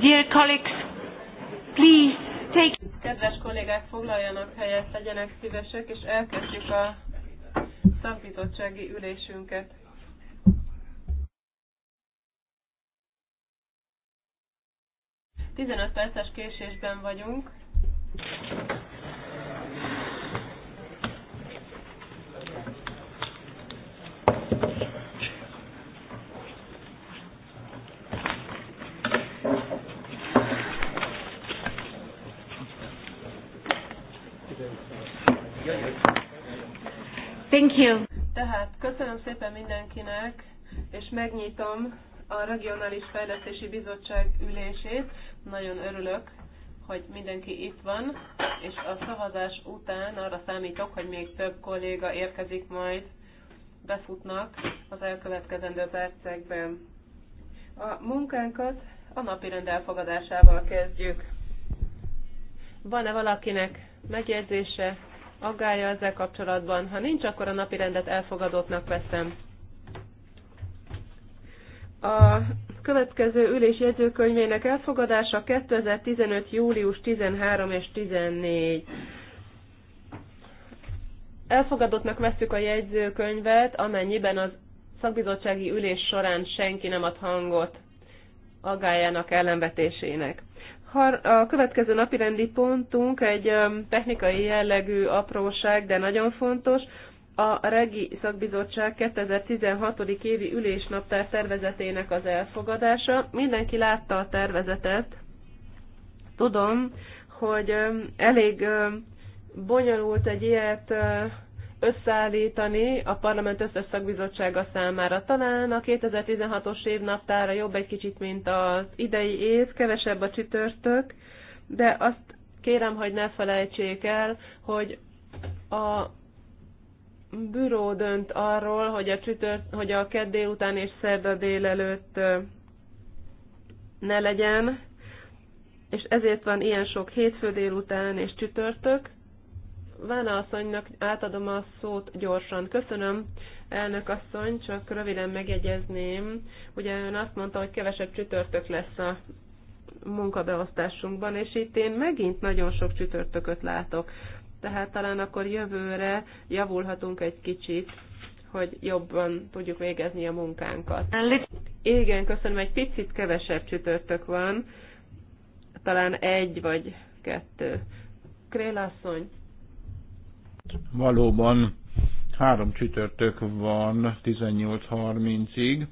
Dear colleagues, please take... Kedves kollégák, foglaljanak helyet, legyenek szívesek, és elkezdjük a szakbizottsági ülésünket. Tizenöt perces késésben vagyunk. Thank you. Tehát köszönöm szépen mindenkinek, és megnyitom a Regionális Fejlesztési Bizottság ülését. Nagyon örülök, hogy mindenki itt van, és a szavazás után arra számítok, hogy még több kolléga érkezik majd, befutnak az elkövetkezendő percekben. A munkánkat a napi rend elfogadásával kezdjük. Van-e valakinek megjegyzése, aggálja ezzel kapcsolatban. Ha nincs, akkor a napi rendet elfogadottnak veszem. A következő ülés jegyzőkönyvének elfogadása 2015. július 13 és 14. Elfogadottnak vesszük a jegyzőkönyvet, amennyiben az szakbizottsági ülés során senki nem ad hangot aggájának ellenvetésének. A következő napirendi pontunk egy technikai jellegű apróság, de nagyon fontos. A Regi Szakbizottság 2016. évi ülésnaptár tervezetének az elfogadása. Mindenki látta a tervezetet. Tudom, hogy elég bonyolult egy ilyet összeállítani a parlament összes szakbizottsága számára. Talán a 2016-os év naptára jobb egy kicsit, mint az idei év, kevesebb a csütörtök, de azt kérem, hogy ne felejtsék el, hogy a büró dönt arról, hogy a, csütört, hogy a kedd délután és szerda délelőtt ne legyen, és ezért van ilyen sok hétfő délután és csütörtök, Vána asszonynak átadom a szót gyorsan. Köszönöm, elnök asszony, csak röviden megjegyezném. Ugye ön azt mondta, hogy kevesebb csütörtök lesz a munkabeosztásunkban, és itt én megint nagyon sok csütörtököt látok. Tehát talán akkor jövőre javulhatunk egy kicsit, hogy jobban tudjuk végezni a munkánkat. Igen, köszönöm, egy picit kevesebb csütörtök van, talán egy vagy kettő. Krélasszony. Valóban három csütörtök van 18.30-ig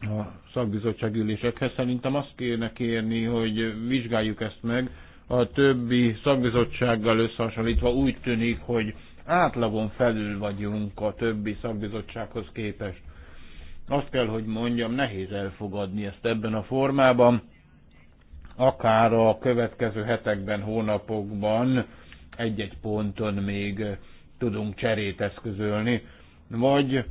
a szakbizottság ülésekhez. Szerintem azt kéne kérni, hogy vizsgáljuk ezt meg. A többi szakbizottsággal összehasonlítva úgy tűnik, hogy átlagon felül vagyunk a többi szakbizottsághoz képest. Azt kell, hogy mondjam, nehéz elfogadni ezt ebben a formában, akár a következő hetekben, hónapokban, egy-egy ponton még tudunk cserét eszközölni, vagy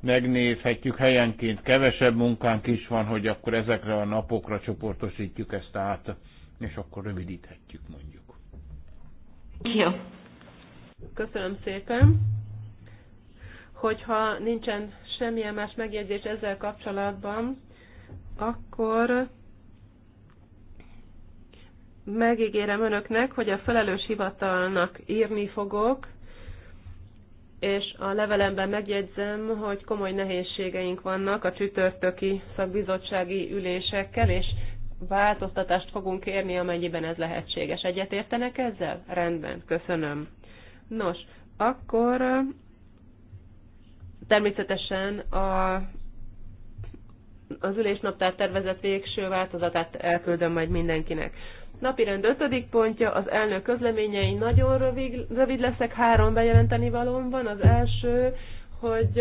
megnézhetjük helyenként, kevesebb munkánk is van, hogy akkor ezekre a napokra csoportosítjuk ezt át, és akkor rövidíthetjük mondjuk. Jó. Köszönöm szépen. Hogyha nincsen semmilyen más megjegyzés ezzel kapcsolatban, akkor megígérem önöknek, hogy a felelős hivatalnak írni fogok, és a levelemben megjegyzem, hogy komoly nehézségeink vannak a csütörtöki szakbizottsági ülésekkel, és változtatást fogunk kérni, amennyiben ez lehetséges. Egyetértenek ezzel? Rendben, köszönöm. Nos, akkor természetesen a, az ülésnaptár tervezett végső változatát elküldöm majd mindenkinek. Napirend ötödik pontja, az elnök közleményei nagyon rövid, rövid leszek, három bejelenteni valóm van. Az első, hogy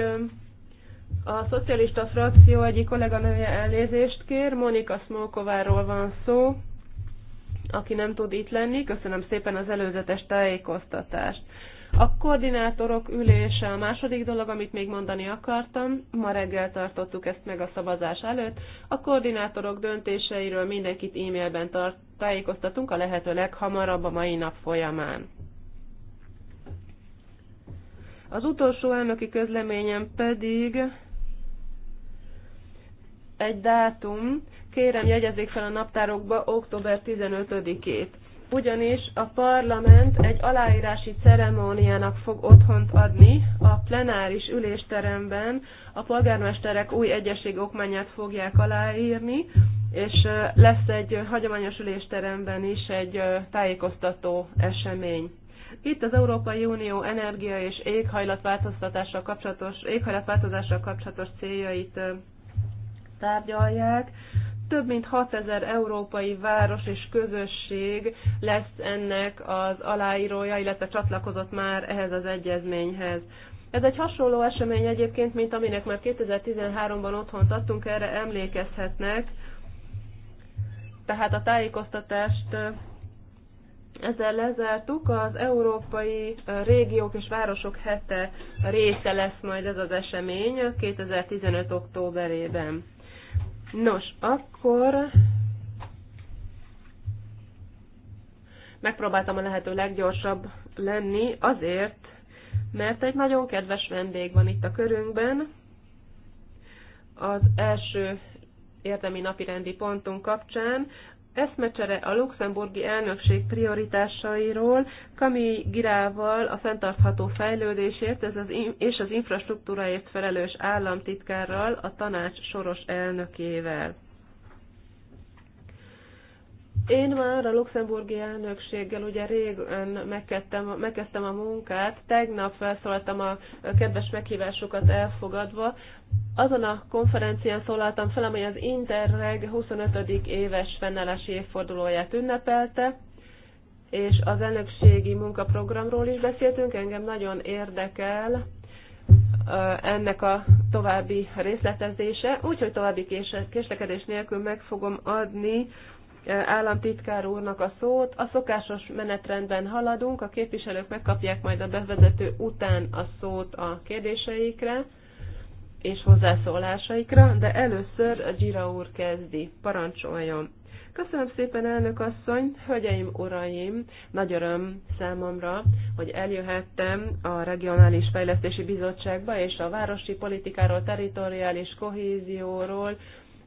a szocialista frakció egyik kolléganője elnézést kér, Monika Smolkováról van szó, aki nem tud itt lenni. Köszönöm szépen az előzetes tájékoztatást. A koordinátorok ülése a második dolog, amit még mondani akartam. Ma reggel tartottuk ezt meg a szavazás előtt. A koordinátorok döntéseiről mindenkit e-mailben tart tájékoztatunk a lehető leghamarabb a mai nap folyamán. Az utolsó elnöki közleményem pedig egy dátum, kérem jegyezzék fel a naptárokba október 15-ét ugyanis a parlament egy aláírási ceremóniának fog otthont adni a plenáris ülésteremben. A polgármesterek új egyeség okmányát fogják aláírni, és lesz egy hagyományos ülésteremben is egy tájékoztató esemény. Itt az Európai Unió energia és éghajlatváltoztatással kapcsolatos, éghajlatváltozással kapcsolatos céljait tárgyalják több mint 6000 európai város és közösség lesz ennek az aláírója, illetve csatlakozott már ehhez az egyezményhez. Ez egy hasonló esemény egyébként, mint aminek már 2013-ban otthon adtunk, erre emlékezhetnek. Tehát a tájékoztatást ezzel lezártuk. Az Európai Régiók és Városok hete része lesz majd ez az esemény 2015. októberében. Nos, akkor megpróbáltam a lehető leggyorsabb lenni azért, mert egy nagyon kedves vendég van itt a körünkben. Az első érdemi napirendi pontunk kapcsán eszmecsere a luxemburgi elnökség prioritásairól, Kami Girával a fenntartható fejlődésért ez az és az infrastruktúráért felelős államtitkárral, a tanács soros elnökével. Én már a luxemburgi elnökséggel ugye régen megkezdtem, megkezdtem a munkát, tegnap felszólaltam a kedves meghívásokat elfogadva. Azon a konferencián szólaltam fel, amely az Interreg 25. éves fennállási évfordulóját ünnepelte, és az elnökségi munkaprogramról is beszéltünk, engem nagyon érdekel ennek a további részletezése, úgyhogy további késlekedés nélkül meg fogom adni államtitkár úrnak a szót. A szokásos menetrendben haladunk, a képviselők megkapják majd a bevezető után a szót a kérdéseikre és hozzászólásaikra, de először a Gira úr kezdi. Parancsoljon! Köszönöm szépen, elnök asszony, hölgyeim, uraim! Nagy öröm számomra, hogy eljöhettem a Regionális Fejlesztési Bizottságba, és a városi politikáról, territoriális kohézióról,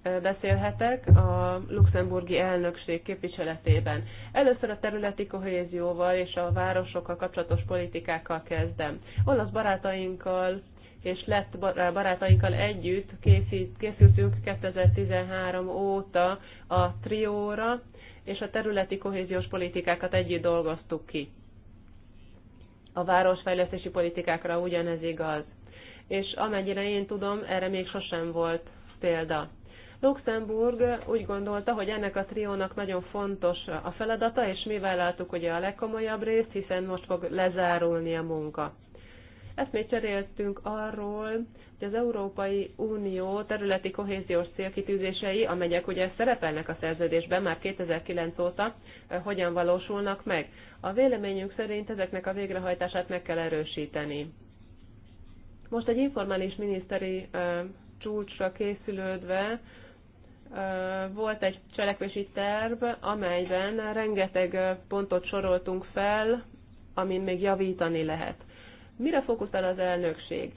beszélhetek a luxemburgi elnökség képviseletében. Először a területi kohézióval és a városokkal kapcsolatos politikákkal kezdem. Olasz barátainkkal és lett barátainkkal együtt készít, készültünk 2013 óta a trióra, és a területi kohéziós politikákat együtt dolgoztuk ki. A városfejlesztési politikákra ugyanez igaz. És amennyire én tudom, erre még sosem volt példa. Luxemburg úgy gondolta, hogy ennek a triónak nagyon fontos a feladata, és mi vállaltuk ugye a legkomolyabb részt, hiszen most fog lezárulni a munka. Ezt még cseréltünk arról, hogy az Európai Unió területi kohéziós célkitűzései, amelyek ugye szerepelnek a szerződésben már 2009 óta, eh, hogyan valósulnak meg. A véleményünk szerint ezeknek a végrehajtását meg kell erősíteni. Most egy informális miniszteri eh, csúcsra készülődve volt egy cselekvési terv, amelyben rengeteg pontot soroltunk fel, amin még javítani lehet. Mire fókuszál az elnökség?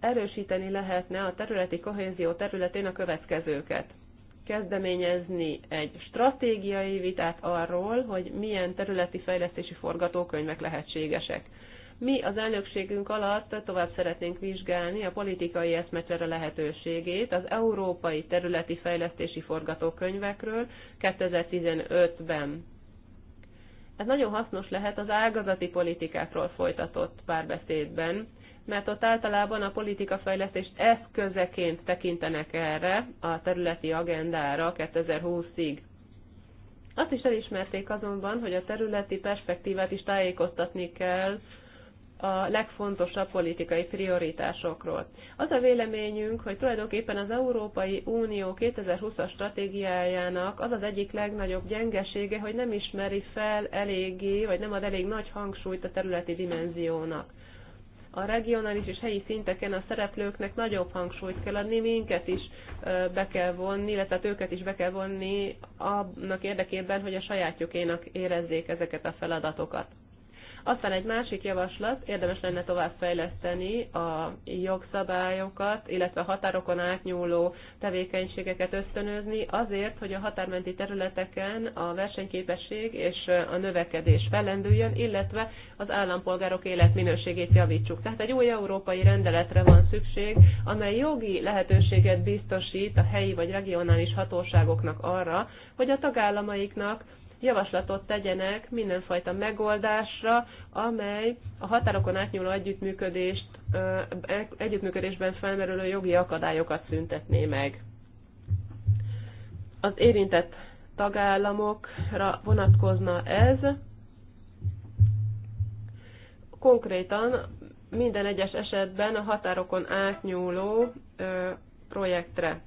Erősíteni lehetne a területi kohézió területén a következőket. Kezdeményezni egy stratégiai vitát arról, hogy milyen területi fejlesztési forgatókönyvek lehetségesek mi az elnökségünk alatt tovább szeretnénk vizsgálni a politikai eszmecsere lehetőségét az európai területi fejlesztési forgatókönyvekről 2015-ben. Ez nagyon hasznos lehet az ágazati politikákról folytatott párbeszédben, mert ott általában a politikafejlesztés eszközeként tekintenek erre a területi agendára 2020-ig. Azt is elismerték azonban, hogy a területi perspektívát is tájékoztatni kell a legfontosabb politikai prioritásokról. Az a véleményünk, hogy tulajdonképpen az Európai Unió 2020-as stratégiájának az az egyik legnagyobb gyengesége, hogy nem ismeri fel eléggé, vagy nem ad elég nagy hangsúlyt a területi dimenziónak. A regionális és helyi szinteken a szereplőknek nagyobb hangsúlyt kell adni, minket is be kell vonni, illetve őket is be kell vonni annak érdekében, hogy a sajátjukénak érezzék ezeket a feladatokat aztán egy másik javaslat, érdemes lenne továbbfejleszteni a jogszabályokat, illetve a határokon átnyúló tevékenységeket ösztönözni, azért, hogy a határmenti területeken a versenyképesség és a növekedés fellendüljön, illetve az állampolgárok életminőségét javítsuk. Tehát egy új európai rendeletre van szükség, amely jogi lehetőséget biztosít a helyi vagy regionális hatóságoknak arra, hogy a tagállamaiknak javaslatot tegyenek mindenfajta megoldásra, amely a határokon átnyúló együttműködést, e, együttműködésben felmerülő jogi akadályokat szüntetné meg. Az érintett tagállamokra vonatkozna ez. Konkrétan minden egyes esetben a határokon átnyúló projektre.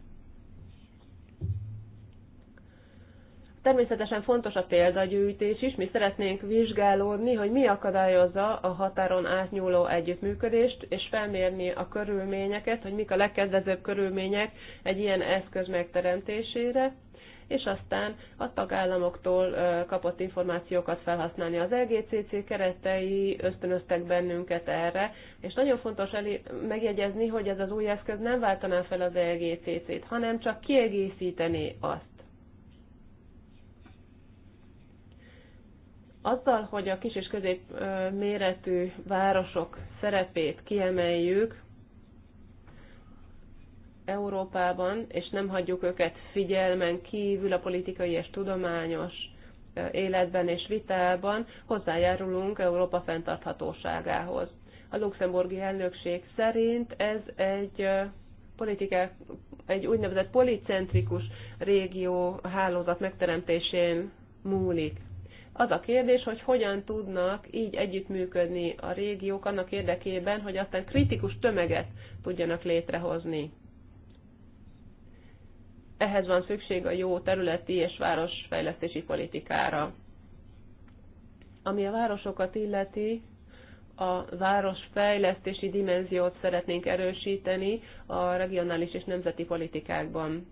Természetesen fontos a példagyűjtés is, mi szeretnénk vizsgálódni, hogy mi akadályozza a határon átnyúló együttműködést, és felmérni a körülményeket, hogy mik a legkezdezőbb körülmények egy ilyen eszköz megteremtésére, és aztán a tagállamoktól kapott információkat felhasználni. Az LGCC keretei ösztönöztek bennünket erre, és nagyon fontos elé- megjegyezni, hogy ez az új eszköz nem váltaná fel az LGCC-t, hanem csak kiegészíteni azt. Azzal, hogy a kis és közép méretű városok szerepét kiemeljük Európában, és nem hagyjuk őket figyelmen kívül a politikai és tudományos életben és vitában, hozzájárulunk Európa fenntarthatóságához. A luxemburgi elnökség szerint ez egy politikák, egy úgynevezett policentrikus régió hálózat megteremtésén múlik. Az a kérdés, hogy hogyan tudnak így együttműködni a régiók annak érdekében, hogy aztán kritikus tömeget tudjanak létrehozni. Ehhez van szükség a jó területi és városfejlesztési politikára. Ami a városokat illeti, a városfejlesztési dimenziót szeretnénk erősíteni a regionális és nemzeti politikákban.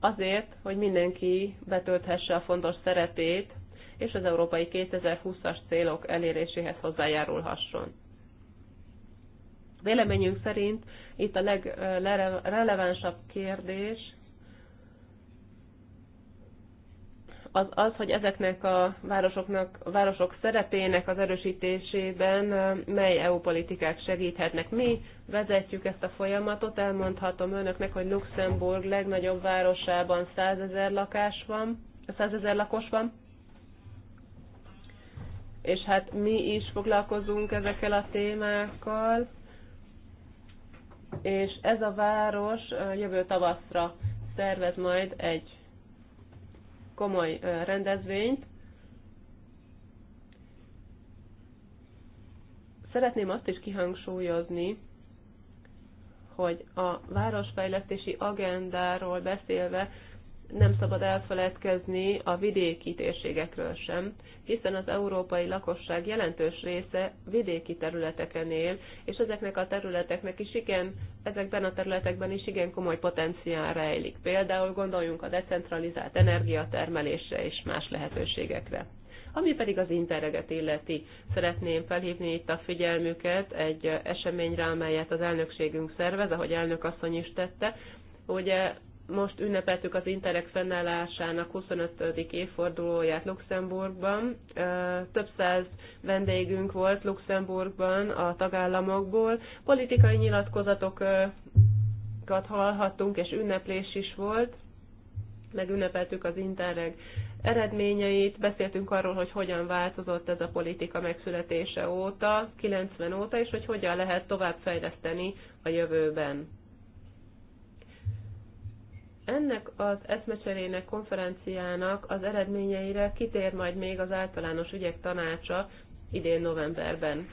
Azért, hogy mindenki betölthesse a fontos szerepét és az európai 2020-as célok eléréséhez hozzájárulhasson. Véleményünk szerint itt a legrelevánsabb kérdés az az, hogy ezeknek a városoknak, a városok szerepének az erősítésében mely EU politikák segíthetnek. Mi vezetjük ezt a folyamatot, elmondhatom önöknek, hogy Luxemburg legnagyobb városában 100 ezer lakás van, 100 ezer lakos van, és hát mi is foglalkozunk ezekkel a témákkal, és ez a város jövő tavaszra szervez majd egy komoly rendezvényt. Szeretném azt is kihangsúlyozni, hogy a városfejlesztési agendáról beszélve nem szabad elfeledkezni a vidéki térségekről sem, hiszen az európai lakosság jelentős része vidéki területeken él, és ezeknek a területeknek is igen, ezekben a területekben is igen komoly potenciál rejlik. Például gondoljunk a decentralizált energiatermelésre és más lehetőségekre. Ami pedig az interreget illeti, szeretném felhívni itt a figyelmüket egy eseményre, amelyet az elnökségünk szervez, ahogy elnök asszony is tette. Ugye most ünnepeltük az Interreg fennállásának 25. évfordulóját Luxemburgban. Több száz vendégünk volt Luxemburgban a tagállamokból. Politikai nyilatkozatokat hallhattunk, és ünneplés is volt. Megünnepeltük az Interreg eredményeit, beszéltünk arról, hogy hogyan változott ez a politika megszületése óta, 90 óta, és hogy hogyan lehet továbbfejleszteni a jövőben ennek az eszmecserének, konferenciának az eredményeire kitér majd még az általános ügyek tanácsa idén novemberben.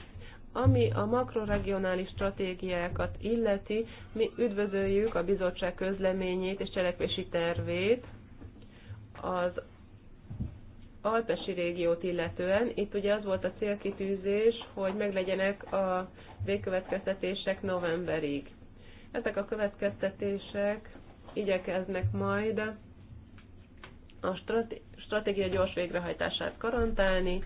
Ami a makroregionális stratégiákat illeti, mi üdvözöljük a bizottság közleményét és cselekvési tervét az Alpesi régiót illetően. Itt ugye az volt a célkitűzés, hogy meglegyenek a végkövetkeztetések novemberig. Ezek a következtetések igyekeznek majd a stratégia gyors végrehajtását garantálni,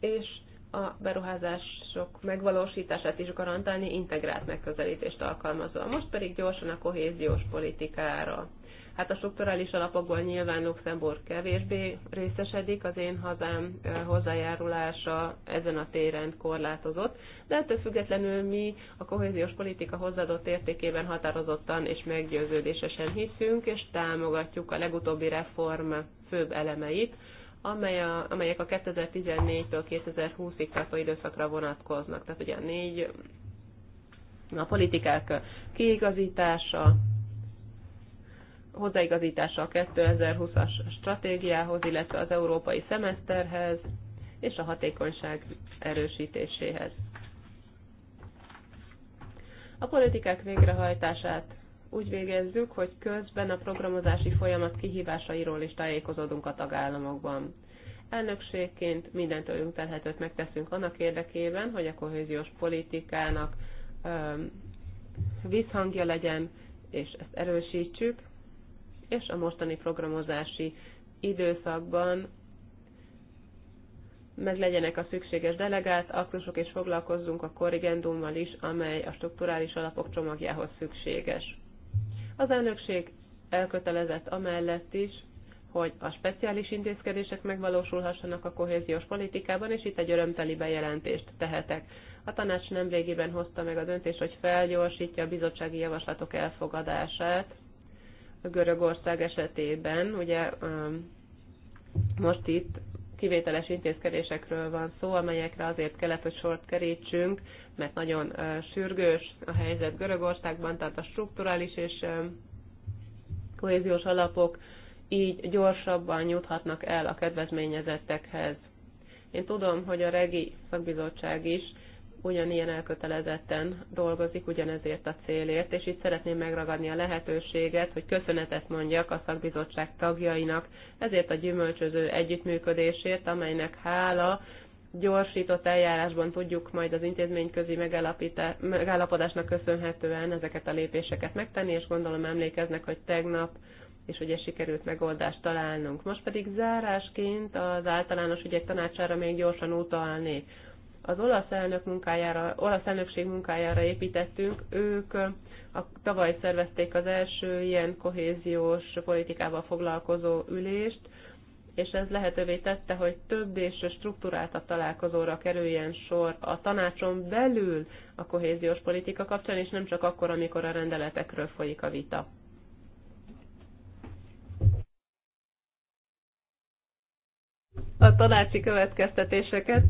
és a beruházások megvalósítását is garantálni integrált megközelítést alkalmazva. Most pedig gyorsan a kohéziós politikára. Hát a strukturális alapokból nyilván Luxemburg kevésbé részesedik, az én hazám hozzájárulása ezen a téren korlátozott, de ettől függetlenül mi a kohéziós politika hozzáadott értékében határozottan és meggyőződésesen hiszünk, és támogatjuk a legutóbbi reform főbb elemeit, amely a, amelyek a 2014-től 2020-ig tartó időszakra vonatkoznak. Tehát ugye a négy a politikák kiigazítása, hozzáigazítása a 2020-as stratégiához, illetve az európai szemeszterhez és a hatékonyság erősítéséhez. A politikák végrehajtását úgy végezzük, hogy közben a programozási folyamat kihívásairól is tájékozódunk a tagállamokban. Elnökségként minden tőlünk telhetőt megteszünk annak érdekében, hogy a kohéziós politikának visszhangja legyen, és ezt erősítsük, és a mostani programozási időszakban meg legyenek a szükséges delegált aktusok, és foglalkozzunk a korrigendummal is, amely a strukturális alapok csomagjához szükséges. Az elnökség elkötelezett amellett is, hogy a speciális intézkedések megvalósulhassanak a kohéziós politikában, és itt egy örömteli bejelentést tehetek. A tanács nemrégiben hozta meg a döntést, hogy felgyorsítja a bizottsági javaslatok elfogadását, Görögország esetében. Ugye most itt kivételes intézkedésekről van szó, amelyekre azért kellett, hogy sort kerítsünk, mert nagyon sürgős a helyzet Görögországban, tehát a strukturális és kohéziós alapok így gyorsabban juthatnak el a kedvezményezettekhez. Én tudom, hogy a regi szakbizottság is ugyanilyen elkötelezetten dolgozik ugyanezért a célért, és itt szeretném megragadni a lehetőséget, hogy köszönetet mondjak a szakbizottság tagjainak ezért a gyümölcsöző együttműködésért, amelynek hála gyorsított eljárásban tudjuk majd az intézményközi megállapodásnak köszönhetően ezeket a lépéseket megtenni, és gondolom emlékeznek, hogy tegnap és ugye sikerült megoldást találnunk. Most pedig zárásként az általános ügyek tanácsára még gyorsan utalnék. Az olasz, elnök munkájára, olasz elnökség munkájára építettünk, ők a, tavaly szervezték az első ilyen kohéziós politikával foglalkozó ülést, és ez lehetővé tette, hogy több és struktúráltabb találkozóra kerüljen sor a tanácson belül a kohéziós politika kapcsán, és nem csak akkor, amikor a rendeletekről folyik a vita. A tanácsi következtetéseket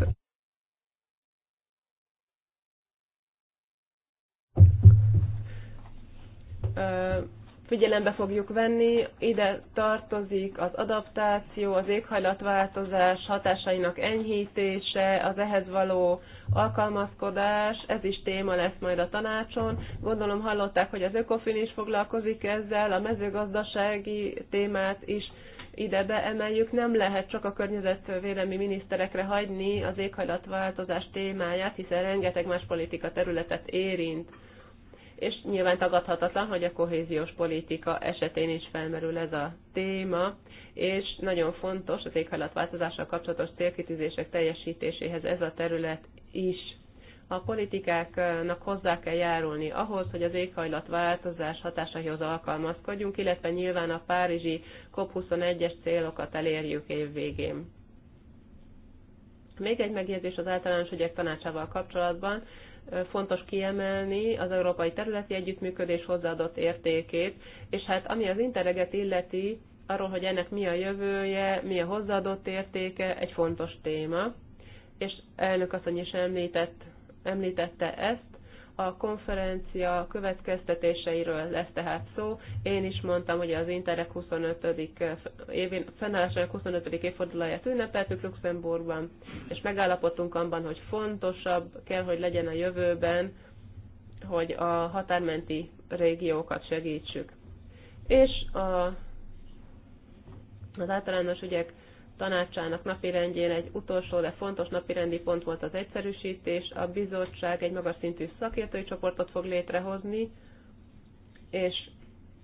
figyelembe fogjuk venni. Ide tartozik az adaptáció, az éghajlatváltozás hatásainak enyhítése, az ehhez való alkalmazkodás, ez is téma lesz majd a tanácson. Gondolom hallották, hogy az Ökofin is foglalkozik ezzel, a mezőgazdasági témát is ide beemeljük, nem lehet csak a környezetvédelmi miniszterekre hagyni az éghajlatváltozás témáját, hiszen rengeteg más politika területet érint és nyilván tagadhatatlan, hogy a kohéziós politika esetén is felmerül ez a téma, és nagyon fontos az éghajlatváltozással kapcsolatos célkitűzések teljesítéséhez ez a terület is. A politikáknak hozzá kell járulni ahhoz, hogy az éghajlatváltozás hatásaihoz alkalmazkodjunk, illetve nyilván a párizsi COP21-es célokat elérjük végén. Még egy megjegyzés az általános ügyek tanácsával kapcsolatban. Fontos kiemelni az európai területi együttműködés hozzáadott értékét, és hát ami az interreget illeti, arról, hogy ennek mi a jövője, mi a hozzáadott értéke, egy fontos téma. És elnök asszony is említett, említette ezt, a konferencia következtetéseiről lesz tehát szó. Én is mondtam, hogy az Interreg 25. évén, fennállásának 25. évfordulóját ünnepeltük Luxemburgban, és megállapodtunk abban, hogy fontosabb kell, hogy legyen a jövőben, hogy a határmenti régiókat segítsük. És a, az általános ügyek tanácsának napirendjén egy utolsó, de fontos napirendi pont volt az egyszerűsítés. A bizottság egy magas szintű szakértői csoportot fog létrehozni, és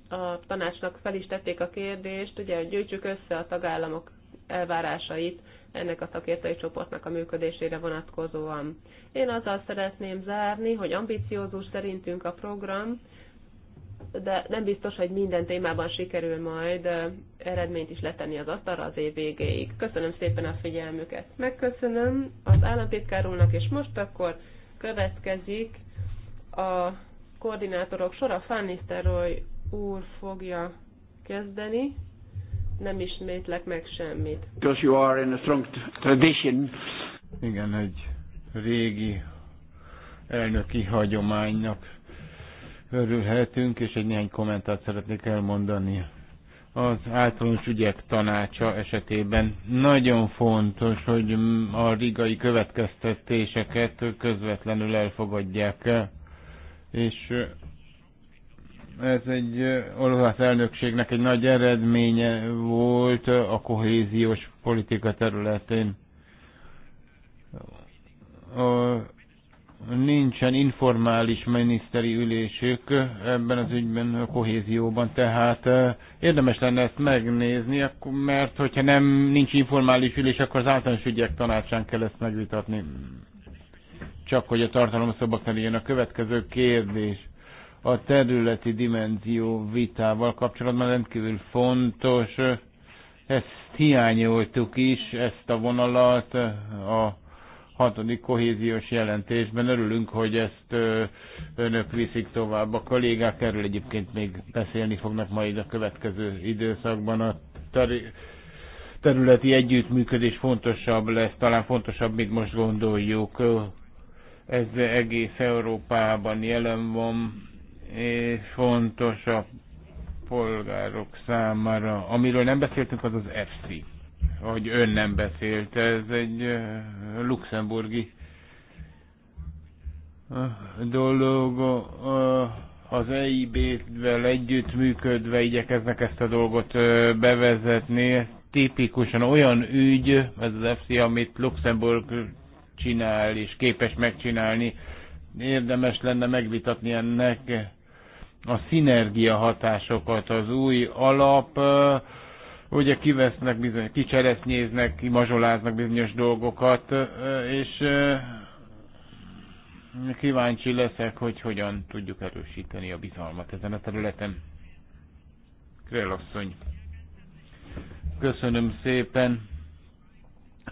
a tanácsnak fel is tették a kérdést, ugye, gyűjtsük össze a tagállamok elvárásait ennek a szakértői csoportnak a működésére vonatkozóan. Én azzal szeretném zárni, hogy ambiciózus szerintünk a program, de nem biztos, hogy minden témában sikerül majd eredményt is letenni az asztalra az év végéig. Köszönöm szépen a figyelmüket. Megköszönöm az államtitkár úrnak, és most akkor következik a koordinátorok sora. Fannisteroy úr fogja kezdeni. Nem ismétlek meg semmit. Because you are in a strong tradition. Igen, egy régi elnöki hagyománynak örülhetünk, és egy néhány kommentát szeretnék elmondani. Az általános ügyek tanácsa esetében nagyon fontos, hogy a rigai következtetéseket közvetlenül elfogadják, és ez egy olasz elnökségnek egy nagy eredménye volt a kohéziós politika területén. A nincsen informális miniszteri ülésük ebben az ügyben, a kohézióban, tehát eh, érdemes lenne ezt megnézni, mert hogyha nem nincs informális ülés, akkor az általános ügyek tanácsán kell ezt megvitatni. Csak hogy a tartalom szoba A következő kérdés a területi dimenzió vitával kapcsolatban rendkívül fontos. Eh, ezt hiányoltuk is, ezt a vonalat eh, a hatodik kohéziós jelentésben. Örülünk, hogy ezt önök viszik tovább. A kollégák erről egyébként még beszélni fognak majd a következő időszakban. A területi együttműködés fontosabb lesz, talán fontosabb, mint most gondoljuk. Ez egész Európában jelen van, és fontos a polgárok számára. Amiről nem beszéltünk, az az EFSI hogy ön nem beszélt. Ez egy luxemburgi dolog. Az EIB-vel együttműködve igyekeznek ezt a dolgot bevezetni. tipikusan olyan ügy, ez az FC, amit Luxemburg csinál és képes megcsinálni. Érdemes lenne megvitatni ennek a szinergia hatásokat, az új alap, ugye kivesznek bizony, kicseresznyéznek, kimazsoláznak bizonyos dolgokat, és kíváncsi leszek, hogy hogyan tudjuk erősíteni a bizalmat ezen a területen. Krélasszony, köszönöm szépen.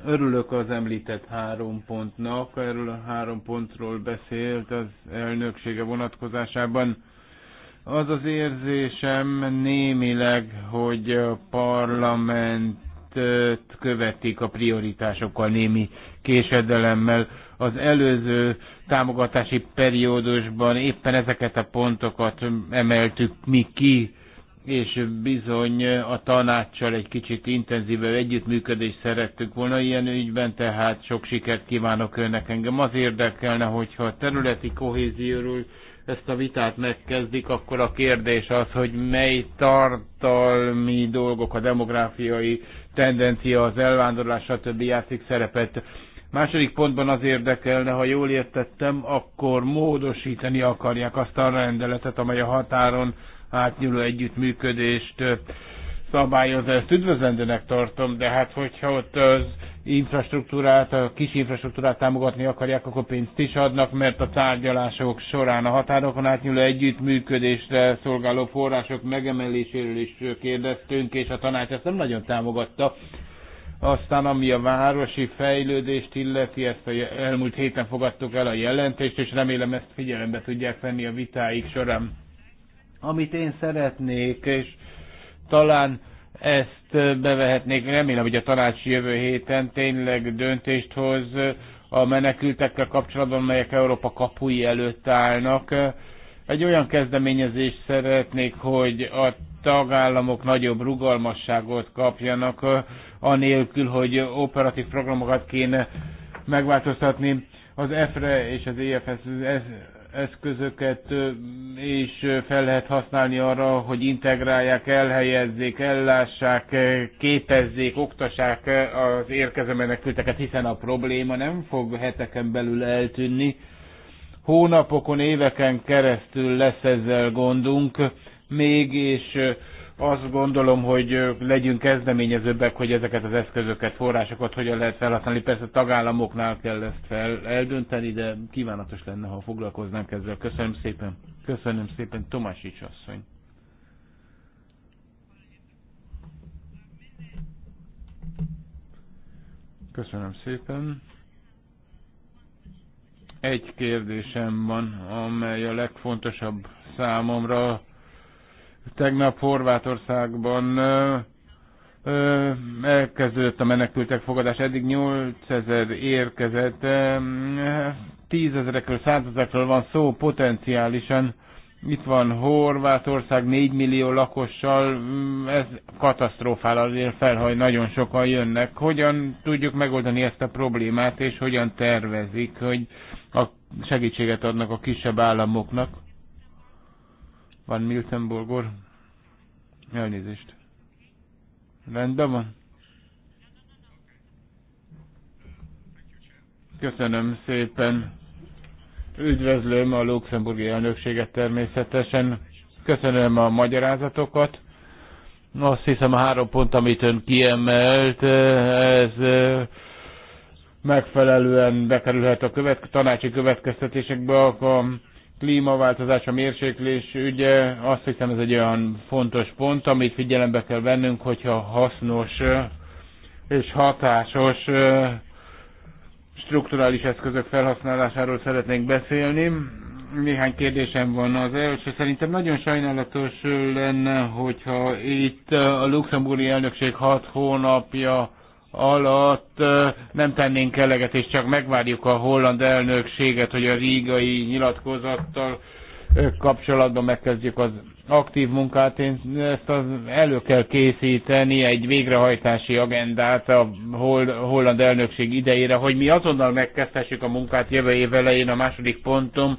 Örülök az említett három pontnak, erről a három pontról beszélt az elnöksége vonatkozásában az az érzésem némileg, hogy a parlamentet követik a prioritásokkal némi késedelemmel. Az előző támogatási periódusban éppen ezeket a pontokat emeltük mi ki, és bizony a tanácssal egy kicsit intenzívebb együttműködést szerettük volna ilyen ügyben, tehát sok sikert kívánok önnek engem. Az érdekelne, hogyha a területi kohézióról ezt a vitát megkezdik, akkor a kérdés az, hogy mely tartalmi dolgok, a demográfiai tendencia, az elvándorlás, stb. játszik szerepet. Második pontban az érdekelne, ha jól értettem, akkor módosítani akarják azt a rendeletet, amely a határon átnyúló együttműködést szabályozza. Ezt üdvözlendőnek tartom, de hát hogyha ott az infrastruktúrát, a kis infrastruktúrát támogatni akarják, akkor pénzt is adnak, mert a tárgyalások során a határokon átnyúló együttműködésre szolgáló források megemeléséről is kérdeztünk, és a tanács ezt nem nagyon támogatta. Aztán ami a városi fejlődést illeti, ezt a elmúlt héten fogadtuk el a jelentést, és remélem ezt figyelembe tudják venni a vitáik során. Amit én szeretnék, és talán ezt bevehetnék, remélem, hogy a tanács jövő héten tényleg döntést hoz a menekültekkel kapcsolatban, melyek Európa kapui előtt állnak. Egy olyan kezdeményezést szeretnék, hogy a tagállamok nagyobb rugalmasságot kapjanak, anélkül, hogy operatív programokat kéne megváltoztatni. Az EFRE és az EFS eszközöket és fel lehet használni arra, hogy integrálják, elhelyezzék, ellássák, képezzék, oktassák az érkező menekülteket, hiszen a probléma nem fog heteken belül eltűnni. Hónapokon, éveken keresztül lesz ezzel gondunk, mégis azt gondolom, hogy legyünk kezdeményezőbbek, hogy ezeket az eszközöket, forrásokat hogyan lehet felhasználni. Persze a tagállamoknál kell ezt fel, eldönteni, de kívánatos lenne, ha foglalkoznánk ezzel. Köszönöm szépen. Köszönöm szépen, Tomásics asszony. Köszönöm szépen. Egy kérdésem van, amely a legfontosabb számomra Tegnap Horvátországban elkezdődött a menekültek fogadás, eddig 8000 érkezett, 100 ezerekről van szó potenciálisan. Itt van Horvátország 4 millió lakossal, ez katasztrófál azért felhaj, nagyon sokan jönnek. Hogyan tudjuk megoldani ezt a problémát, és hogyan tervezik, hogy a segítséget adnak a kisebb államoknak? Van Milton úr? Elnézést. Rendben van? Köszönöm szépen. Üdvözlöm a luxemburgi elnökséget természetesen. Köszönöm a magyarázatokat. Azt hiszem a három pont, amit ön kiemelt, ez megfelelően bekerülhet a követ, tanácsi következtetésekbe. A klímaváltozás, a mérséklés ügye, azt hiszem ez egy olyan fontos pont, amit figyelembe kell vennünk, hogyha hasznos és hatásos strukturális eszközök felhasználásáról szeretnék beszélni. Néhány kérdésem van az első. Szerintem nagyon sajnálatos lenne, hogyha itt a luxemburgi elnökség hat hónapja alatt nem tennénk eleget, és csak megvárjuk a holland elnökséget, hogy a rígai nyilatkozattal kapcsolatban megkezdjük az aktív munkát. Én ezt az elő kell készíteni egy végrehajtási agendát a holland elnökség idejére, hogy mi azonnal megkezdhessük a munkát jövő év elején a második pontom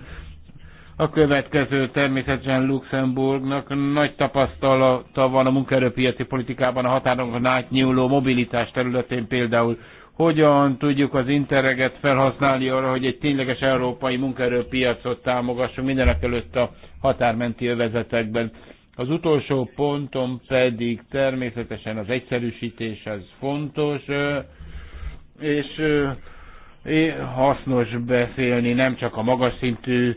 a következő természetesen Luxemburgnak nagy tapasztalata van a munkaerőpiaci politikában, a határon átnyúló mobilitás területén például. Hogyan tudjuk az interreget felhasználni arra, hogy egy tényleges európai munkaerőpiacot támogassunk mindenek előtt a határmenti övezetekben. Az utolsó ponton pedig természetesen az egyszerűsítés, ez fontos, és hasznos beszélni nem csak a magas szintű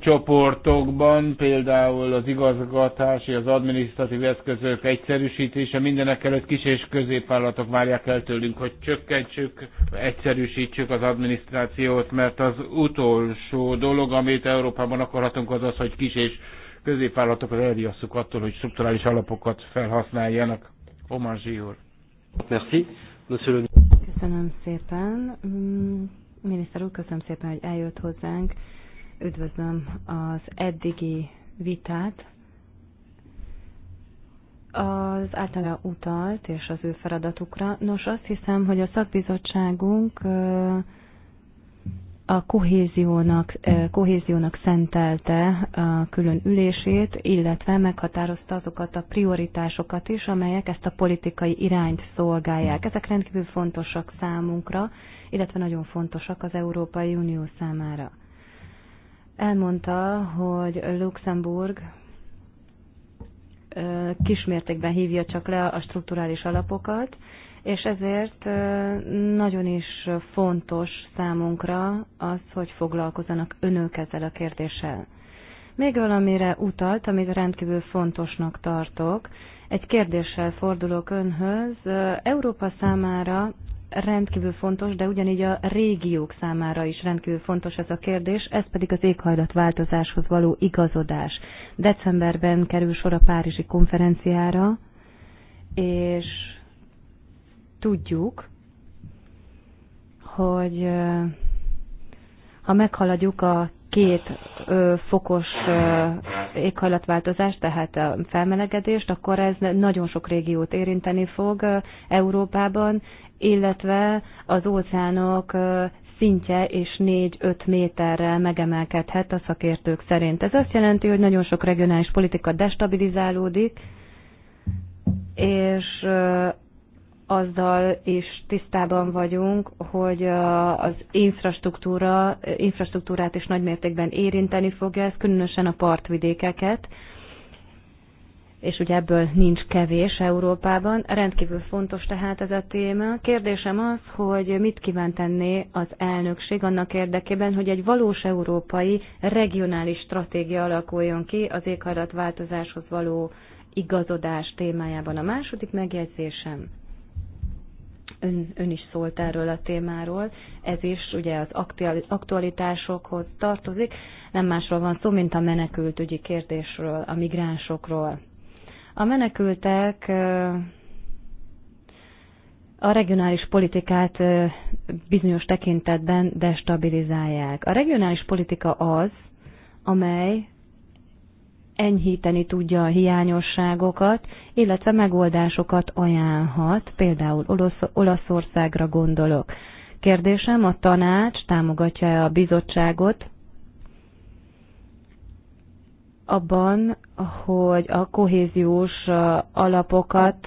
csoportokban, például az igazgatási, az adminisztratív eszközök egyszerűsítése, mindenek előtt kis és középvállalatok várják el tőlünk, hogy csökkentsük, egyszerűsítsük az adminisztrációt, mert az utolsó dolog, amit Európában akarhatunk, az az, hogy kis és középvállalatokat elriasszuk attól, hogy strukturális alapokat felhasználjanak. Omar Zsior. Köszönöm szépen. Mm, Miniszter úr, köszönöm szépen, hogy eljött hozzánk. Üdvözlöm az eddigi vitát. Az általa utalt és az ő feladatukra. Nos, azt hiszem, hogy a szakbizottságunk a kohéziónak, kohéziónak szentelte a külön ülését, illetve meghatározta azokat a prioritásokat is, amelyek ezt a politikai irányt szolgálják. Ezek rendkívül fontosak számunkra, illetve nagyon fontosak az Európai Unió számára. Elmondta, hogy Luxemburg kismértékben hívja csak le a strukturális alapokat, és ezért nagyon is fontos számunkra az, hogy foglalkozanak önök ezzel a kérdéssel. Még valamire utalt, amit rendkívül fontosnak tartok, egy kérdéssel fordulok önhöz. Európa számára rendkívül fontos, de ugyanígy a régiók számára is rendkívül fontos ez a kérdés, ez pedig az éghajlatváltozáshoz való igazodás. Decemberben kerül sor a Párizsi konferenciára, és tudjuk, hogy ha meghaladjuk a két fokos éghajlatváltozást, tehát a felmelegedést, akkor ez nagyon sok régiót érinteni fog Európában, illetve az óceánok szintje és 4-5 méterrel megemelkedhet a szakértők szerint. Ez azt jelenti, hogy nagyon sok regionális politika destabilizálódik, és azzal is tisztában vagyunk, hogy az infrastruktúra, infrastruktúrát is nagymértékben érinteni fogja ez, különösen a partvidékeket, és ugye ebből nincs kevés Európában. Rendkívül fontos tehát ez a téma. Kérdésem az, hogy mit kíván tenni az elnökség annak érdekében, hogy egy valós európai regionális stratégia alakuljon ki az éghajlatváltozáshoz való igazodás témájában. A második megjegyzésem ön, ön is szólt erről a témáról, ez is ugye az aktualitásokhoz tartozik, nem másról van szó, mint a ügyi kérdésről, a migránsokról. A menekültek a regionális politikát bizonyos tekintetben destabilizálják. A regionális politika az, amely enyhíteni tudja a hiányosságokat, illetve megoldásokat ajánlhat, például Olasz- Olaszországra gondolok. Kérdésem, a tanács támogatja-e a bizottságot abban, hogy a kohéziós alapokat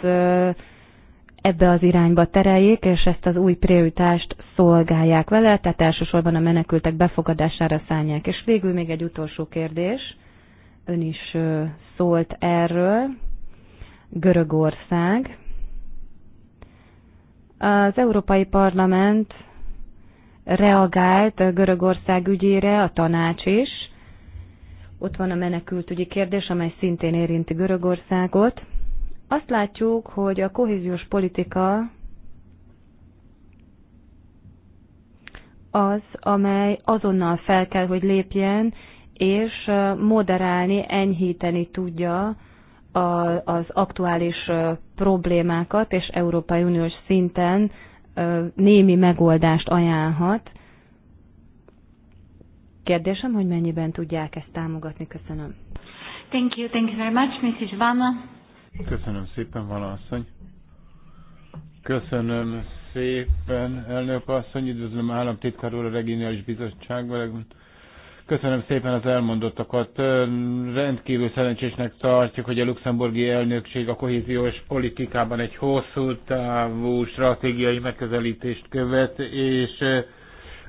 ebbe az irányba tereljék, és ezt az új prioritást szolgálják vele, tehát elsősorban a menekültek befogadására szállják. És végül még egy utolsó kérdés ön is szólt erről, Görögország. Az Európai Parlament reagált a Görögország ügyére, a tanács is. Ott van a menekültügyi kérdés, amely szintén érinti Görögországot. Azt látjuk, hogy a kohéziós politika az, amely azonnal fel kell, hogy lépjen, és moderálni, enyhíteni tudja az aktuális problémákat, és Európai Uniós szinten némi megoldást ajánlhat. Kérdésem, hogy mennyiben tudják ezt támogatni. Köszönöm. Thank you, thank you very much, Mrs. Vanna. Köszönöm szépen, Vanna asszony. Köszönöm szépen, elnök asszony, üdvözlöm államtitkáról a regionális bizottságban. Köszönöm szépen az elmondottakat. Rendkívül szerencsésnek tartjuk, hogy a luxemburgi elnökség a kohéziós politikában egy hosszú távú stratégiai megközelítést követ, és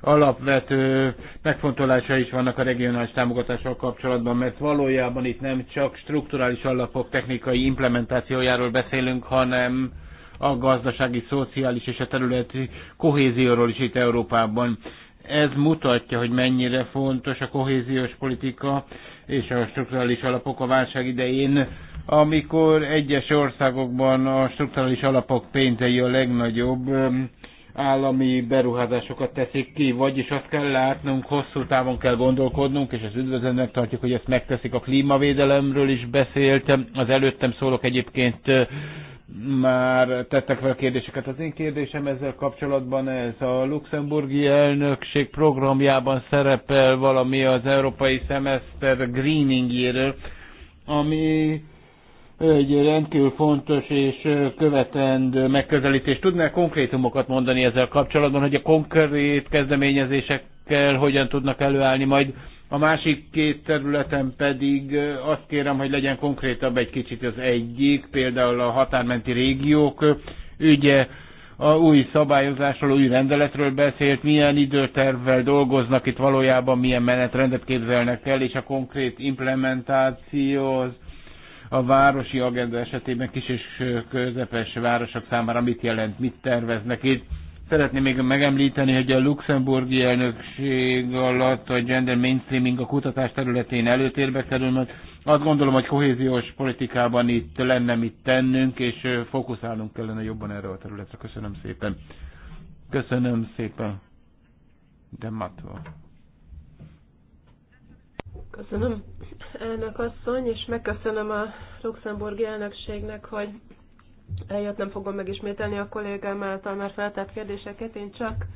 alapvető megfontolása is vannak a regionális támogatással kapcsolatban, mert valójában itt nem csak strukturális alapok technikai implementációjáról beszélünk, hanem a gazdasági, szociális és a területi kohézióról is itt Európában ez mutatja, hogy mennyire fontos a kohéziós politika és a strukturális alapok a válság idején, amikor egyes országokban a strukturális alapok pénzei a legnagyobb állami beruházásokat teszik ki, vagyis azt kell látnunk, hosszú távon kell gondolkodnunk, és az üdvözlőnek tartjuk, hogy ezt megteszik. A klímavédelemről is beszéltem, az előttem szólok egyébként már tettek fel kérdéseket. Az én kérdésem ezzel kapcsolatban ez a luxemburgi elnökség programjában szerepel valami az európai szemeszter greeningjéről, ami egy rendkívül fontos és követendő megközelítés. Tudnál konkrétumokat mondani ezzel kapcsolatban, hogy a konkrét kezdeményezésekkel hogyan tudnak előállni majd a másik két területen pedig azt kérem, hogy legyen konkrétabb egy kicsit az egyik, például a határmenti régiók ügye, a új szabályozásról, új rendeletről beszélt, milyen időtervvel dolgoznak itt valójában, milyen menetrendet képzelnek el, és a konkrét implementáció az a városi agenda esetében kis és közepes városok számára mit jelent, mit terveznek itt. Szeretném még megemlíteni, hogy a luxemburgi elnökség alatt a gender mainstreaming a kutatás területén előtérbe kerül, mert azt gondolom, hogy kohéziós politikában itt lenne mit tennünk, és fókuszálnunk kellene jobban erre a területre. Köszönöm szépen. Köszönöm szépen. De matva. Köszönöm elnök asszony, és megköszönöm a luxemburgi elnökségnek, hogy helyet nem fogom megismételni a kollégám által már feltett kérdéseket, én csak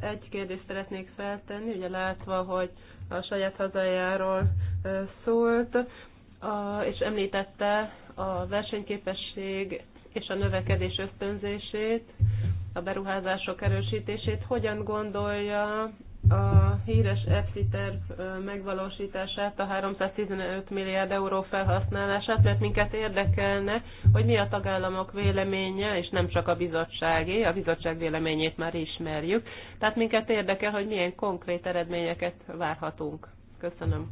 egy kérdést szeretnék feltenni, ugye látva, hogy a saját hazájáról szólt, és említette a versenyképesség és a növekedés ösztönzését, a beruházások erősítését hogyan gondolja a híres EPSI terv megvalósítását, a 315 milliárd euró felhasználását, mert minket érdekelne, hogy mi a tagállamok véleménye, és nem csak a bizottságé, a bizottság véleményét már ismerjük. Tehát minket érdekel, hogy milyen konkrét eredményeket várhatunk. Köszönöm.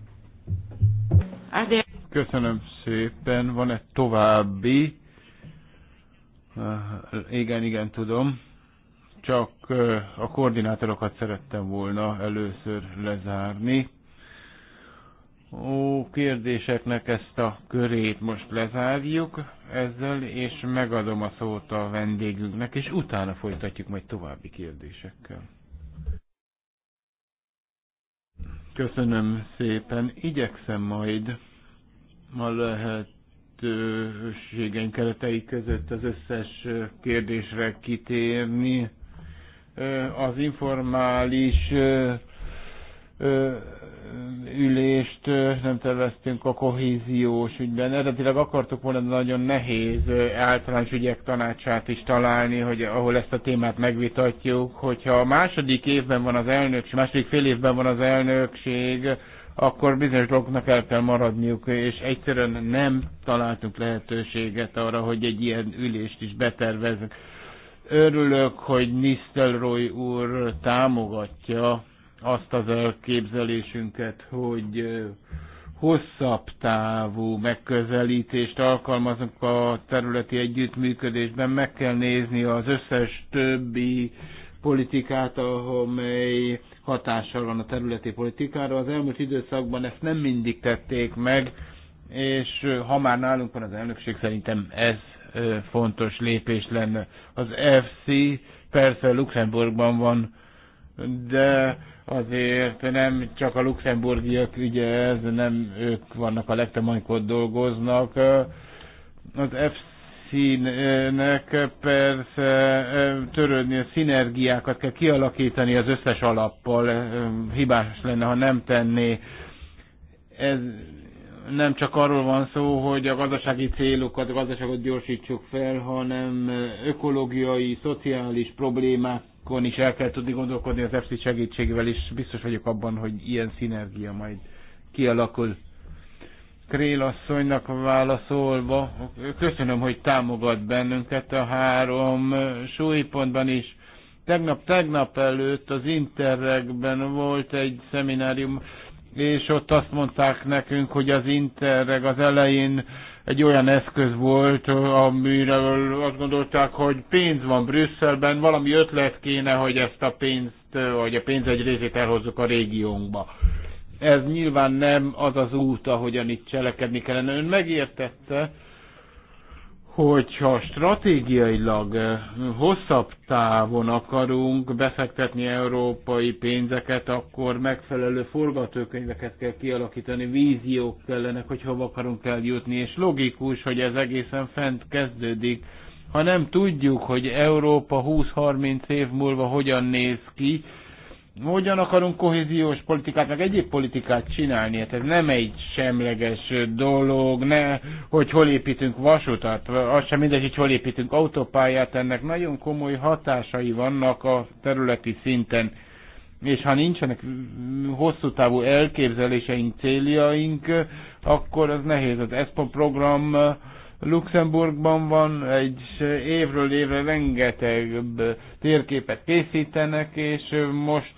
Köszönöm szépen. Van-e további Eh, igen, igen, tudom. Csak eh, a koordinátorokat szerettem volna először lezárni. Ó, kérdéseknek ezt a körét most lezárjuk ezzel, és megadom a szót a vendégünknek, és utána folytatjuk majd további kérdésekkel. Köszönöm szépen. Igyekszem majd ma lehet lehetőségen keretei között az összes kérdésre kitérni. Az informális ülést nem terveztünk a kohéziós ügyben. Eredetileg akartuk volna, nagyon nehéz általános ügyek tanácsát is találni, hogy ahol ezt a témát megvitatjuk. Hogyha a második évben van az elnökség, második fél évben van az elnökség, akkor bizonyos dolgoknak el kell maradniuk, és egyszerűen nem találtunk lehetőséget arra, hogy egy ilyen ülést is betervezzük. Örülök, hogy Nisztelroy úr támogatja azt az elképzelésünket, hogy hosszabb távú megközelítést alkalmazunk a területi együttműködésben. Meg kell nézni az összes többi politikát, amely hatással van a területi politikára. Az elmúlt időszakban ezt nem mindig tették meg, és ha már nálunk van az elnökség, szerintem ez fontos lépés lenne. Az FC persze Luxemburgban van, de azért nem csak a luxemburgiak, ugye ez nem ők vannak a legtöbb, dolgoznak. Az FC színnek persze törődni, a szinergiákat kell kialakítani az összes alappal. Hibás lenne, ha nem tenné. Ez nem csak arról van szó, hogy a gazdasági célokat, a gazdaságot gyorsítsuk fel, hanem ökológiai, szociális problémákon is el kell tudni gondolkodni az EFSZI segítségével, és biztos vagyok abban, hogy ilyen szinergia majd kialakul. Krél asszonynak válaszolva, köszönöm, hogy támogat bennünket a három súlypontban is. Tegnap, tegnap előtt az Interregben volt egy szeminárium, és ott azt mondták nekünk, hogy az Interreg az elején egy olyan eszköz volt, amire azt gondolták, hogy pénz van Brüsszelben, valami ötlet kéne, hogy ezt a pénzt, vagy a pénz egy részét elhozzuk a régiónkba ez nyilván nem az az út, ahogyan itt cselekedni kellene. Ön megértette, hogyha stratégiailag eh, hosszabb távon akarunk befektetni európai pénzeket, akkor megfelelő forgatókönyveket kell kialakítani, víziók kellenek, hogy hova akarunk eljutni, és logikus, hogy ez egészen fent kezdődik. Ha nem tudjuk, hogy Európa 20-30 év múlva hogyan néz ki, hogyan akarunk kohéziós politikát, meg egyéb politikát csinálni, hát ez nem egy semleges dolog, ne, hogy hol építünk vasutat, az sem mindegy, hogy hol építünk autópályát, ennek nagyon komoly hatásai vannak a területi szinten. És ha nincsenek hosszú távú elképzeléseink, céljaink, akkor az nehéz. Az ESPO program Luxemburgban van, egy évről évre rengeteg térképet készítenek, és most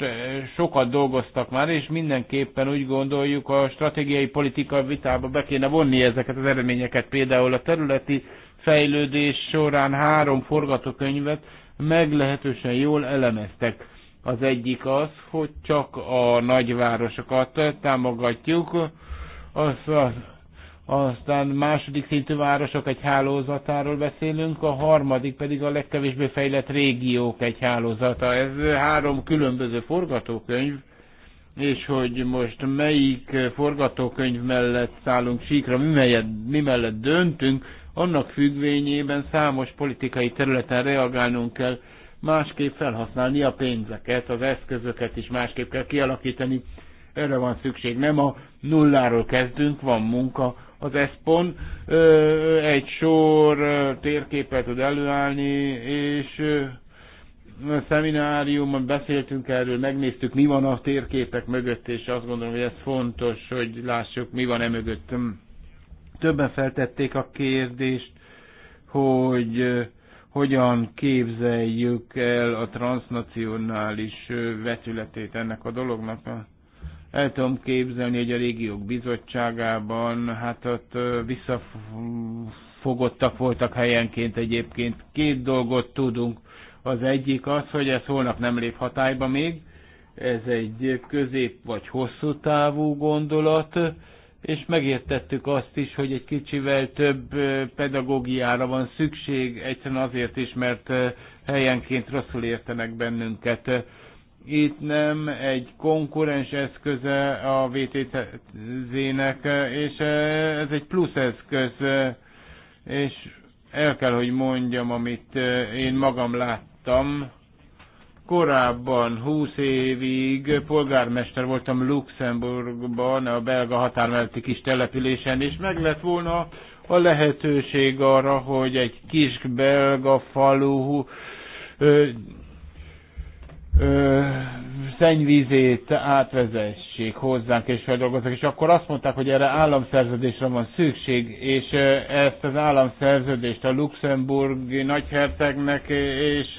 sokat dolgoztak már, és mindenképpen úgy gondoljuk, a stratégiai politika vitába be kéne vonni ezeket az eredményeket, például a területi fejlődés során három forgatókönyvet meglehetősen jól elemeztek. Az egyik az, hogy csak a nagyvárosokat támogatjuk, az, az aztán második szintű városok egy hálózatáról beszélünk, a harmadik pedig a legkevésbé fejlett régiók egy hálózata. Ez három különböző forgatókönyv, és hogy most melyik forgatókönyv mellett szállunk síkra, mi mellett, mi mellett döntünk, annak függvényében számos politikai területen reagálnunk kell, másképp felhasználni a pénzeket, az eszközöket is másképp kell kialakítani. Erre van szükség. Nem a nulláról kezdünk, van munka, az ESPON egy sor térképet tud előállni, és a szemináriumon beszéltünk erről, megnéztük, mi van a térképek mögött, és azt gondolom, hogy ez fontos, hogy lássuk, mi van e mögött. Hm. Többen feltették a kérdést, hogy hogyan képzeljük el a transnacionális vetületét ennek a dolognak. El tudom képzelni, hogy a régiók bizottságában, hát ott visszafogottak voltak helyenként egyébként. Két dolgot tudunk. Az egyik az, hogy ez holnap nem lép hatályba még. Ez egy közép vagy hosszú távú gondolat és megértettük azt is, hogy egy kicsivel több pedagógiára van szükség, egyszerűen azért is, mert helyenként rosszul értenek bennünket. Itt nem egy konkurens eszköze a VTC-nek, és e, ez egy plusz eszköz, e, és el kell, hogy mondjam, amit e, én magam láttam, korábban 20 évig polgármester voltam Luxemburgban, a belga határmelti kis településen, és meg lett volna a lehetőség arra, hogy egy kis belga falu ö, szennyvízét átvezessék hozzánk és feldolgozzák, és akkor azt mondták, hogy erre államszerződésre van szükség, és ezt az államszerződést a luxemburgi nagyhercegnek és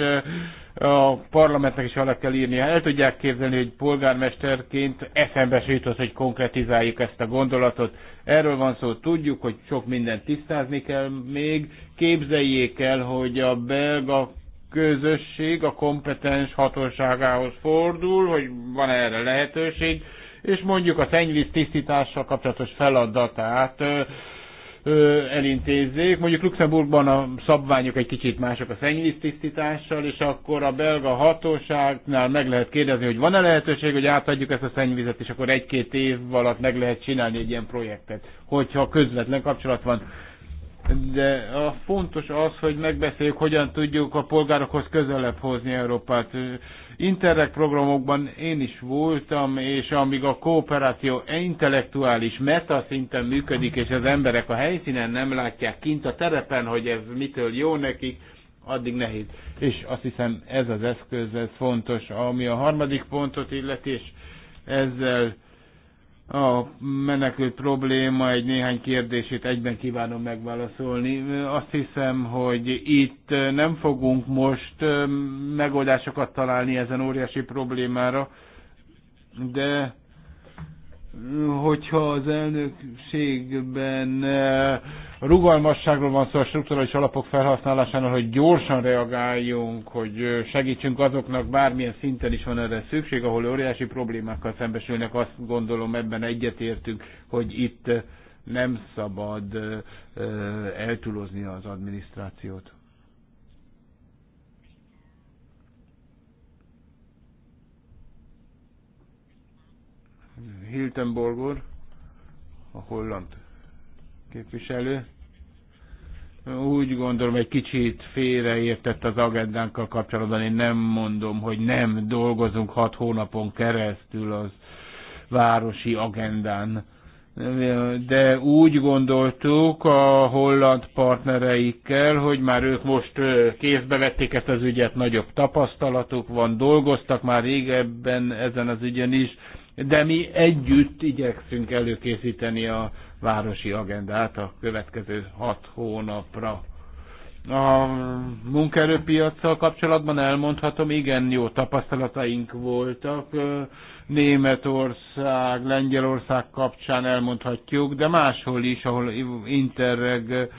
a parlamentnek is alá kell írnia. El tudják képzelni, hogy polgármesterként eszembe jutott, hogy konkretizáljuk ezt a gondolatot. Erről van szó, tudjuk, hogy sok mindent tisztázni kell még. Képzeljék el, hogy a belga közösség a kompetens hatóságához fordul, hogy van erre lehetőség, és mondjuk a szennyvíz tisztítással kapcsolatos feladatát elintézzék. Mondjuk Luxemburgban a szabványok egy kicsit mások a szennyvíz tisztítással, és akkor a belga hatóságnál meg lehet kérdezni, hogy van-e lehetőség, hogy átadjuk ezt a szennyvizet, és akkor egy-két év alatt meg lehet csinálni egy ilyen projektet, hogyha közvetlen kapcsolat van de a fontos az, hogy megbeszéljük, hogyan tudjuk a polgárokhoz közelebb hozni Európát. Interreg programokban én is voltam, és amíg a kooperáció intellektuális meta szinten működik, és az emberek a helyszínen nem látják kint a terepen, hogy ez mitől jó nekik, addig nehéz. És azt hiszem ez az eszköz, ez fontos. Ami a harmadik pontot illeti, és ezzel a menekült probléma egy néhány kérdését egyben kívánom megválaszolni. Azt hiszem, hogy itt nem fogunk most megoldásokat találni ezen óriási problémára, de hogyha az elnökségben eh, rugalmasságról van szó a strukturális alapok felhasználásánál, hogy gyorsan reagáljunk, hogy eh, segítsünk azoknak, bármilyen szinten is van erre szükség, ahol óriási problémákkal szembesülnek, azt gondolom ebben egyetértünk, hogy itt eh, nem szabad eltúlozni az adminisztrációt. Miltenborg úr, a holland képviselő. Úgy gondolom, egy kicsit félreértett az agendánkkal kapcsolatban. Én nem mondom, hogy nem dolgozunk hat hónapon keresztül az városi agendán. De úgy gondoltuk a holland partnereikkel, hogy már ők most kézbe vették ezt az ügyet, nagyobb tapasztalatuk van, dolgoztak már régebben ezen az ügyen is, de mi együtt igyekszünk előkészíteni a városi agendát a következő hat hónapra. A munkaerőpiacsal kapcsolatban elmondhatom, igen, jó tapasztalataink voltak. Németország, Lengyelország kapcsán elmondhatjuk, de máshol is, ahol interreg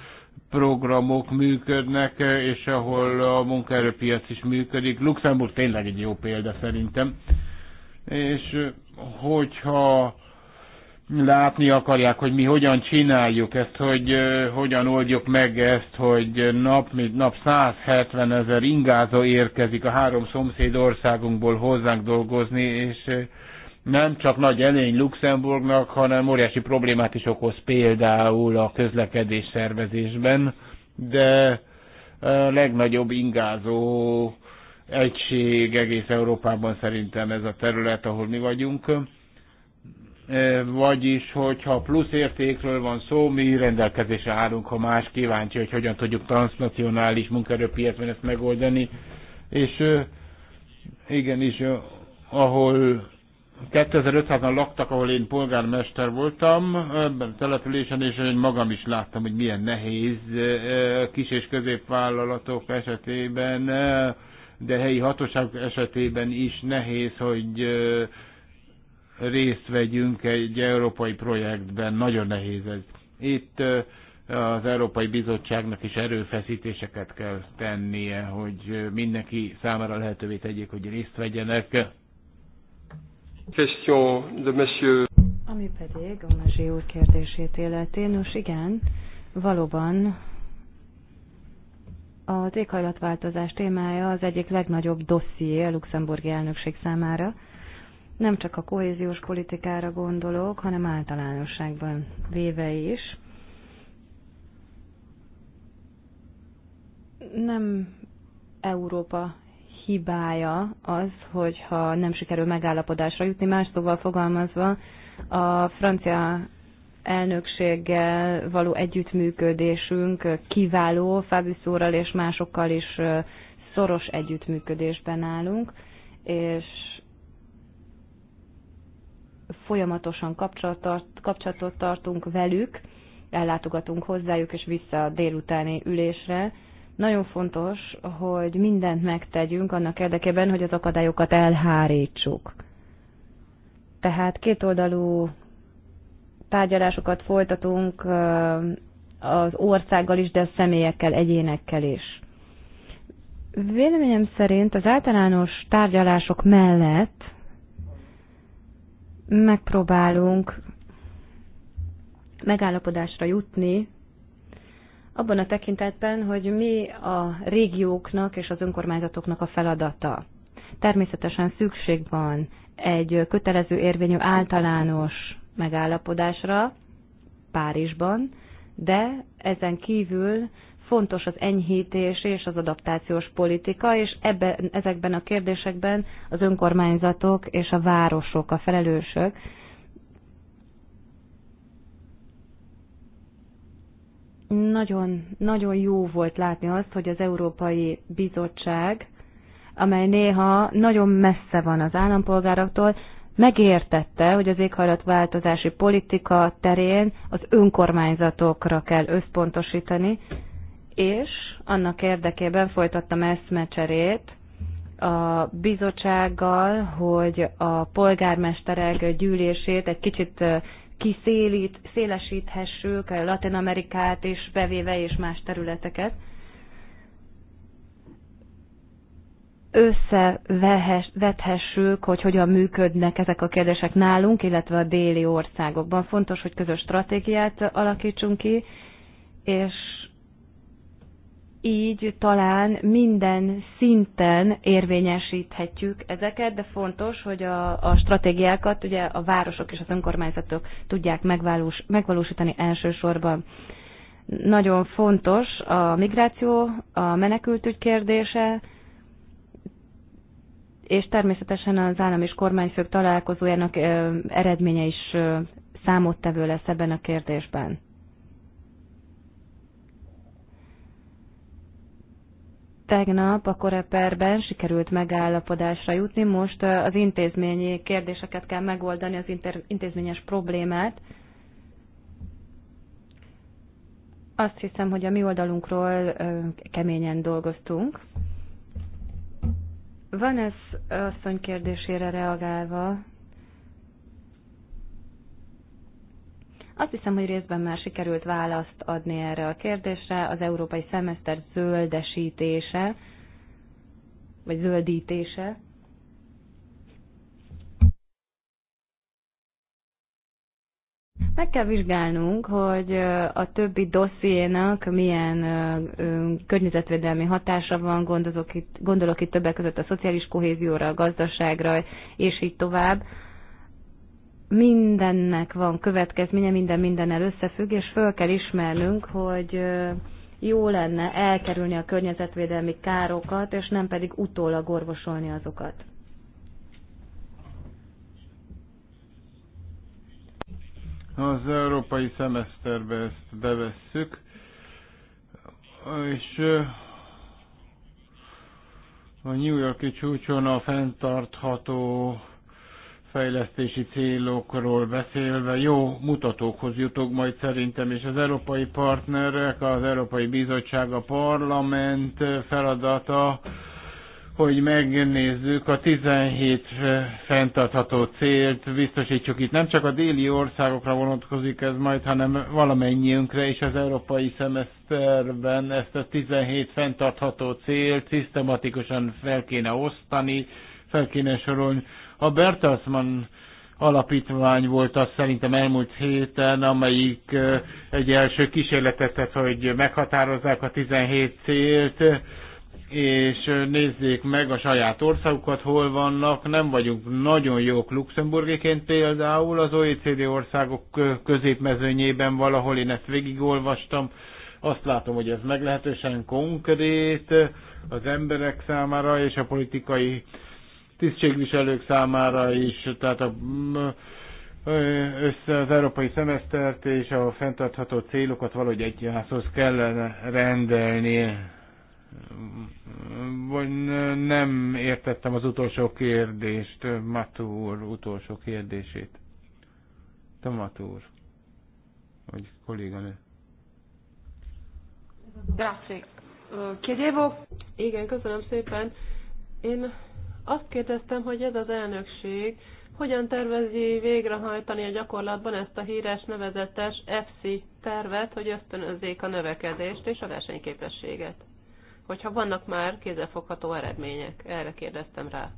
programok működnek, és ahol a munkaerőpiac is működik. Luxemburg tényleg egy jó példa szerintem. És hogyha látni akarják, hogy mi hogyan csináljuk ezt, hogy hogyan oldjuk meg ezt, hogy nap mint nap 170 ezer ingázó érkezik a három szomszéd országunkból hozzánk dolgozni, és nem csak nagy elény Luxemburgnak, hanem óriási problémát is okoz például a közlekedés szervezésben, de a legnagyobb ingázó egység egész Európában szerintem ez a terület, ahol mi vagyunk. E, vagyis, hogyha plusz értékről van szó, mi rendelkezésre állunk, ha más kíváncsi, hogy hogyan tudjuk transnacionális munkaerőpiacon ezt megoldani. És e, igenis, e, ahol 2500-an laktak, ahol én polgármester voltam, ebben településen, és én magam is láttam, hogy milyen nehéz kis és középvállalatok esetében de helyi hatóságok esetében is nehéz, hogy részt vegyünk egy európai projektben. Nagyon nehéz ez. Itt az Európai Bizottságnak is erőfeszítéseket kell tennie, hogy mindenki számára lehetővé tegyék, hogy részt vegyenek. Question de monsieur. Ami pedig a Mazsi úr kérdését illeti, nos igen, valóban az éghajlatváltozás témája az egyik legnagyobb dosszié a luxemburgi elnökség számára. Nem csak a kohéziós politikára gondolok, hanem általánosságban véve is. Nem Európa hibája az, hogyha nem sikerül megállapodásra jutni, más szóval fogalmazva, a francia elnökséggel való együttműködésünk kiváló, Fábiszóral és másokkal is szoros együttműködésben állunk, és folyamatosan kapcsolatot, kapcsolatot tartunk velük, ellátogatunk hozzájuk, és vissza a délutáni ülésre. Nagyon fontos, hogy mindent megtegyünk annak érdekében, hogy az akadályokat elhárítsuk. Tehát kétoldalú tárgyalásokat folytatunk az országgal is, de a személyekkel, egyénekkel is. Véleményem szerint az általános tárgyalások mellett megpróbálunk megállapodásra jutni abban a tekintetben, hogy mi a régióknak és az önkormányzatoknak a feladata. Természetesen szükség van egy kötelező érvényű általános megállapodásra Párizsban, de ezen kívül fontos az enyhítés és az adaptációs politika, és ebben, ezekben a kérdésekben az önkormányzatok és a városok a felelősök. Nagyon, nagyon jó volt látni azt, hogy az Európai Bizottság, amely néha nagyon messze van az állampolgároktól, megértette, hogy az éghajlatváltozási politika terén az önkormányzatokra kell összpontosítani, és annak érdekében folytattam eszmecserét a bizottsággal, hogy a polgármesterek gyűlését egy kicsit kiszélít, szélesíthessük, Latin Amerikát is bevéve és más területeket. összevethessük, hogy hogyan működnek ezek a kérdések nálunk, illetve a déli országokban. Fontos, hogy közös stratégiát alakítsunk ki, és így talán minden szinten érvényesíthetjük ezeket, de fontos, hogy a, a stratégiákat ugye a városok és az önkormányzatok tudják megvalós, megvalósítani elsősorban. Nagyon fontos a migráció, a menekültügy kérdése, és természetesen az állam és kormányfők találkozójának eredménye is számottevő lesz ebben a kérdésben. Tegnap a koreperben sikerült megállapodásra jutni, most az intézményi kérdéseket kell megoldani, az inter- intézményes problémát. Azt hiszem, hogy a mi oldalunkról keményen dolgoztunk. Van ez asszony kérdésére reagálva, Azt hiszem, hogy részben már sikerült választ adni erre a kérdésre. Az európai szemeszter zöldesítése, vagy zöldítése, Meg kell vizsgálnunk, hogy a többi dossziénak milyen környezetvédelmi hatása van, gondolok itt, gondolok itt többek között a szociális kohézióra, a gazdaságra, és így tovább. Mindennek van következménye, minden mindennel összefügg, és föl kell ismernünk, hogy jó lenne elkerülni a környezetvédelmi károkat, és nem pedig utólag orvosolni azokat. Ha az európai szemeszterbe ezt bevesszük, és a New Yorki csúcson a fenntartható fejlesztési célokról beszélve jó mutatókhoz jutok majd szerintem, és az európai partnerek, az Európai Bizottság, a parlament feladata hogy megnézzük a 17 fenntartható célt, biztosítsuk itt nem csak a déli országokra vonatkozik ez majd, hanem valamennyiünkre, és az európai szemeszterben ezt a 17 fenntartható célt szisztematikusan fel kéne osztani, fel kéne sorolni. A Bertelsmann alapítvány volt az szerintem elmúlt héten, amelyik eh, egy első kísérletet tett, hogy meghatározzák a 17 célt, és nézzék meg a saját országukat, hol vannak. Nem vagyunk nagyon jók luxemburgiként például, az OECD országok középmezőnyében valahol, én ezt végigolvastam, azt látom, hogy ez meglehetősen konkrét az emberek számára és a politikai tisztségviselők számára is, tehát a, össze az európai szemesztert és a fenntartható célokat valahogy egyházhoz kellene rendelni vagy nem értettem az utolsó kérdést, úr utolsó kérdését. Te úr, vagy kolléganő. Grazie. Chiedevo... Igen, köszönöm szépen. Én azt kérdeztem, hogy ez az elnökség hogyan tervezi végrehajtani a gyakorlatban ezt a híres nevezetes EFSI tervet, hogy ösztönözzék a növekedést és a versenyképességet hogyha vannak már kézzelfogható eredmények. Erre kérdeztem rá.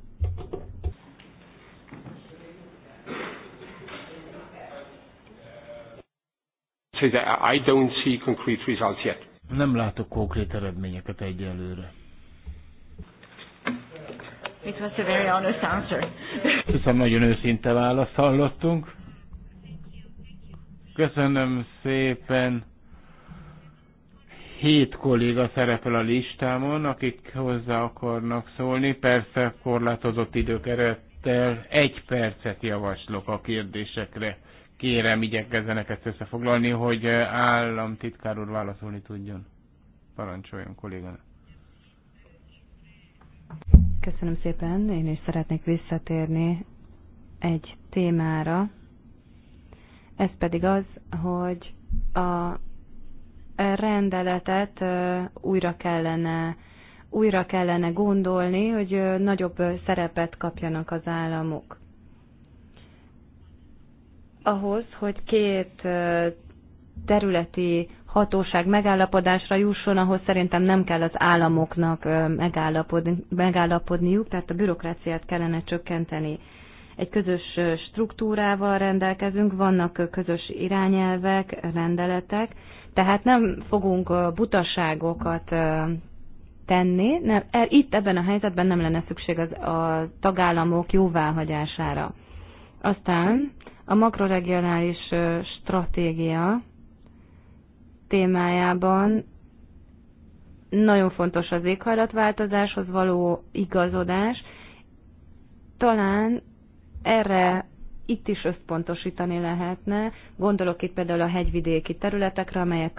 I don't see concrete results yet. Nem látok konkrét eredményeket egyelőre. It was a very honest answer. Köszönöm, nagyon őszinte választ hallottunk. Köszönöm szépen hét kolléga szerepel a listámon, akik hozzá akarnak szólni. Persze korlátozott időkerettel egy percet javaslok a kérdésekre. Kérem, igyekezzenek ezt összefoglalni, hogy államtitkár úr válaszolni tudjon. Parancsoljon kolléganak. Köszönöm szépen. Én is szeretnék visszatérni egy témára. Ez pedig az, hogy a rendeletet újra kellene újra kellene gondolni, hogy nagyobb szerepet kapjanak az államok. Ahhoz, hogy két területi hatóság megállapodásra jusson, ahhoz szerintem nem kell az államoknak megállapodni, megállapodniuk, tehát a bürokráciát kellene csökkenteni egy közös struktúrával rendelkezünk, vannak közös irányelvek, rendeletek, tehát nem fogunk butaságokat tenni, nem, e, itt ebben a helyzetben nem lenne szükség az, a tagállamok jóváhagyására. Aztán a makroregionális stratégia témájában nagyon fontos az éghajlatváltozáshoz való igazodás. Talán erre itt is összpontosítani lehetne. Gondolok itt például a hegyvidéki területekre, amelyek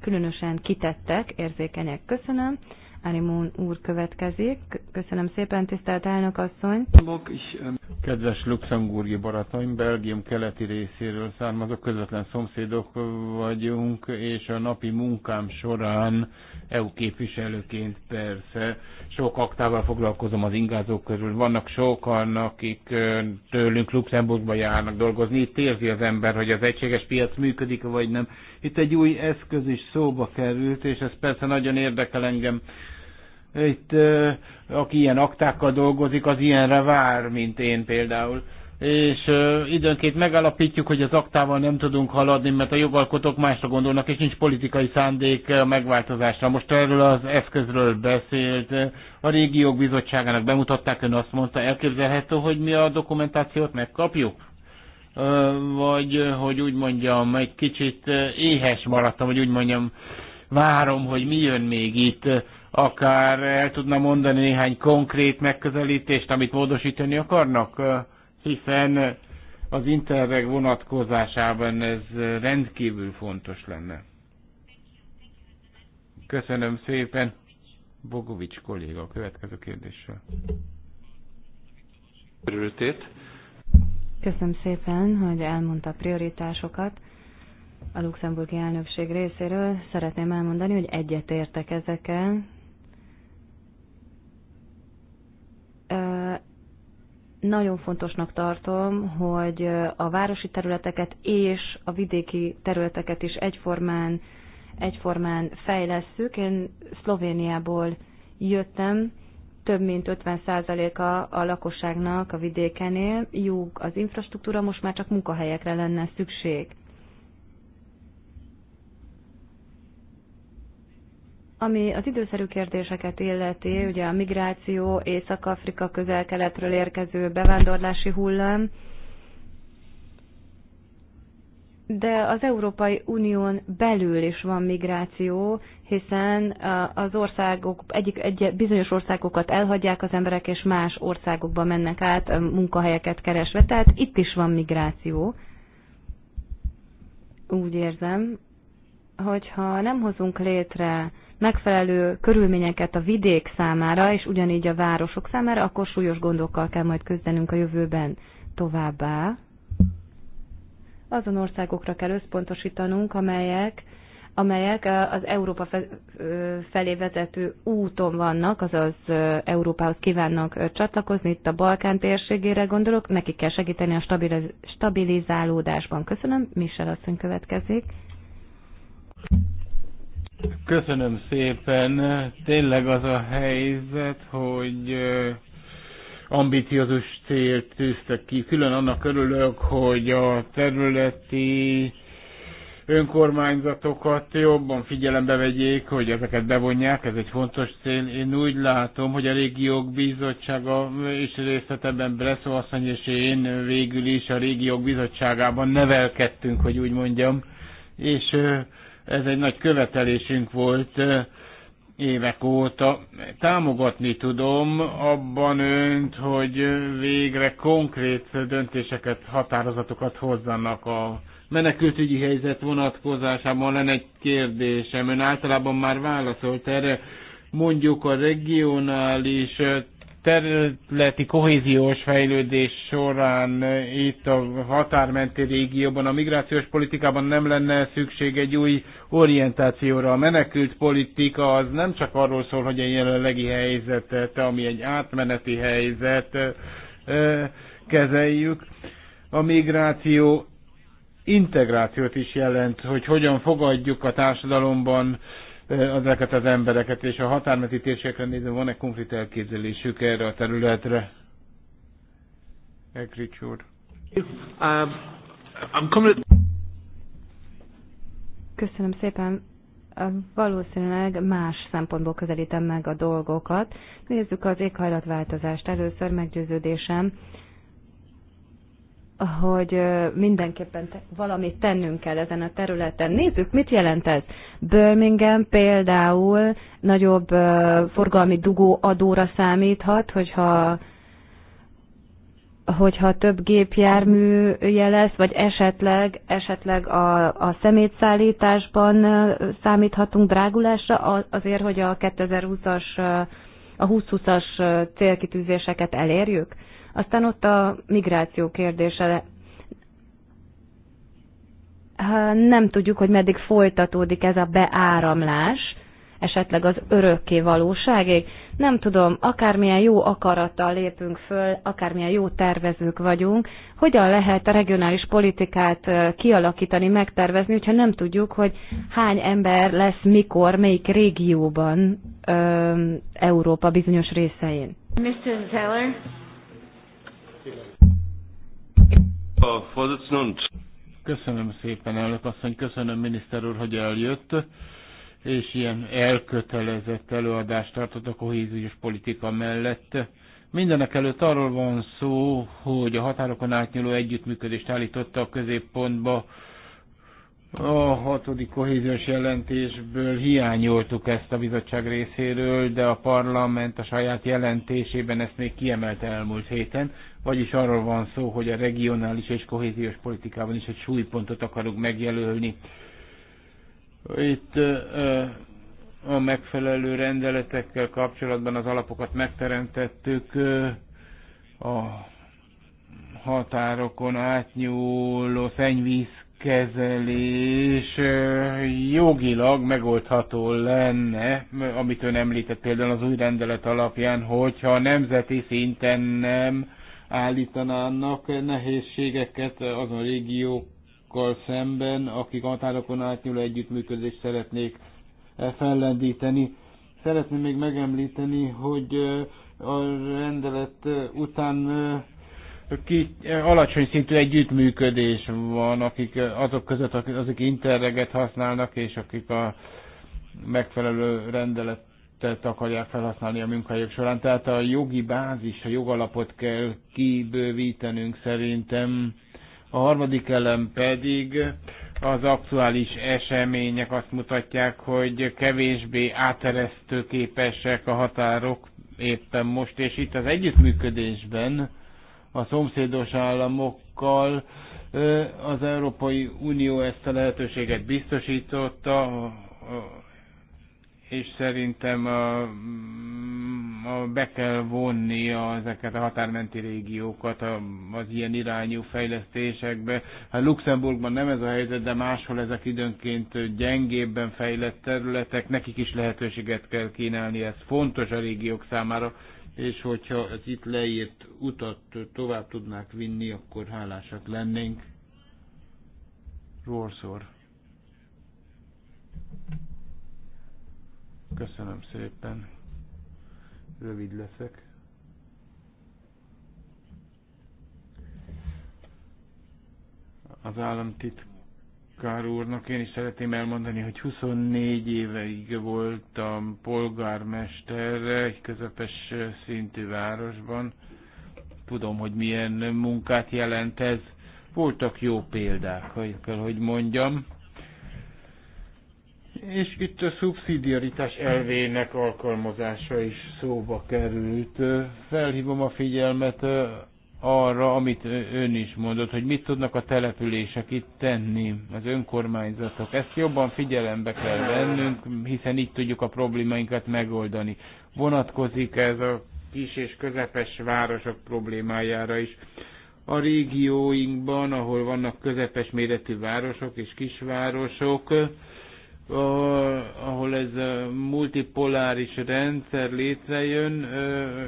különösen, kitettek, érzékenyek. Köszönöm. Arimón úr következik. Köszönöm szépen, tisztelt elnök asszony. Kedves luxemburgi barátaim, Belgium keleti részéről származok, közvetlen szomszédok vagyunk, és a napi munkám során EU képviselőként persze sok aktával foglalkozom az ingázók közül. Vannak sokan, akik tőlünk Luxemburgba járnak dolgozni. Itt érzi az ember, hogy az egységes piac működik, vagy nem. Itt egy új eszköz is szóba került, és ez persze nagyon érdekel engem. Itt, aki ilyen aktákkal dolgozik, az ilyenre vár, mint én például és időnként megalapítjuk, hogy az aktával nem tudunk haladni, mert a jogalkotók másra gondolnak, és nincs politikai szándék a megváltozásra. Most erről az eszközről beszélt, a régiók bizottságának bemutatták, ön azt mondta, elképzelhető, hogy mi a dokumentációt megkapjuk? vagy hogy úgy mondjam, egy kicsit éhes maradtam, hogy úgy mondjam, várom, hogy mi jön még itt, akár el tudna mondani néhány konkrét megközelítést, amit módosítani akarnak, hiszen az interreg vonatkozásában ez rendkívül fontos lenne. Köszönöm szépen. Bogovics kolléga a következő kérdéssel. Örültét. Köszönöm szépen, hogy elmondta a prioritásokat a luxemburgi elnökség részéről. Szeretném elmondani, hogy egyetértek ezekkel. Nagyon fontosnak tartom, hogy a városi területeket és a vidéki területeket is egyformán, egyformán fejlesszük. Én Szlovéniából jöttem, több mint 50%-a a lakosságnak a vidéken él, jó az infrastruktúra, most már csak munkahelyekre lenne szükség. Ami az időszerű kérdéseket illeti, ugye a migráció, Észak-Afrika közel-keletről érkező bevándorlási hullám, de az Európai Unión belül is van migráció, hiszen az országok, egyik, egy, bizonyos országokat elhagyják az emberek, és más országokba mennek át munkahelyeket keresve. Tehát itt is van migráció. Úgy érzem, hogyha nem hozunk létre megfelelő körülményeket a vidék számára, és ugyanígy a városok számára, akkor súlyos gondokkal kell majd küzdenünk a jövőben továbbá azon országokra kell összpontosítanunk, amelyek amelyek az Európa felé vezető úton vannak, azaz Európához kívánnak csatlakozni, itt a Balkán térségére gondolok, nekik kell segíteni a stabilizálódásban. Köszönöm, Michel asszony következik. Köszönöm szépen. Tényleg az a helyzet, hogy ambiciózus célt tűztek ki. Külön annak örülök, hogy a területi önkormányzatokat jobban figyelembe vegyék, hogy ezeket bevonják, ez egy fontos cél. Én úgy látom, hogy a régiók bizottsága is részt ebben, Bresszó asszony és én végül is a régiók bizottságában nevelkedtünk, hogy úgy mondjam, és ez egy nagy követelésünk volt, évek óta. Támogatni tudom abban önt, hogy végre konkrét döntéseket, határozatokat hozzanak a menekültügyi helyzet vonatkozásában. Lenne egy kérdésem, ön általában már válaszolt erre, mondjuk a regionális területi kohéziós fejlődés során eh, itt a határmenti régióban, a migrációs politikában nem lenne szükség egy új orientációra. A menekült politika az nem csak arról szól, hogy a jelenlegi helyzetet, ami egy átmeneti helyzet, eh, kezeljük. A migráció integrációt is jelent, hogy hogyan fogadjuk a társadalomban ezeket az embereket, és a határmenti térségekre nézve van-e konkrét elképzelésük erre a területre? Ekrics úr. Um, Köszönöm szépen. Valószínűleg más szempontból közelítem meg a dolgokat. Nézzük az éghajlatváltozást. Először meggyőződésem, hogy mindenképpen valamit tennünk kell ezen a területen. Nézzük, mit jelent ez. Birmingham például nagyobb forgalmi dugó adóra számíthat, hogyha hogyha több gépjárműje lesz, vagy esetleg, esetleg a, a szemétszállításban számíthatunk drágulásra azért, hogy a 2020-as, a 2020-as célkitűzéseket elérjük? Aztán ott a migráció kérdése. Nem tudjuk, hogy meddig folytatódik ez a beáramlás, esetleg az örökké valóságig. Nem tudom, akármilyen jó akarattal lépünk föl, akármilyen jó tervezők vagyunk, hogyan lehet a regionális politikát kialakítani, megtervezni, hogyha nem tudjuk, hogy hány ember lesz mikor, melyik régióban Európa bizonyos részein. Mr. Zeller. A Köszönöm szépen, elnök asszony, köszönöm miniszter úr, hogy eljött, és ilyen elkötelezett előadást tartott a kohéziós politika mellett. Mindenek előtt arról van szó, hogy a határokon átnyúló együttműködést állította a középpontba, a hatodik kohéziós jelentésből hiányoltuk ezt a bizottság részéről, de a parlament a saját jelentésében ezt még kiemelte elmúlt héten, vagyis arról van szó, hogy a regionális és kohéziós politikában is egy súlypontot akarunk megjelölni. Itt a megfelelő rendeletekkel kapcsolatban az alapokat megteremtettük a határokon átnyúló szennyvíz kezelés jogilag megoldható lenne, amit ön említett például az új rendelet alapján, hogyha nemzeti szinten nem állítanának nehézségeket azon régiókkal szemben, akik határokon átnyúló együttműködést szeretnék fellendíteni. Szeretném még megemlíteni, hogy a rendelet után ki, alacsony szintű együttműködés van, akik azok között, akik, azok interreget használnak, és akik a megfelelő rendeletet akarják felhasználni a munkahelyek során. Tehát a jogi bázis, a jogalapot kell kibővítenünk szerintem. A harmadik elem pedig az aktuális események azt mutatják, hogy kevésbé áteresztőképesek a határok éppen most, és itt az együttműködésben a szomszédos államokkal. Az Európai Unió ezt a lehetőséget biztosította, és szerintem a, a, be kell vonni ezeket a határmenti régiókat a, az ilyen irányú fejlesztésekbe. A hát Luxemburgban nem ez a helyzet, de máshol ezek időnként gyengébben fejlett területek, nekik is lehetőséget kell kínálni, ez fontos a régiók számára és hogyha az itt leírt utat tovább tudnák vinni, akkor hálásak lennénk. Rorszor. Köszönöm szépen. Rövid leszek. Az államtitkár Kár úrnak én is szeretném elmondani, hogy 24 éveig voltam polgármester egy közepes szintű városban. Tudom, hogy milyen munkát jelent ez. Voltak jó példák, hogy kell, hogy mondjam. És itt a szubszidiaritás elvének alkalmazása is szóba került. Felhívom a figyelmet arra, amit ön is mondott, hogy mit tudnak a települések itt tenni, az önkormányzatok. Ezt jobban figyelembe kell vennünk, hiszen így tudjuk a problémáinkat megoldani. Vonatkozik ez a kis és közepes városok problémájára is. A régióinkban, ahol vannak közepes méretű városok és kisvárosok, ahol ez a multipoláris rendszer létrejön,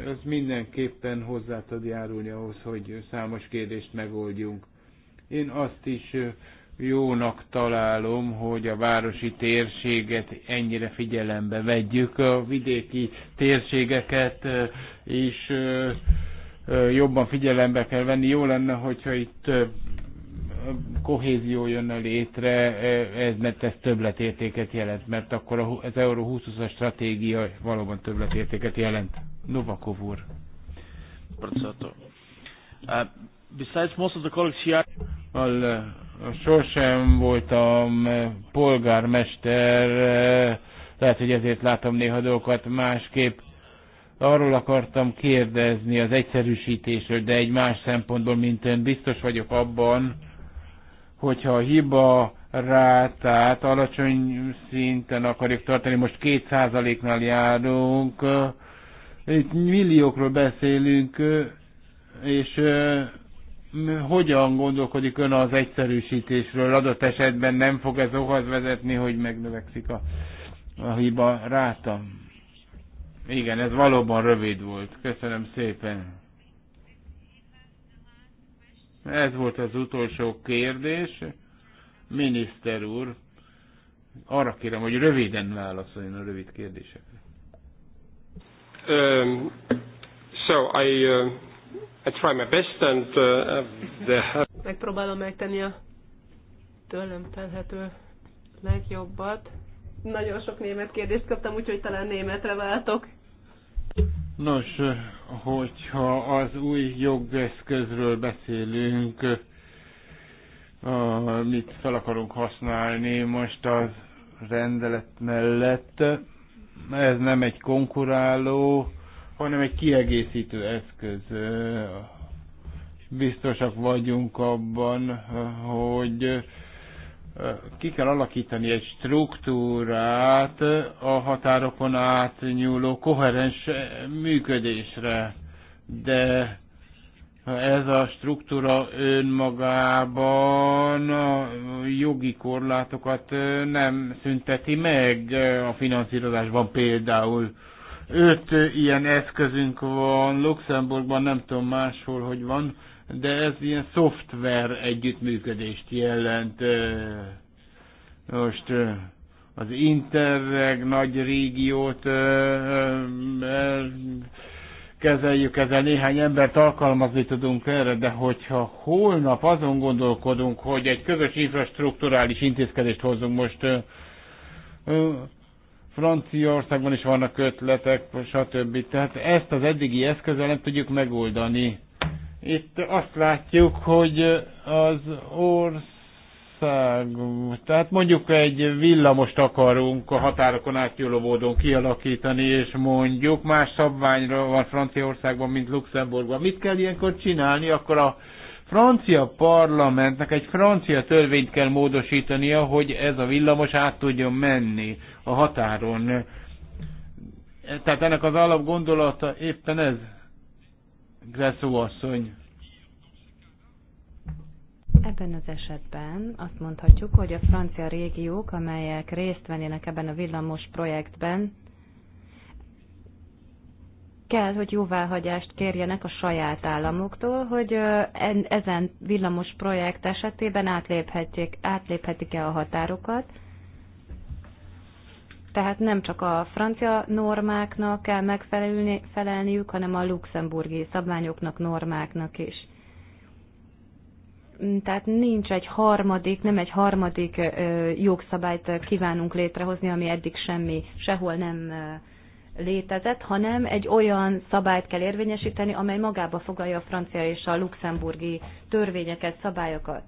az mindenképpen hozzá tud járulni ahhoz, hogy számos kérdést megoldjunk. Én azt is jónak találom, hogy a városi térséget ennyire figyelembe vegyük, a vidéki térségeket is jobban figyelembe kell venni. Jó lenne, hogyha itt kohézió jönne létre, e, ez, mert ez többletértéket jelent, mert akkor az Euró 20-as stratégia valóban többletértéket jelent. Novakov úr. Uh, besides most of the colleagues here... Well, uh, sosem voltam uh, polgármester, lehet, hogy ezért látom néha dolgokat másképp. Arról akartam kérdezni az egyszerűsítésről, de egy más szempontból, mint ön biztos vagyok abban, hogyha a hiba rátát alacsony szinten akarjuk tartani, most 2%-nál járunk, itt milliókról beszélünk, és hogyan gondolkodik ön az egyszerűsítésről? Adott esetben nem fog ez ahhoz vezetni, hogy megnövekszik a, a hiba ráta. Igen, ez valóban rövid volt. Köszönöm szépen. Ez volt az utolsó kérdés. Miniszter úr, arra kérem, hogy röviden válaszoljon a rövid kérdésekre. Um, so I, uh, I try my best and uh, the... Megpróbálom megtenni a tőlem telhető legjobbat. Nagyon sok német kérdést kaptam, úgyhogy talán németre váltok. Nos, hogyha az új jogeszközről beszélünk, amit fel akarunk használni most az rendelet mellett, ez nem egy konkuráló, hanem egy kiegészítő eszköz. Biztosak vagyunk abban, hogy ki kell alakítani egy struktúrát a határokon átnyúló koherens eh, működésre, de ez a struktúra önmagában a jogi korlátokat eh, nem szünteti meg eh, a finanszírozásban például. Öt ilyen eszközünk van, Luxemburgban nem tudom máshol, hogy van, de ez ilyen szoftver együttműködést jelent. Most az Interreg nagy régiót kezeljük, ezzel néhány embert alkalmazni tudunk erre, de hogyha holnap azon gondolkodunk, hogy egy közös infrastruktúrális intézkedést hozunk most, Franciaországban is vannak ötletek, stb. Tehát ezt az eddigi eszközzel nem tudjuk megoldani. Itt azt látjuk, hogy az ország, tehát mondjuk egy villamost akarunk a határokon átnyúló módon kialakítani, és mondjuk más szabványra van Franciaországban, mint Luxemburgban. Mit kell ilyenkor csinálni? Akkor a francia parlamentnek egy francia törvényt kell módosítania, hogy ez a villamos át tudjon menni a határon. Tehát ennek az alapgondolata éppen ez. Gresszó asszony. Ebben az esetben azt mondhatjuk, hogy a francia régiók, amelyek részt vennének ebben a villamos projektben, kell, hogy jóváhagyást kérjenek a saját államoktól, hogy ezen villamos projekt esetében átléphetik-e a határokat, tehát nem csak a francia normáknak kell megfelelniük, hanem a luxemburgi szabványoknak, normáknak is. Tehát nincs egy harmadik, nem egy harmadik jogszabályt kívánunk létrehozni, ami eddig semmi, sehol nem létezett, hanem egy olyan szabályt kell érvényesíteni, amely magába fogalja a francia és a luxemburgi törvényeket, szabályokat.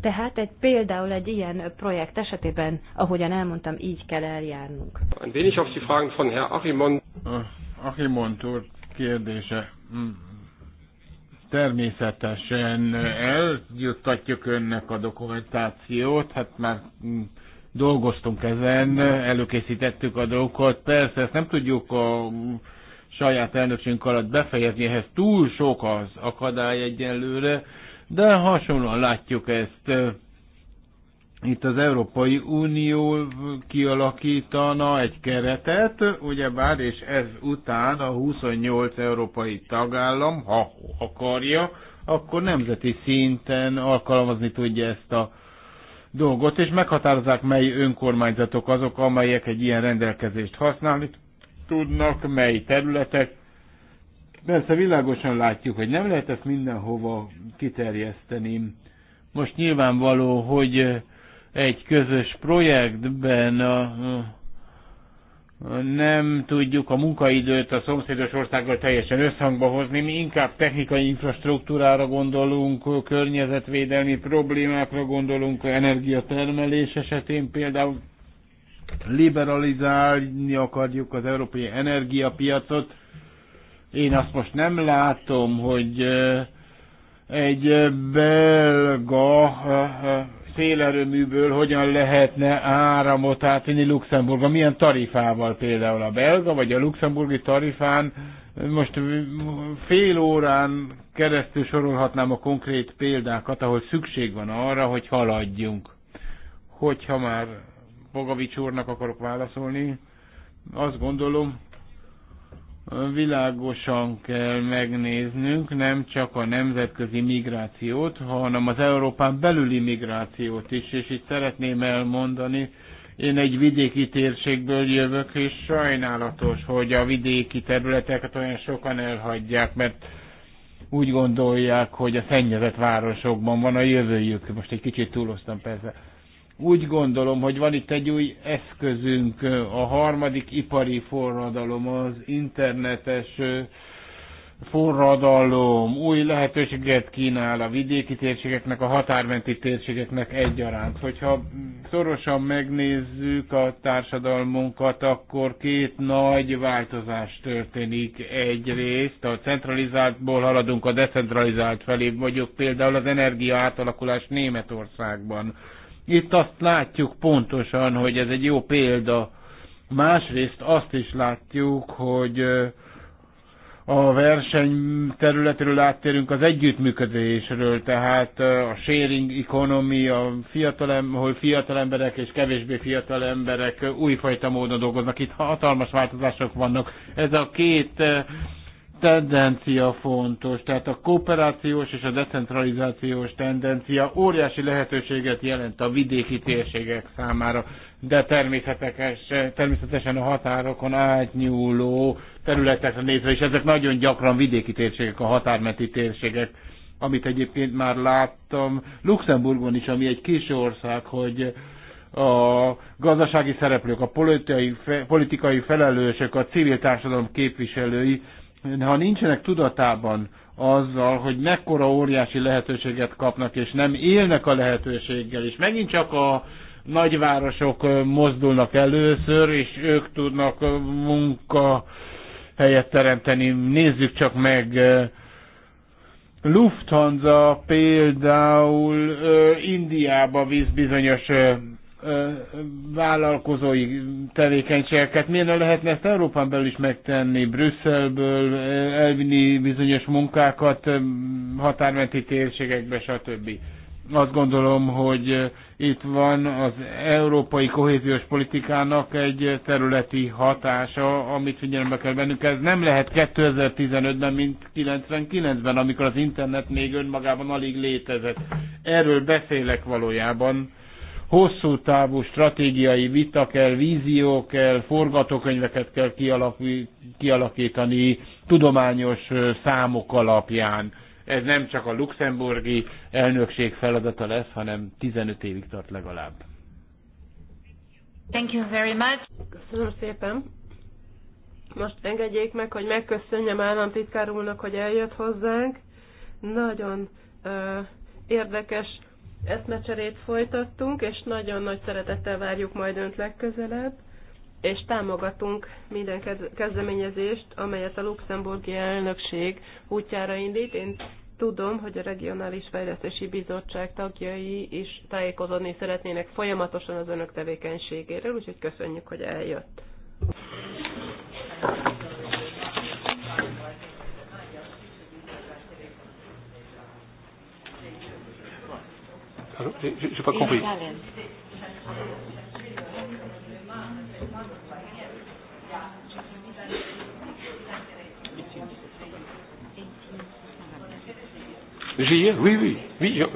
Tehát egy például egy ilyen projekt esetében, ahogyan elmondtam, így kell eljárnunk. Ein wenig auf die Fragen von Herr Achimon. úr kérdése. Mm, természetesen eljuttatjuk önnek a dokumentációt, hát már mm, dolgoztunk ezen, előkészítettük a dolgokat. Persze ezt nem tudjuk a mm, saját elnökségünk alatt befejezni, ehhez túl sok az akadály egyelőre, de hasonlóan látjuk ezt. Itt az Európai Unió kialakítana egy keretet, ugyebár, és ez után a 28 európai tagállam, ha akarja, akkor nemzeti szinten alkalmazni tudja ezt a dolgot, és meghatározzák, mely önkormányzatok azok, amelyek egy ilyen rendelkezést használni tudnak, mely területek, Persze világosan látjuk, hogy nem lehet ezt mindenhova kiterjeszteni. Most nyilvánvaló, hogy egy közös projektben a, a, nem tudjuk a munkaidőt a szomszédos országgal teljesen összhangba hozni, mi inkább technikai infrastruktúrára gondolunk, környezetvédelmi problémákra gondolunk, energiatermelés esetén például liberalizálni akarjuk az európai energiapiacot, én azt most nem látom, hogy egy belga szélerőműből hogyan lehetne áramot átvinni Luxemburgba. Milyen tarifával például a belga vagy a luxemburgi tarifán most fél órán keresztül sorolhatnám a konkrét példákat, ahol szükség van arra, hogy haladjunk. Hogyha már Bogavics úrnak akarok válaszolni, azt gondolom, világosan kell megnéznünk nem csak a nemzetközi migrációt, hanem az Európán belüli migrációt is, és itt szeretném elmondani, én egy vidéki térségből jövök, és sajnálatos, hogy a vidéki területeket olyan sokan elhagyják, mert úgy gondolják, hogy a szennyezett városokban van a jövőjük. Most egy kicsit túloztam persze. Úgy gondolom, hogy van itt egy új eszközünk, a harmadik ipari forradalom, az internetes forradalom, új lehetőséget kínál a vidéki térségeknek, a határmenti térségeknek egyaránt. Hogyha szorosan megnézzük a társadalmunkat, akkor két nagy változás történik. Egyrészt a centralizáltból haladunk a decentralizált felé, mondjuk például az energia átalakulás Németországban itt azt látjuk pontosan, hogy ez egy jó példa. Másrészt azt is látjuk, hogy a verseny területről áttérünk az együttműködésről, tehát a sharing economy, a fiatal, hogy fiatal emberek és kevésbé fiatal emberek újfajta módon dolgoznak. Itt hatalmas változások vannak. Ez a két tendencia fontos, tehát a kooperációs és a decentralizációs tendencia óriási lehetőséget jelent a vidéki térségek számára, de természetesen a határokon átnyúló területekre nézve, és ezek nagyon gyakran vidéki térségek, a határmenti térségek, amit egyébként már láttam Luxemburgon is, ami egy kis ország, hogy a gazdasági szereplők, a politikai, politikai felelősök, a civil társadalom képviselői ha nincsenek tudatában azzal, hogy mekkora óriási lehetőséget kapnak, és nem élnek a lehetőséggel, és megint csak a nagyvárosok mozdulnak először, és ők tudnak munka helyet teremteni. Nézzük csak meg Lufthansa például Indiába visz bizonyos vállalkozói tevékenységeket. Milyen lehetne ezt Európán belül is megtenni, Brüsszelből elvinni bizonyos munkákat határmenti térségekbe, stb. Azt gondolom, hogy itt van az európai kohéziós politikának egy területi hatása, amit figyelembe kell vennünk. Ez nem lehet 2015-ben, mint 99-ben, amikor az internet még önmagában alig létezett. Erről beszélek valójában hosszú távú stratégiai vita kell, vízió kell, forgatókönyveket kell kialakítani tudományos számok alapján. Ez nem csak a luxemburgi elnökség feladata lesz, hanem 15 évig tart legalább. Thank you very much. Köszönöm szépen. Most engedjék meg, hogy megköszönjem államtitkár úrnak, hogy eljött hozzánk. Nagyon uh, érdekes eszmecserét folytattunk, és nagyon nagy szeretettel várjuk majd önt legközelebb, és támogatunk minden kezdeményezést, amelyet a luxemburgi elnökség útjára indít. Én tudom, hogy a Regionális Fejlesztési Bizottság tagjai is tájékozódni szeretnének folyamatosan az önök tevékenységéről, úgyhogy köszönjük, hogy eljött. Je n'ai pas compris. J'y ai, oui, oui, oui. Je...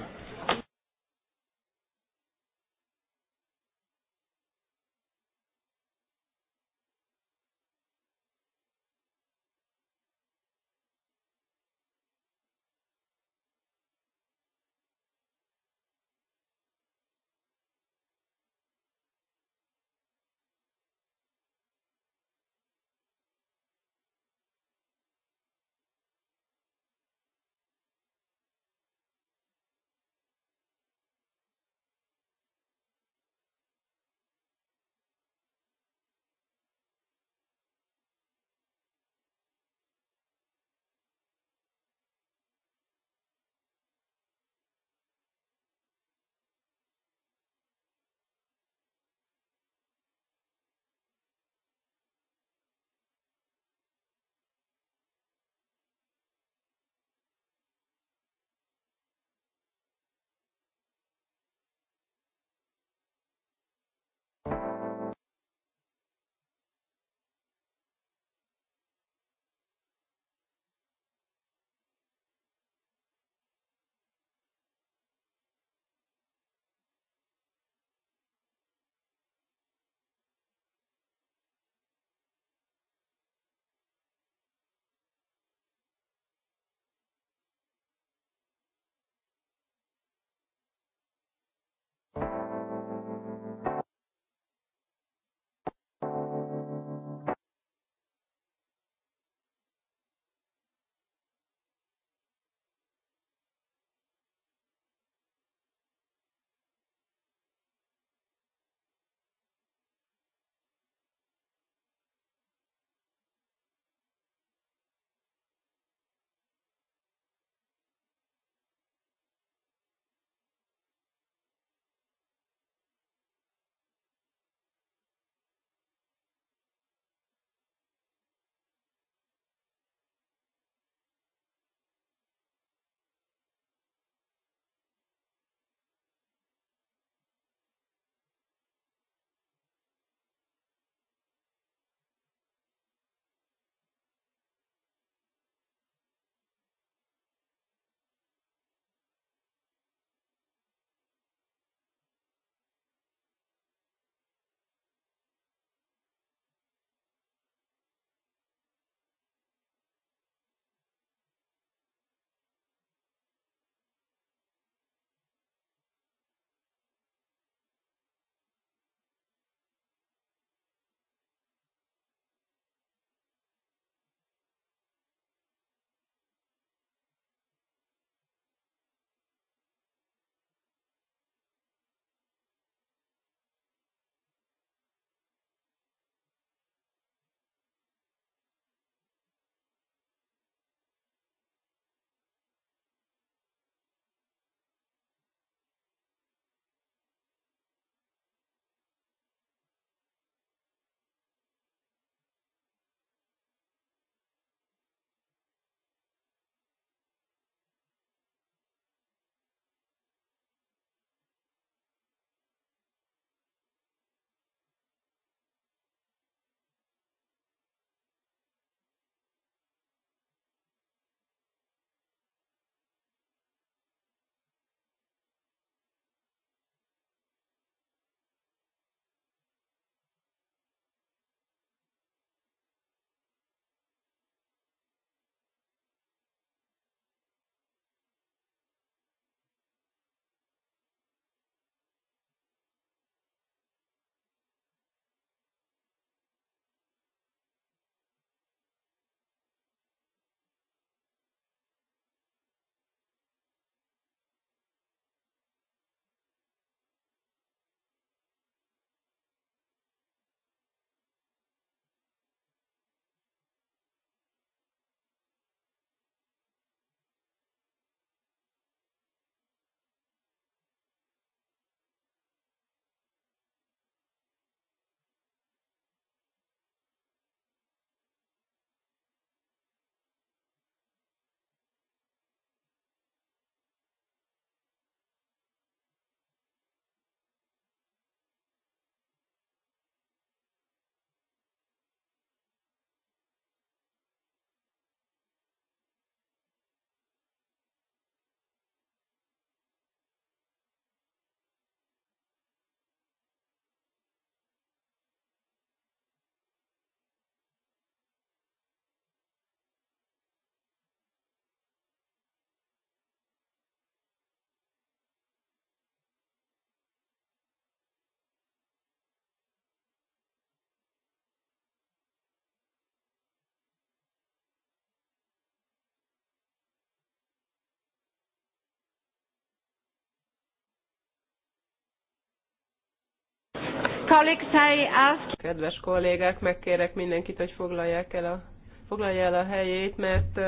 colleagues, I ask... Kedves kollégák, megkérek mindenkit, hogy foglalják el a, foglalja el a helyét, mert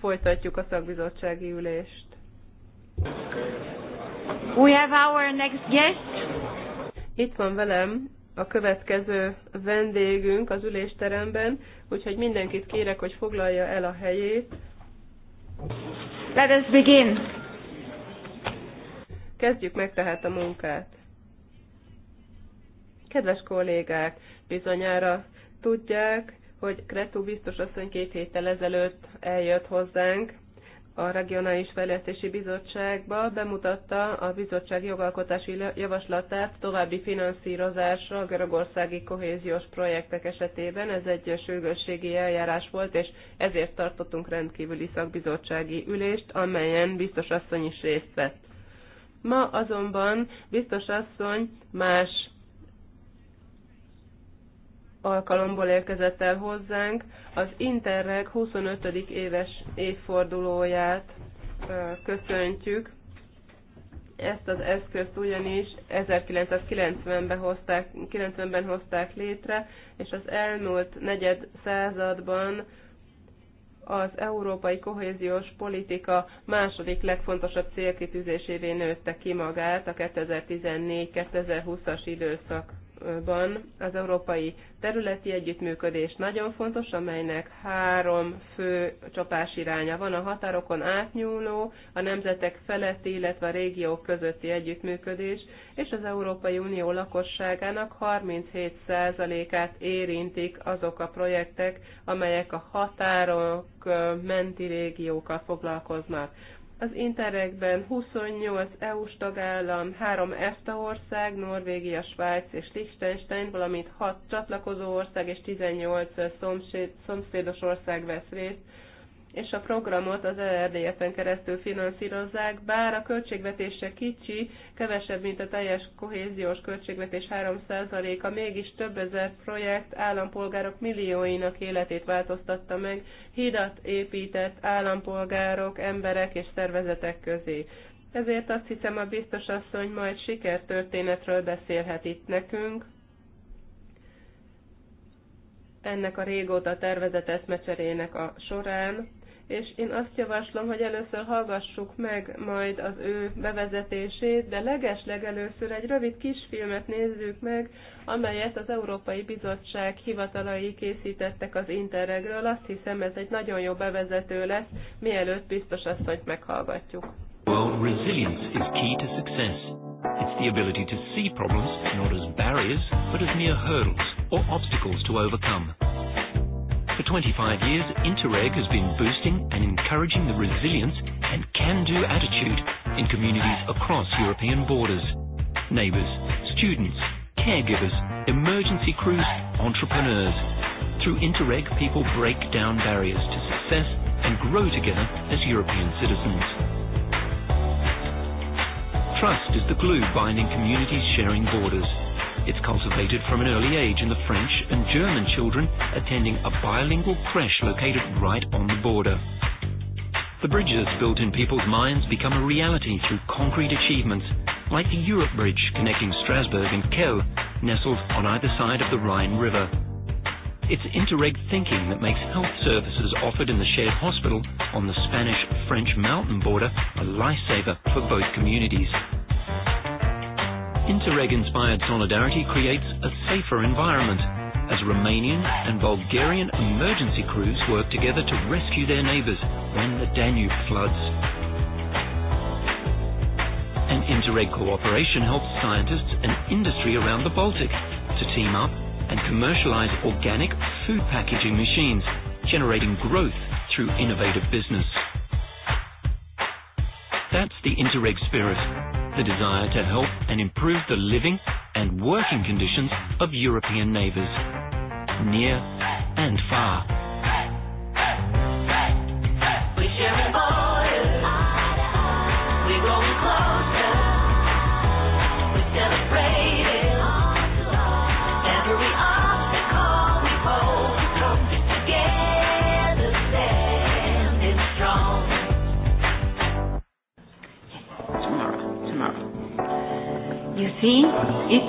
folytatjuk a szakbizottsági ülést. We have our next guest. Itt van velem a következő vendégünk az ülésteremben, úgyhogy mindenkit kérek, hogy foglalja el a helyét. Let us begin. Kezdjük meg tehát a munkát. Kedves kollégák, bizonyára tudják, hogy Kretú biztos asszony két héttel ezelőtt eljött hozzánk a Regionális Fejlesztési Bizottságba, bemutatta a bizottság jogalkotási javaslatát további finanszírozásra a görögországi kohéziós projektek esetében. Ez egy sürgősségi eljárás volt, és ezért tartottunk rendkívüli szakbizottsági ülést, amelyen biztos asszony is részt vett. Ma azonban biztos asszony más alkalomból érkezett el hozzánk, az Interreg 25. éves évfordulóját köszöntjük. Ezt az eszközt ugyanis 1990-ben hozták, 90-ben hozták létre, és az elmúlt negyed században az európai kohéziós politika második legfontosabb célkitűzésévé nőtte ki magát a 2014-2020-as időszak ban az európai területi együttműködés nagyon fontos, amelynek három fő csapás iránya van, a határokon átnyúló, a nemzetek feletti, illetve a régiók közötti együttműködés, és az Európai Unió lakosságának 37%-át érintik azok a projektek, amelyek a határok menti régiókkal foglalkoznak. Az Interregben 28 EU-s tagállam, 3 EFTA ország, Norvégia, Svájc és Liechtenstein, valamint 6 csatlakozó ország és 18 szomszédos ország vesz részt és a programot az ERDF-en keresztül finanszírozzák, bár a költségvetése kicsi, kevesebb, mint a teljes kohéziós költségvetés 3%-a, mégis több ezer projekt állampolgárok millióinak életét változtatta meg, hidat épített állampolgárok, emberek és szervezetek közé. Ezért azt hiszem a biztos asszony majd sikertörténetről beszélhet itt nekünk, ennek a régóta tervezett eszmecserének a során, és én azt javaslom, hogy először hallgassuk meg majd az ő bevezetését, de legesleg először egy rövid kisfilmet nézzük meg, amelyet az Európai Bizottság hivatalai készítettek az Interregről. Azt hiszem ez egy nagyon jó bevezető lesz, mielőtt biztos azt, hogy meghallgatjuk. Well, resilience is key to success. It's the ability to see problems not as barriers, but as mere hurdles or obstacles to overcome. For 25 years, Interreg has been boosting and encouraging the resilience and can-do attitude in communities across European borders. Neighbours, students, caregivers, emergency crews, entrepreneurs. Through Interreg, people break down barriers to success and grow together as European citizens. Trust is the glue binding communities sharing borders It's cultivated from an early age in the French and German children attending a bilingual creche located right on the border. The bridges built in people's minds become a reality through concrete achievements, like the Europe Bridge connecting Strasbourg and Kiel, nestled on either side of the Rhine River. It's Interreg thinking that makes health services offered in the shared hospital on the Spanish-French mountain border a lifesaver for both communities. Interreg inspired solidarity creates a safer environment as Romanian and Bulgarian emergency crews work together to rescue their neighbors when the Danube floods. And Interreg cooperation helps scientists and industry around the Baltic to team up and commercialize organic food packaging machines, generating growth through innovative business. That's the Interreg spirit, the desire to help and improve the living and working conditions of European neighbours, near and far. We share see, it,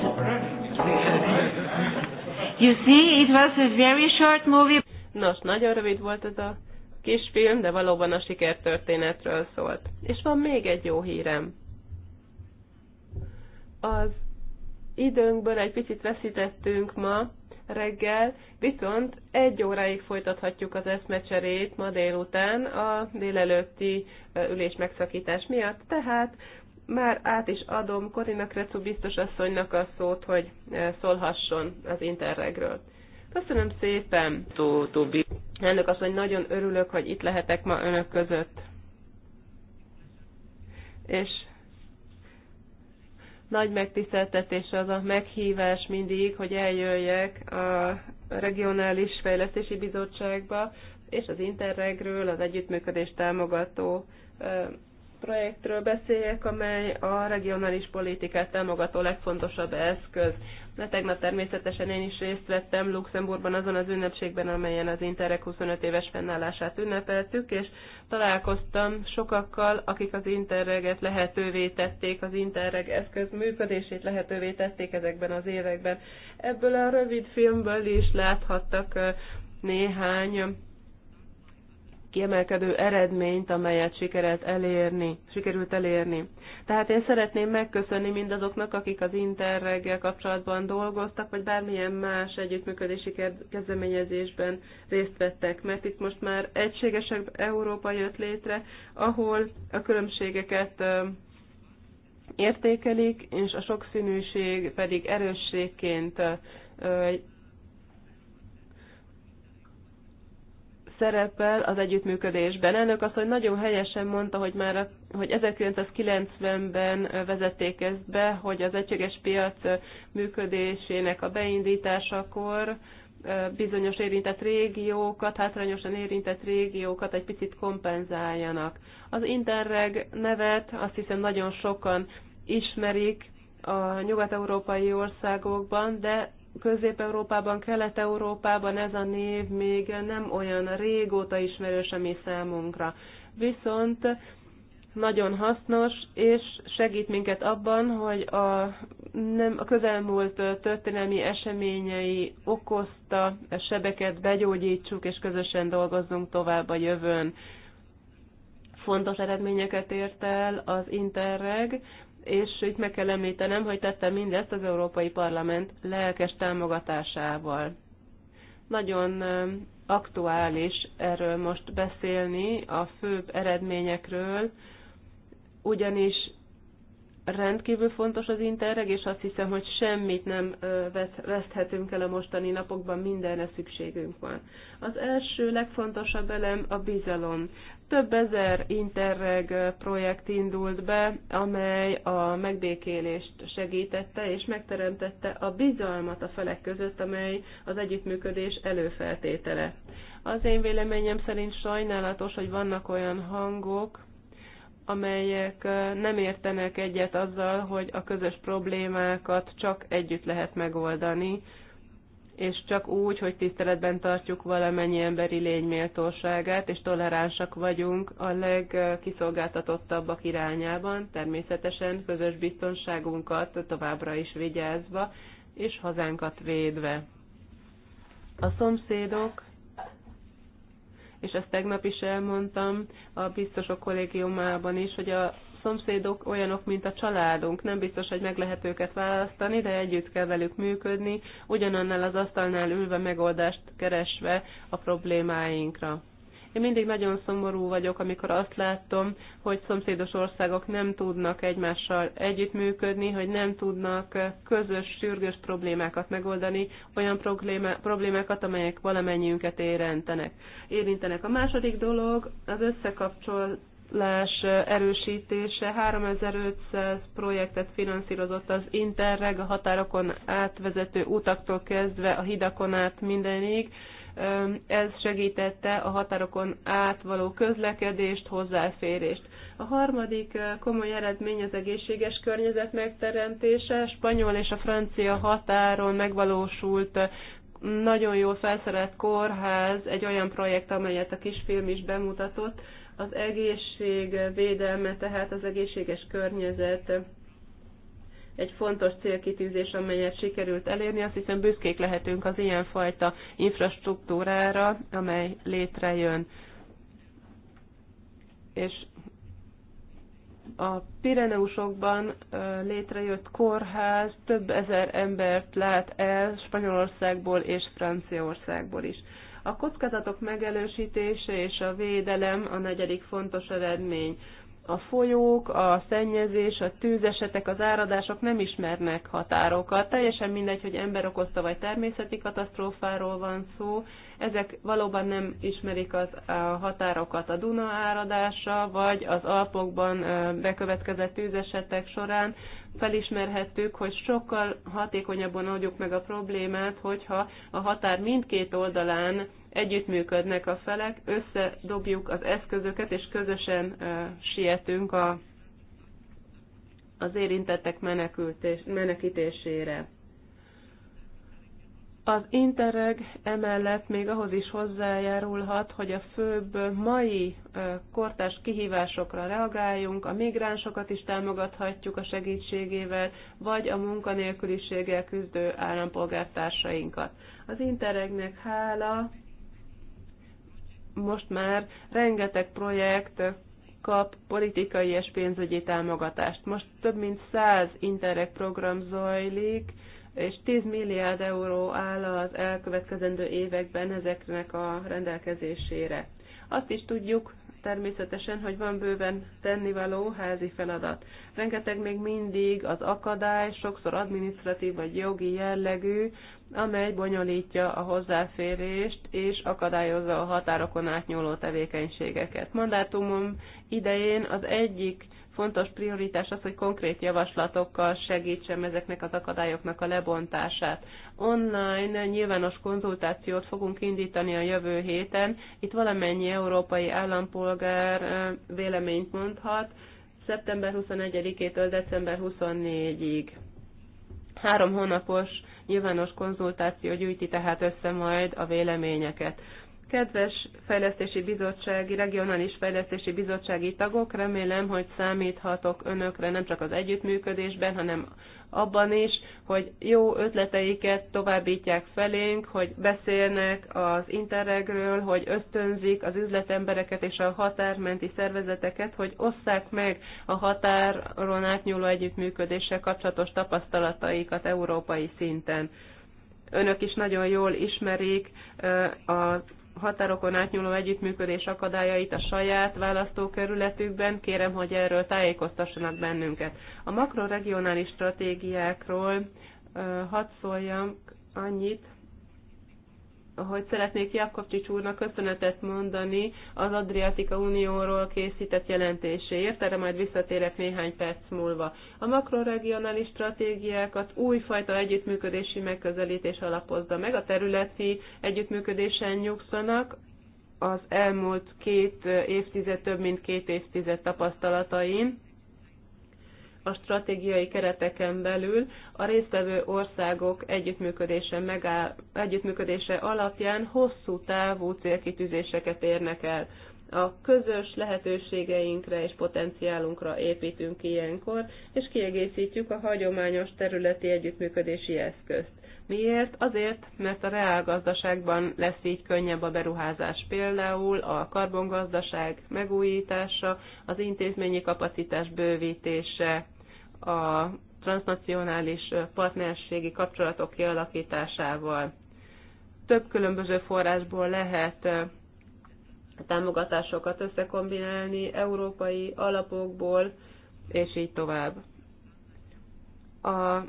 you see, it was a very short movie. Nos, nagyon rövid volt ez a kis film, de valóban a sikertörténetről szólt. És van még egy jó hírem. Az időnkből egy picit veszítettünk ma reggel, viszont egy óráig folytathatjuk az eszmecserét ma délután a délelőtti ülés megszakítás miatt, tehát már át is adom Korina Krecu biztos asszonynak a szót, hogy eh, szólhasson az Interregről. Köszönöm szépen, Tóbi. Elnök asszony, nagyon örülök, hogy itt lehetek ma önök között. És nagy megtiszteltetés az a meghívás mindig, hogy eljöjjek a Regionális Fejlesztési Bizottságba, és az Interregről, az együttműködés támogató eh, projektről beszéljek, amely a regionális politikát támogató legfontosabb eszköz. De tegnap természetesen én is részt vettem Luxemburgban azon az ünnepségben, amelyen az Interreg 25 éves fennállását ünnepeltük, és találkoztam sokakkal, akik az Interreget lehetővé tették, az Interreg eszköz működését lehetővé tették ezekben az években. Ebből a rövid filmből is láthattak néhány kiemelkedő eredményt, amelyet sikerült elérni. Sikerült elérni. Tehát én szeretném megköszönni mindazoknak, akik az Interreggel kapcsolatban dolgoztak, vagy bármilyen más együttműködési kezdeményezésben részt vettek, mert itt most már egységesebb Európa jött létre, ahol a különbségeket értékelik, és a sokszínűség pedig erősségként szerepel az együttműködésben. Elnök azt, hogy nagyon helyesen mondta, hogy már a, hogy 1990-ben vezették ezt be, hogy az egységes piac működésének a beindításakor bizonyos érintett régiókat, hátrányosan érintett régiókat egy picit kompenzáljanak. Az Interreg nevet azt hiszem nagyon sokan ismerik a nyugat-európai országokban, de Közép-Európában, Kelet-Európában ez a név még nem olyan régóta ismerős a mi számunkra. Viszont nagyon hasznos, és segít minket abban, hogy a, nem, a közelmúlt történelmi eseményei okozta sebeket begyógyítsuk, és közösen dolgozzunk tovább a jövőn. Fontos eredményeket ért el az Interreg, és itt meg kell említenem, hogy tette mindezt az Európai Parlament lelkes támogatásával. Nagyon aktuális erről most beszélni, a főbb eredményekről, ugyanis rendkívül fontos az Interreg, és azt hiszem, hogy semmit nem veszthetünk el a mostani napokban, mindenre szükségünk van. Az első legfontosabb elem a bizalom. Több ezer Interreg projekt indult be, amely a megbékélést segítette és megteremtette a bizalmat a felek között, amely az együttműködés előfeltétele. Az én véleményem szerint sajnálatos, hogy vannak olyan hangok, amelyek nem értenek egyet azzal, hogy a közös problémákat csak együtt lehet megoldani, és csak úgy, hogy tiszteletben tartjuk valamennyi emberi lény méltóságát, és toleránsak vagyunk a legkiszolgáltatottabbak irányában, természetesen közös biztonságunkat továbbra is vigyázva, és hazánkat védve. A szomszédok és ezt tegnap is elmondtam a biztosok kollégiumában is, hogy a szomszédok olyanok, mint a családunk. Nem biztos, hogy meg lehet őket választani, de együtt kell velük működni, ugyanannál az asztalnál ülve megoldást keresve a problémáinkra. Én mindig nagyon szomorú vagyok, amikor azt látom, hogy szomszédos országok nem tudnak egymással együttműködni, hogy nem tudnak közös, sürgős problémákat megoldani, olyan problémákat, amelyek valamennyiünket érintenek. érintenek. A második dolog az összekapcsolás erősítése. 3500 projektet finanszírozott az Interreg, a határokon átvezető utaktól kezdve a hidakon át mindenig ez segítette a határokon átvaló közlekedést, hozzáférést. A harmadik komoly eredmény az egészséges környezet megteremtése. A spanyol és a francia határon megvalósult nagyon jól felszerelt kórház, egy olyan projekt, amelyet a kisfilm is bemutatott, az egészség védelme, tehát az egészséges környezet egy fontos célkitűzés, amelyet sikerült elérni. Azt hiszem büszkék lehetünk az ilyenfajta infrastruktúrára, amely létrejön. És a Pireneusokban létrejött kórház több ezer embert lát el Spanyolországból és Franciaországból is. A kockázatok megelősítése és a védelem a negyedik fontos eredmény a folyók, a szennyezés, a tűzesetek, az áradások nem ismernek határokat. Teljesen mindegy, hogy ember okozta vagy természeti katasztrófáról van szó. Ezek valóban nem ismerik az, a határokat a Duna áradása, vagy az Alpokban bekövetkezett tűzesetek során felismerhettük, hogy sokkal hatékonyabban oldjuk meg a problémát, hogyha a határ mindkét oldalán együttműködnek a felek, összedobjuk az eszközöket, és közösen sietünk a, az érintettek menekítésére. Az Interreg emellett még ahhoz is hozzájárulhat, hogy a főbb mai kortás kihívásokra reagáljunk, a migránsokat is támogathatjuk a segítségével, vagy a munkanélküliséggel küzdő állampolgártársainkat. Az Interregnek hála most már rengeteg projekt kap politikai és pénzügyi támogatást. Most több mint 100 Interreg program zajlik, és 10 milliárd euró áll az elkövetkezendő években ezeknek a rendelkezésére. Azt is tudjuk természetesen, hogy van bőven tennivaló házi feladat. Rengeteg még mindig az akadály, sokszor administratív vagy jogi jellegű, amely bonyolítja a hozzáférést és akadályozza a határokon átnyúló tevékenységeket. Mandátumom idején az egyik fontos prioritás az, hogy konkrét javaslatokkal segítsem ezeknek az akadályoknak a lebontását. Online nyilvános konzultációt fogunk indítani a jövő héten. Itt valamennyi európai állampolgár véleményt mondhat szeptember 21-től december 24-ig. Három hónapos Nyilvános konzultáció gyűjti tehát össze majd a véleményeket. Kedves Fejlesztési Bizottsági, Regionális Fejlesztési Bizottsági tagok, remélem, hogy számíthatok önökre nem csak az együttműködésben, hanem abban is, hogy jó ötleteiket továbbítják felénk, hogy beszélnek az interregről, hogy ösztönzik az üzletembereket és a határmenti szervezeteket, hogy osszák meg a határon átnyúló együttműködéssel kapcsolatos tapasztalataikat európai szinten önök is nagyon jól ismerik a határokon átnyúló együttműködés akadályait a saját választókerületükben, kérem, hogy erről tájékoztassanak bennünket. A makroregionális stratégiákról hadd szóljam annyit, hogy szeretnék Jakovcsics úrnak köszönetet mondani az Adriatika Unióról készített jelentéséért, erre majd visszatérek néhány perc múlva. A makroregionális stratégiákat újfajta együttműködési megközelítés alapozza meg, a területi együttműködésen nyugszanak, az elmúlt két évtized, több mint két évtized tapasztalatain, a stratégiai kereteken belül a résztvevő országok együttműködése, megáll, együttműködése alapján hosszú távú célkitűzéseket érnek el. A közös lehetőségeinkre és potenciálunkra építünk ilyenkor, és kiegészítjük a hagyományos területi együttműködési eszközt. Miért? Azért, mert a reálgazdaságban lesz így könnyebb a beruházás. Például a karbongazdaság megújítása, az intézményi kapacitás bővítése, a transnacionális partnerségi kapcsolatok kialakításával. Több különböző forrásból lehet támogatásokat összekombinálni, európai alapokból, és így tovább. A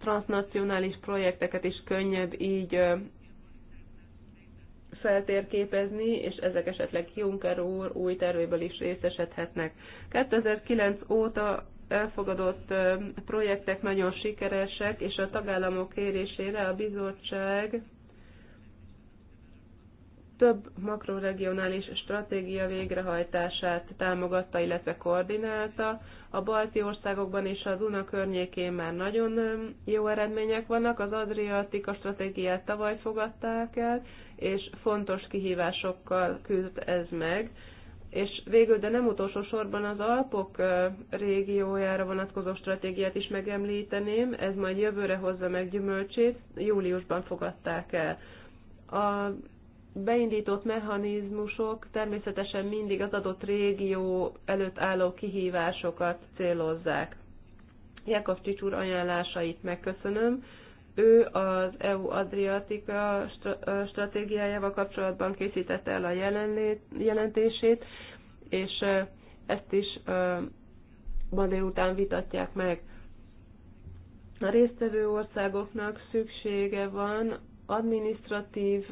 transnacionális projekteket is könnyebb így feltérképezni, és ezek esetleg Juncker úr új tervéből is részesedhetnek. 2009 óta elfogadott projektek nagyon sikeresek, és a tagállamok kérésére a bizottság több makroregionális stratégia végrehajtását támogatta, illetve koordinálta. A balti országokban és a Duna környékén már nagyon jó eredmények vannak. Az Adriatika stratégiát tavaly fogadták el, és fontos kihívásokkal küzd ez meg és végül, de nem utolsó sorban az Alpok régiójára vonatkozó stratégiát is megemlíteném, ez majd jövőre hozza meg gyümölcsét, júliusban fogadták el. A beindított mechanizmusok természetesen mindig az adott régió előtt álló kihívásokat célozzák. Jakov Csicsúr úr ajánlásait megköszönöm, ő az EU Adriatika stratégiájával kapcsolatban készítette el a jelentését, és ezt is ma délután vitatják meg. A résztvevő országoknak szüksége van administratív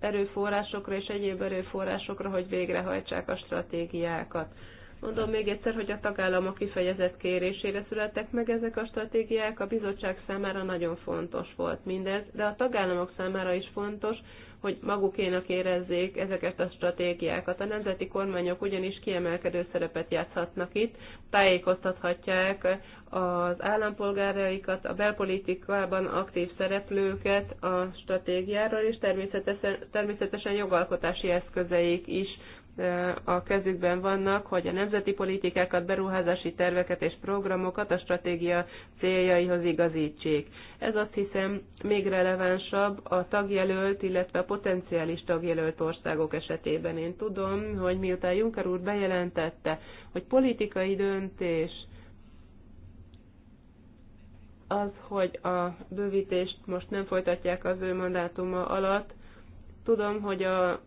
erőforrásokra és egyéb erőforrásokra, hogy végrehajtsák a stratégiákat. Mondom még egyszer, hogy a tagállamok kifejezett kérésére születtek meg ezek a stratégiák, a bizottság számára nagyon fontos volt mindez, de a tagállamok számára is fontos, hogy magukénak érezzék ezeket a stratégiákat. A nemzeti kormányok ugyanis kiemelkedő szerepet játszhatnak itt, tájékoztathatják az állampolgáraikat, a belpolitikában aktív szereplőket a stratégiáról, és természetesen, természetesen jogalkotási eszközeik is a kezükben vannak, hogy a nemzeti politikákat, beruházási terveket és programokat a stratégia céljaihoz igazítsék. Ez azt hiszem még relevánsabb a tagjelölt, illetve a potenciális tagjelölt országok esetében. Én tudom, hogy miután Juncker úr bejelentette, hogy politikai döntés az, hogy a bővítést most nem folytatják az ő mandátuma alatt, tudom, hogy a, a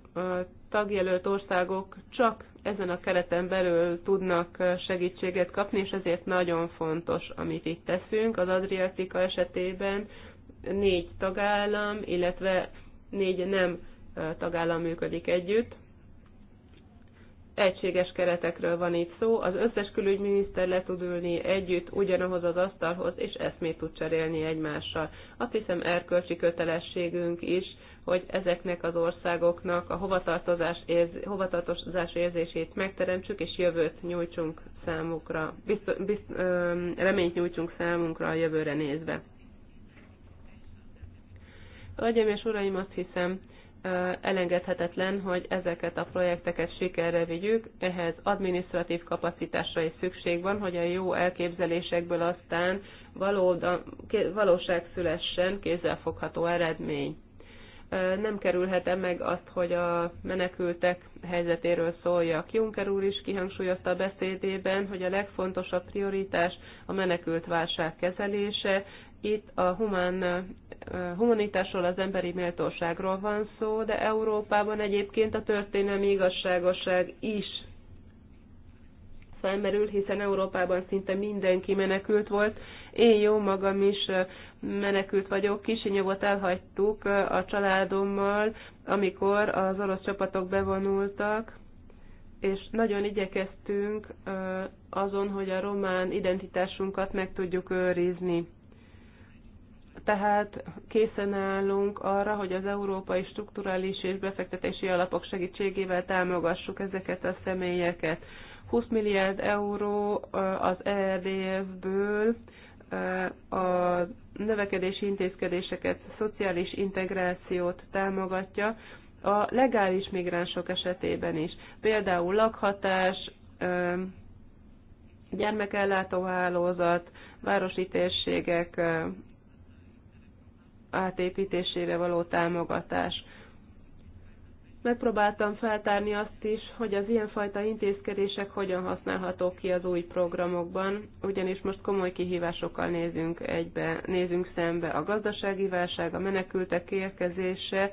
tagjelölt országok csak ezen a kereten belül tudnak segítséget kapni, és ezért nagyon fontos, amit itt teszünk. Az Adriatika esetében négy tagállam, illetve négy nem tagállam működik együtt. Egységes keretekről van itt szó, az összes külügyminiszter le tud ülni együtt ugyanahoz az asztalhoz, és eszmét tud cserélni egymással. Azt hiszem erkölcsi kötelességünk is, hogy ezeknek az országoknak a hovatartozás, érz, hovatartozás érzését megteremtsük, és jövőt nyújtsunk számukra, bizt, bizt, ö, reményt nyújtsunk számunkra a jövőre nézve. Hölgyeim és uraim, azt hiszem, elengedhetetlen, hogy ezeket a projekteket sikerre vigyük, ehhez adminisztratív kapacitásra is szükség van, hogy a jó elképzelésekből aztán valóda, valóság szülessen, kézzelfogható eredmény nem kerülhetem meg azt, hogy a menekültek helyzetéről szóljak. Juncker úr is kihangsúlyozta a beszédében, hogy a legfontosabb prioritás a menekült válság kezelése. Itt a humán, humanitásról, az emberi méltóságról van szó, de Európában egyébként a történelmi igazságosság is felmerül, hiszen Európában szinte mindenki menekült volt. Én jó magam is menekült vagyok, Kisinyovot elhagytuk a családommal, amikor az orosz csapatok bevonultak, és nagyon igyekeztünk azon, hogy a román identitásunkat meg tudjuk őrizni. Tehát készen állunk arra, hogy az európai strukturális és befektetési alapok segítségével támogassuk ezeket a személyeket. 20 milliárd euró az ERDF-ből a növekedési intézkedéseket, szociális integrációt támogatja a legális migránsok esetében is. Például lakhatás, gyermekellátó hálózat, városi térségek átépítésére való támogatás. Megpróbáltam feltárni azt is, hogy az ilyenfajta intézkedések hogyan használhatók ki az új programokban, ugyanis most komoly kihívásokkal nézünk egybe, nézünk szembe. A gazdasági válság, a menekültek érkezése,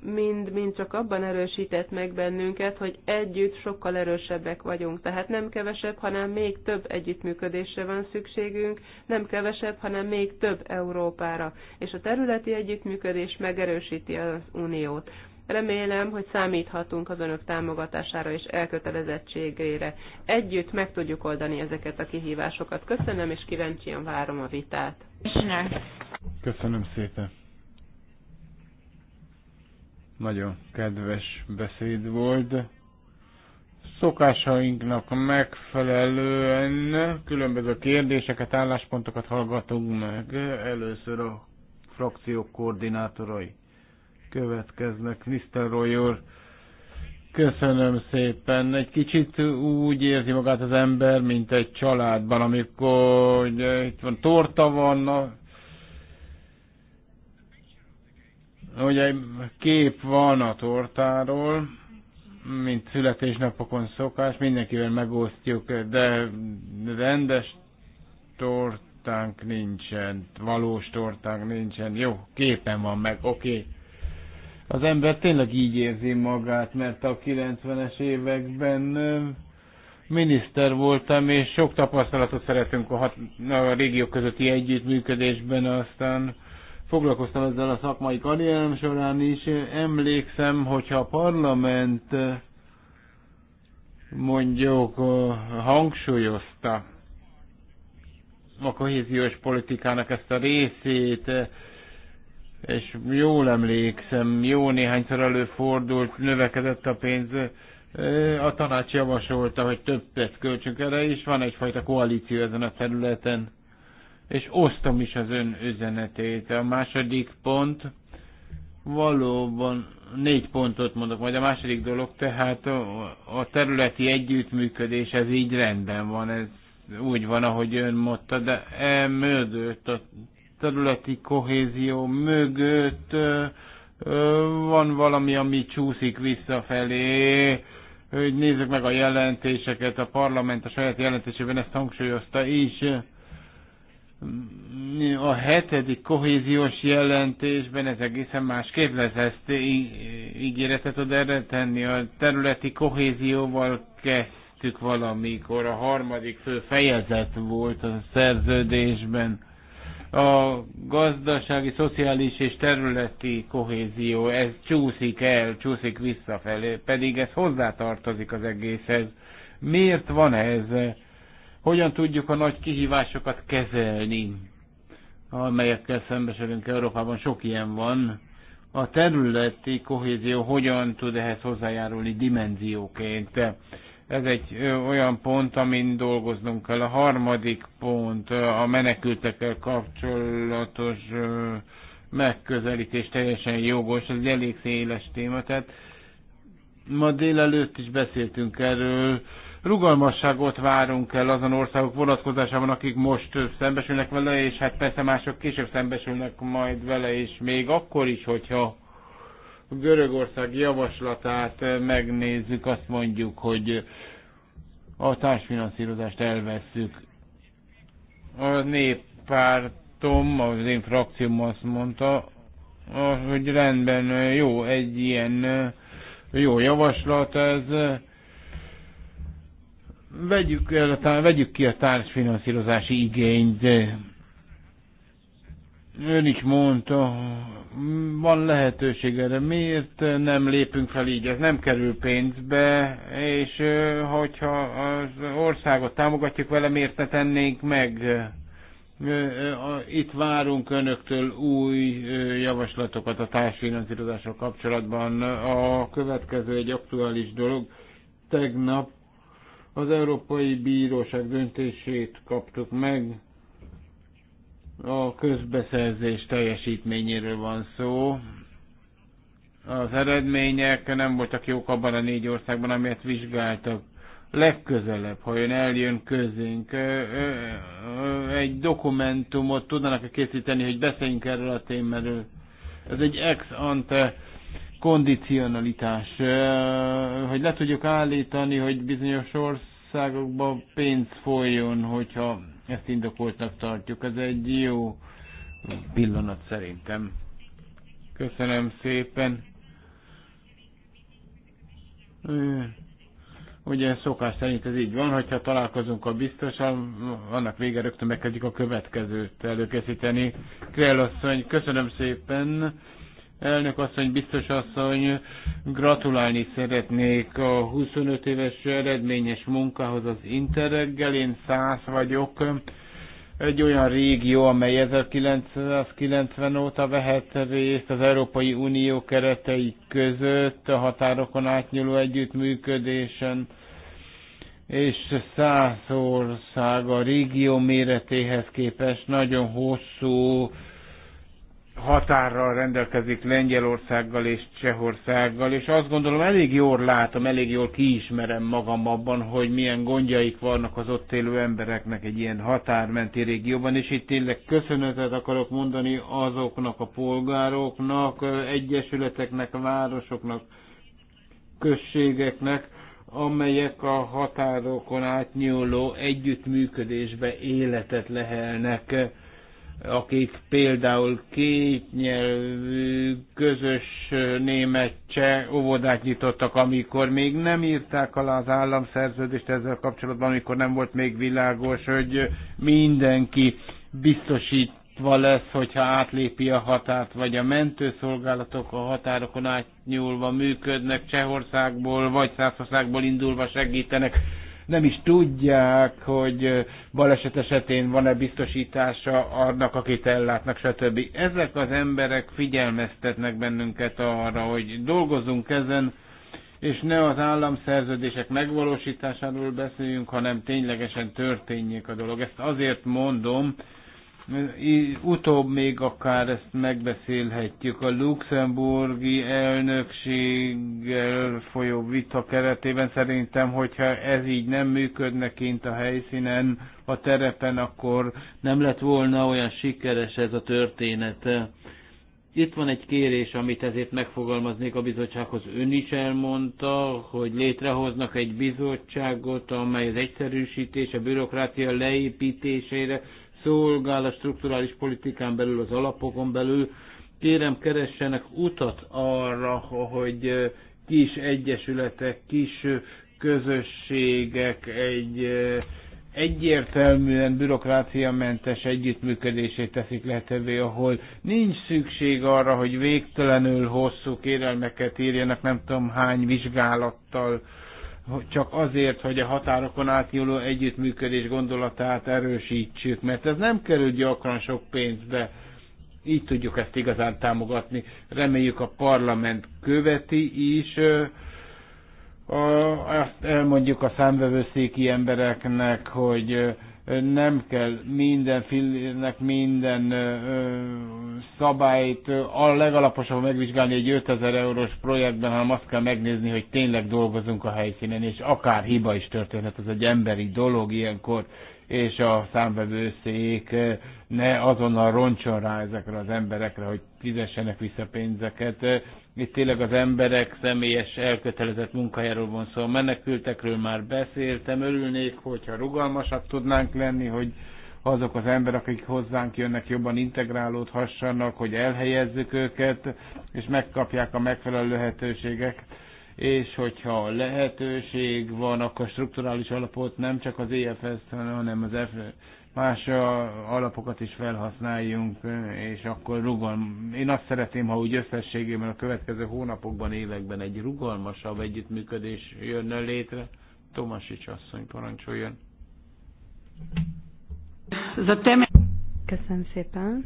mind-mind csak abban erősített meg bennünket, hogy együtt sokkal erősebbek vagyunk. Tehát nem kevesebb, hanem még több együttműködésre van szükségünk, nem kevesebb, hanem még több Európára. És a területi együttműködés megerősíti az uniót. Remélem, hogy számíthatunk az önök támogatására és elkötelezettségére. Együtt meg tudjuk oldani ezeket a kihívásokat. Köszönöm, és kíváncsian várom a vitát. Köszönöm szépen. Nagyon kedves beszéd volt. Szokásainknak megfelelően különböző kérdéseket, álláspontokat hallgatunk meg. Először a frakciók koordinátorai következnek. Nisztelrooy úr, köszönöm szépen. Egy kicsit úgy érzi magát az ember, mint egy családban, amikor ugye, itt van torta van, na, ugye kép van a tortáról, mint születésnapokon szokás, mindenkivel megosztjuk, de rendes tortánk nincsen, valós tortánk nincsen. Jó, képen van meg, oké. Okay az ember tényleg így érzi magát, mert a 90-es években miniszter voltam, és sok tapasztalatot szeretünk a, hat, a régiók közötti együttműködésben, aztán foglalkoztam ezzel a szakmai karrierem során is. Emlékszem, hogyha a parlament mondjuk hangsúlyozta a kohéziós politikának ezt a részét, és jól emlékszem, jó néhányszor előfordult, növekedett a pénz, a tanács javasolta, hogy többet költsünk erre, és van egyfajta koalíció ezen a területen, és osztom is az ön üzenetét. A második pont, valóban négy pontot mondok, majd a második dolog, tehát a területi együttműködés, ez így rendben van, ez úgy van, ahogy ön mondta, de e mögött a területi kohézió mögött van valami, ami csúszik visszafelé. Hogy nézzük meg a jelentéseket, a parlament a saját jelentésében ezt hangsúlyozta is. A hetedik kohéziós jelentésben ez egészen másképp lesz, ezt ígéretet tud erre tenni. A területi kohézióval kezdtük valamikor, a harmadik fő fejezet volt a szerződésben a gazdasági, szociális és területi kohézió, ez csúszik el, csúszik visszafelé, pedig ez hozzátartozik az egészhez. Miért van ez? Hogyan tudjuk a nagy kihívásokat kezelni, amelyekkel szembesülünk Európában? Sok ilyen van. A területi kohézió hogyan tud ehhez hozzájárulni dimenzióként? Ez egy olyan pont, amin dolgoznunk kell. A harmadik pont a menekültekkel kapcsolatos megközelítés teljesen jogos, ez egy elég széles téma. Tehát ma délelőtt is beszéltünk erről, rugalmasságot várunk el azon országok vonatkozásában, akik most szembesülnek vele, és hát persze mások később szembesülnek majd vele, és még akkor is, hogyha Görögország javaslatát eh, megnézzük, azt mondjuk, hogy a társfinanszírozást elveszük. A néppártom, az én frakcióm azt mondta, ah, hogy rendben jó, egy ilyen eh, jó javaslat ez. Vegyük, el, vegyük ki a társfinanszírozási igényt Ön is mondta, van lehetőség erre, miért nem lépünk fel így, ez nem kerül pénzbe, és hogyha az országot támogatjuk vele, miért ne tennénk meg? Itt várunk önöktől új javaslatokat a társfinanszírozással kapcsolatban. A következő egy aktuális dolog. Tegnap az Európai Bíróság döntését kaptuk meg, a közbeszerzés teljesítményéről van szó. Az eredmények nem voltak jók abban a négy országban, amelyet vizsgáltak. Legközelebb, ha jön eljön közénk, egy dokumentumot tudnának készíteni, hogy beszéljünk erről a témáról. Ez egy ex-ante kondicionalitás, hogy le tudjuk állítani, hogy bizonyos országokban pénz folyjon, hogyha ezt indokoltnak tartjuk. Ez egy jó pillanat szerintem. Köszönöm szépen. Ugye szokás szerint ez így van, hogyha találkozunk a biztosan, annak vége rögtön megkezdik a következőt előkészíteni. Krél asszony, köszönöm szépen. Elnök asszony, biztos asszony, gratulálni szeretnék a 25 éves eredményes munkához az Interreggel. Én száz vagyok. Egy olyan régió, amely 1990 óta vehet részt az Európai Unió keretei között a határokon átnyúló együttműködésen és száz ország a régió méretéhez képest nagyon hosszú határral rendelkezik Lengyelországgal és Csehországgal, és azt gondolom elég jól látom, elég jól kiismerem magam abban, hogy milyen gondjaik vannak az ott élő embereknek egy ilyen határmenti régióban, és itt tényleg köszönetet akarok mondani azoknak a polgároknak, egyesületeknek, városoknak, községeknek, amelyek a határokon átnyúló együttműködésbe életet lehelnek akik például két nyelvű, közös német cseh óvodát nyitottak, amikor még nem írták alá az államszerződést ezzel kapcsolatban, amikor nem volt még világos, hogy mindenki biztosítva lesz, hogyha átlépi a határt, vagy a mentőszolgálatok a határokon átnyúlva működnek, Csehországból vagy Szászországból indulva segítenek nem is tudják, hogy baleset esetén van-e biztosítása annak, akit ellátnak, stb. Ezek az emberek figyelmeztetnek bennünket arra, hogy dolgozunk ezen, és ne az államszerződések megvalósításáról beszéljünk, hanem ténylegesen történjék a dolog. Ezt azért mondom, Utóbb még akár ezt megbeszélhetjük a luxemburgi elnökséggel folyó vita keretében. Szerintem, hogyha ez így nem működne kint a helyszínen, a terepen, akkor nem lett volna olyan sikeres ez a történet. Itt van egy kérés, amit ezért megfogalmaznék a bizottsághoz. Ön is elmondta, hogy létrehoznak egy bizottságot, amely az egyszerűsítés, a bürokrácia leépítésére szolgál a strukturális politikán belül, az alapokon belül. Kérem, keressenek utat arra, hogy kis egyesületek, kis közösségek egy egyértelműen bürokráciamentes együttműködését teszik lehetővé, ahol nincs szükség arra, hogy végtelenül hosszú kérelmeket írjanak, nem tudom hány vizsgálattal csak azért, hogy a határokon átnyúló együttműködés gondolatát erősítsük, mert ez nem kerül gyakran sok pénzbe, így tudjuk ezt igazán támogatni. Reméljük a parlament követi is, azt elmondjuk a számvevőszéki embereknek, hogy nem kell minden filmnek minden szabályt a legalaposabb megvizsgálni egy 5000 eurós projektben, hanem azt kell megnézni, hogy tényleg dolgozunk a helyszínen, és akár hiba is történhet, ez egy emberi dolog ilyenkor, és a számvevőszék eh, ne azonnal roncson rá ezekre az emberekre, hogy fizessenek vissza pénzeket. Eh, itt tényleg az emberek személyes elkötelezett munkájáról van szó. A menekültekről már beszéltem, örülnék, hogyha rugalmasak tudnánk lenni, hogy azok az emberek, akik hozzánk jönnek, jobban integrálódhassanak, hogy elhelyezzük őket, és megkapják a megfelelő lehetőségeket és hogyha lehetőség van, akkor strukturális alapot nem csak az EFS-t, hanem az F más alapokat is felhasználjunk, és akkor rugalm. Én azt szeretném, ha úgy összességében a következő hónapokban, években egy rugalmasabb együttműködés jönne létre. Tomasics asszony parancsoljon. Köszönöm szépen.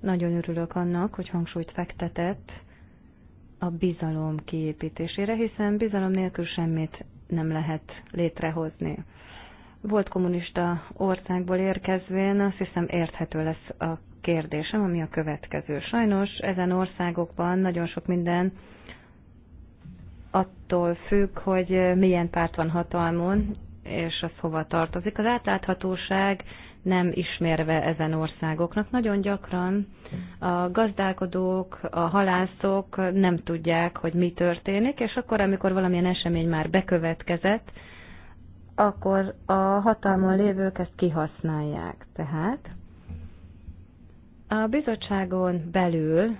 Nagyon örülök annak, hogy hangsúlyt fektetett a bizalom kiépítésére, hiszen bizalom nélkül semmit nem lehet létrehozni. Volt kommunista országból érkezvén, azt hiszem érthető lesz a kérdésem, ami a következő. Sajnos ezen országokban nagyon sok minden attól függ, hogy milyen párt van hatalmon, és az hova tartozik. Az átláthatóság nem ismerve ezen országoknak. Nagyon gyakran a gazdálkodók, a halászok nem tudják, hogy mi történik, és akkor, amikor valamilyen esemény már bekövetkezett, akkor a hatalmon lévők ezt kihasználják. Tehát a bizottságon belül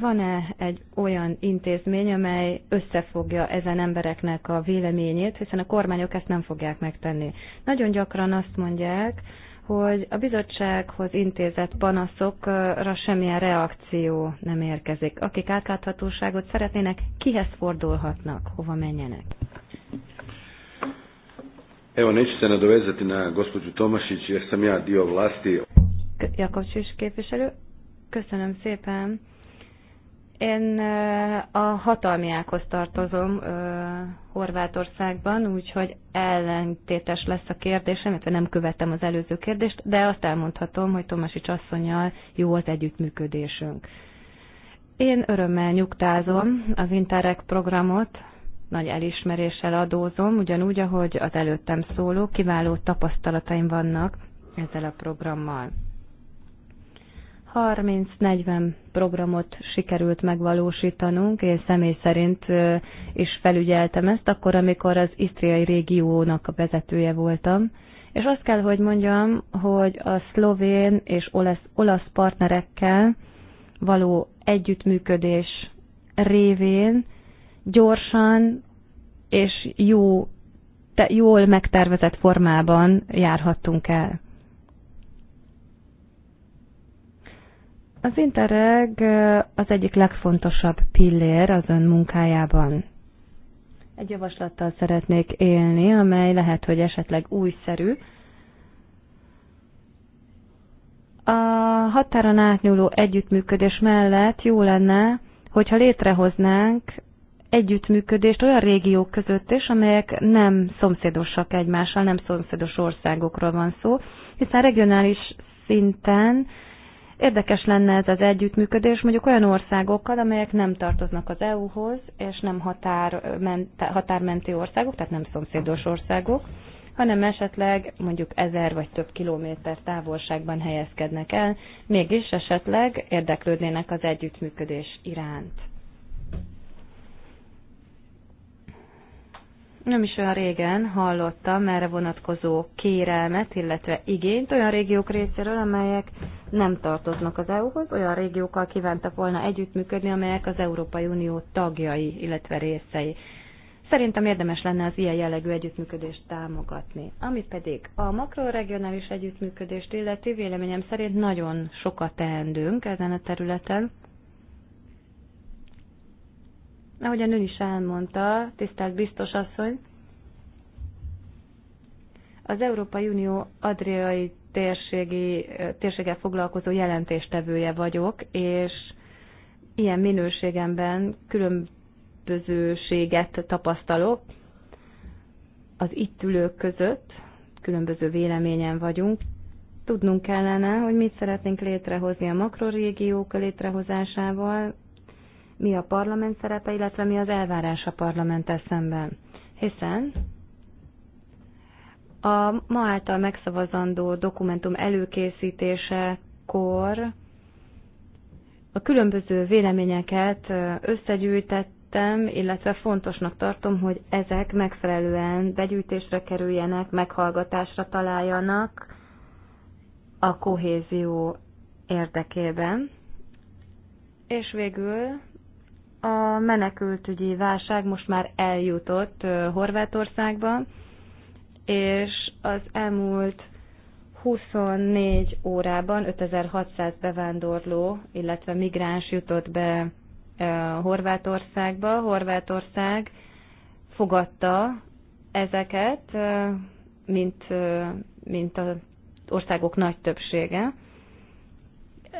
van-e egy olyan intézmény, amely összefogja ezen embereknek a véleményét, hiszen a kormányok ezt nem fogják megtenni. Nagyon gyakran azt mondják, hogy a bizottsághoz intézett panaszokra semmilyen reakció nem érkezik. Akik átláthatóságot szeretnének, kihez fordulhatnak, hova menjenek? Evo, neću se nadovezati na gospođu Tomašić, jer sam ja dio vlasti. Jakovcsis képviselő, köszönöm szépen. Én a hatalmiákhoz tartozom Horvátországban, úgyhogy ellentétes lesz a kérdésem, mert nem követtem az előző kérdést, de azt elmondhatom, hogy Tomasics asszonyjal jó az együttműködésünk. Én örömmel nyugtázom az Interreg programot, nagy elismeréssel adózom, ugyanúgy, ahogy az előttem szóló, kiváló tapasztalataim vannak ezzel a programmal. 30-40 programot sikerült megvalósítanunk, én személy szerint is felügyeltem ezt, akkor, amikor az isztriai régiónak a vezetője voltam. És azt kell, hogy mondjam, hogy a szlovén és olasz, olasz partnerekkel való együttműködés révén gyorsan és jó, te, jól megtervezett formában járhattunk el. Az Interreg az egyik legfontosabb pillér az ön munkájában. Egy javaslattal szeretnék élni, amely lehet, hogy esetleg újszerű. A határon átnyúló együttműködés mellett jó lenne, hogyha létrehoznánk együttműködést olyan régiók között is, amelyek nem szomszédosak egymással, nem szomszédos országokról van szó, hiszen regionális szinten Érdekes lenne ez az együttműködés mondjuk olyan országokkal, amelyek nem tartoznak az EU-hoz, és nem határmenti országok, tehát nem szomszédos országok, hanem esetleg mondjuk ezer vagy több kilométer távolságban helyezkednek el, mégis esetleg érdeklődnének az együttműködés iránt. nem is olyan régen hallottam erre vonatkozó kérelmet, illetve igényt olyan régiók részéről, amelyek nem tartoznak az EU-hoz, olyan régiókkal kívántak volna együttműködni, amelyek az Európai Unió tagjai, illetve részei. Szerintem érdemes lenne az ilyen jellegű együttműködést támogatni. Ami pedig a makroregionális együttműködést illeti, véleményem szerint nagyon sokat teendünk ezen a területen. Ahogyan ön is elmondta, tisztelt biztos asszony, az Európai Unió adriai térségi, térséggel foglalkozó jelentéstevője vagyok, és ilyen minőségemben különbözőséget tapasztalok az itt ülők között, különböző véleményen vagyunk. Tudnunk kellene, hogy mit szeretnénk létrehozni a makrorégiók létrehozásával, mi a parlament szerepe, illetve mi az elvárás a parlamenttel szemben. Hiszen a ma által megszavazandó dokumentum előkészítésekor a különböző véleményeket összegyűjtettem, illetve fontosnak tartom, hogy ezek megfelelően begyűjtésre kerüljenek, meghallgatásra találjanak a kohézió érdekében. És végül a menekültügyi válság most már eljutott Horvátországba, és az elmúlt 24 órában 5600 bevándorló, illetve migráns jutott be Horvátországba. Horvátország fogadta ezeket, mint, mint az országok nagy többsége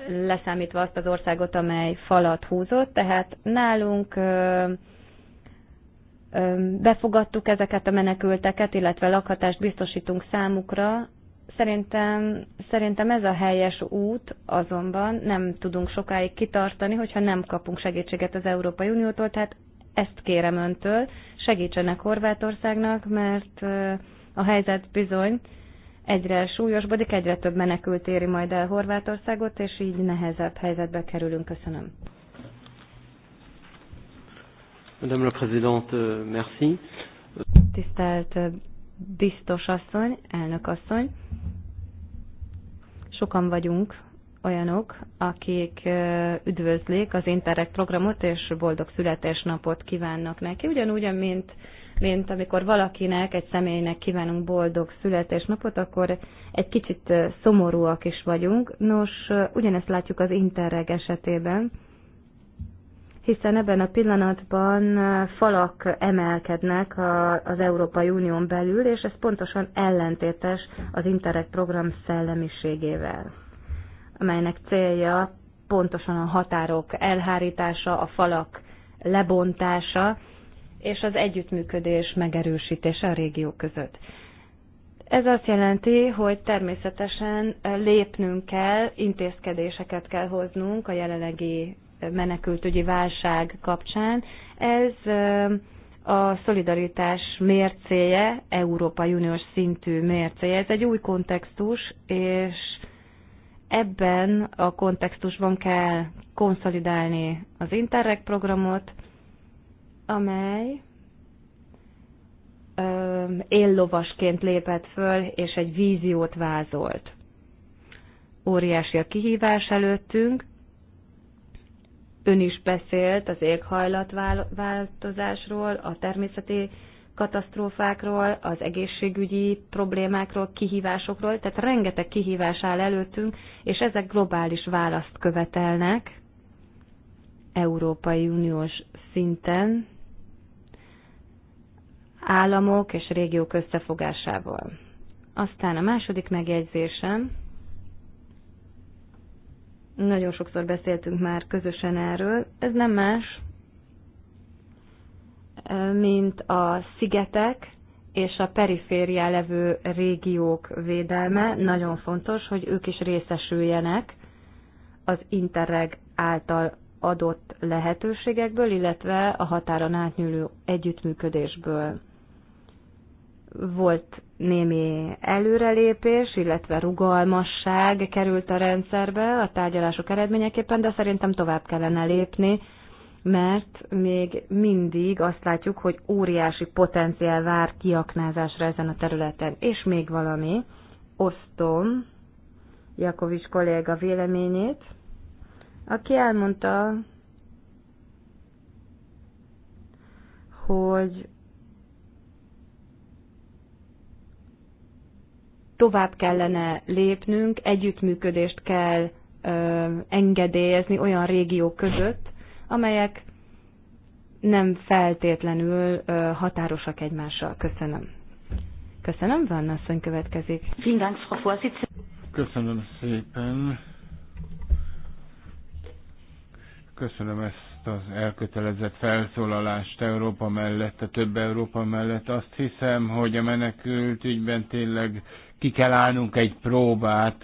leszámítva azt az országot, amely falat húzott, tehát nálunk befogadtuk ezeket a menekülteket, illetve lakhatást biztosítunk számukra. Szerintem, szerintem ez a helyes út, azonban nem tudunk sokáig kitartani, hogyha nem kapunk segítséget az Európai Uniótól, tehát ezt kérem öntől, segítsenek Horvátországnak, mert a helyzet bizony egyre súlyosbodik, egyre több menekült éri majd el Horvátországot, és így nehezebb helyzetbe kerülünk. Köszönöm. Madame la Présidente, euh, merci. Tisztelt euh, biztos asszony, elnök asszony. Sokan vagyunk olyanok, akik euh, üdvözlik az Interreg programot, és boldog születésnapot kívánnak neki, ugyanúgy, mint mint amikor valakinek, egy személynek kívánunk boldog születésnapot, akkor egy kicsit szomorúak is vagyunk. Nos, ugyanezt látjuk az Interreg esetében, hiszen ebben a pillanatban falak emelkednek az Európai Unión belül, és ez pontosan ellentétes az Interreg program szellemiségével, amelynek célja pontosan a határok elhárítása, a falak lebontása, és az együttműködés megerősítése a régiók között. Ez azt jelenti, hogy természetesen lépnünk kell, intézkedéseket kell hoznunk a jelenlegi menekültügyi válság kapcsán. Ez a szolidaritás mércéje, Európai Uniós szintű mércéje. Ez egy új kontextus, és ebben a kontextusban kell konszolidálni az Interreg programot, amely ö, éllovasként lépett föl, és egy víziót vázolt. Óriási a kihívás előttünk, ön is beszélt az éghajlatváltozásról, a természeti katasztrófákról, az egészségügyi problémákról, kihívásokról, tehát rengeteg kihívás áll előttünk, és ezek globális választ követelnek Európai Uniós szinten, államok és régiók összefogásával. Aztán a második megjegyzésem, nagyon sokszor beszéltünk már közösen erről, ez nem más, mint a szigetek és a periférián levő régiók védelme. Nagyon fontos, hogy ők is részesüljenek az Interreg által adott lehetőségekből, illetve a határon átnyúló együttműködésből volt némi előrelépés, illetve rugalmasság került a rendszerbe a tárgyalások eredményeképpen, de szerintem tovább kellene lépni, mert még mindig azt látjuk, hogy óriási potenciál vár kiaknázásra ezen a területen. És még valami, osztom Jakovics kolléga véleményét, aki elmondta, hogy tovább kellene lépnünk, együttműködést kell ö, engedélyezni olyan régiók között, amelyek nem feltétlenül ö, határosak egymással. Köszönöm. Köszönöm, Van asszony következik. Köszönöm szépen. Köszönöm ezt az elkötelezett felszólalást Európa mellett, a több Európa mellett. Azt hiszem, hogy a menekült ügyben tényleg ki kell állnunk egy próbát,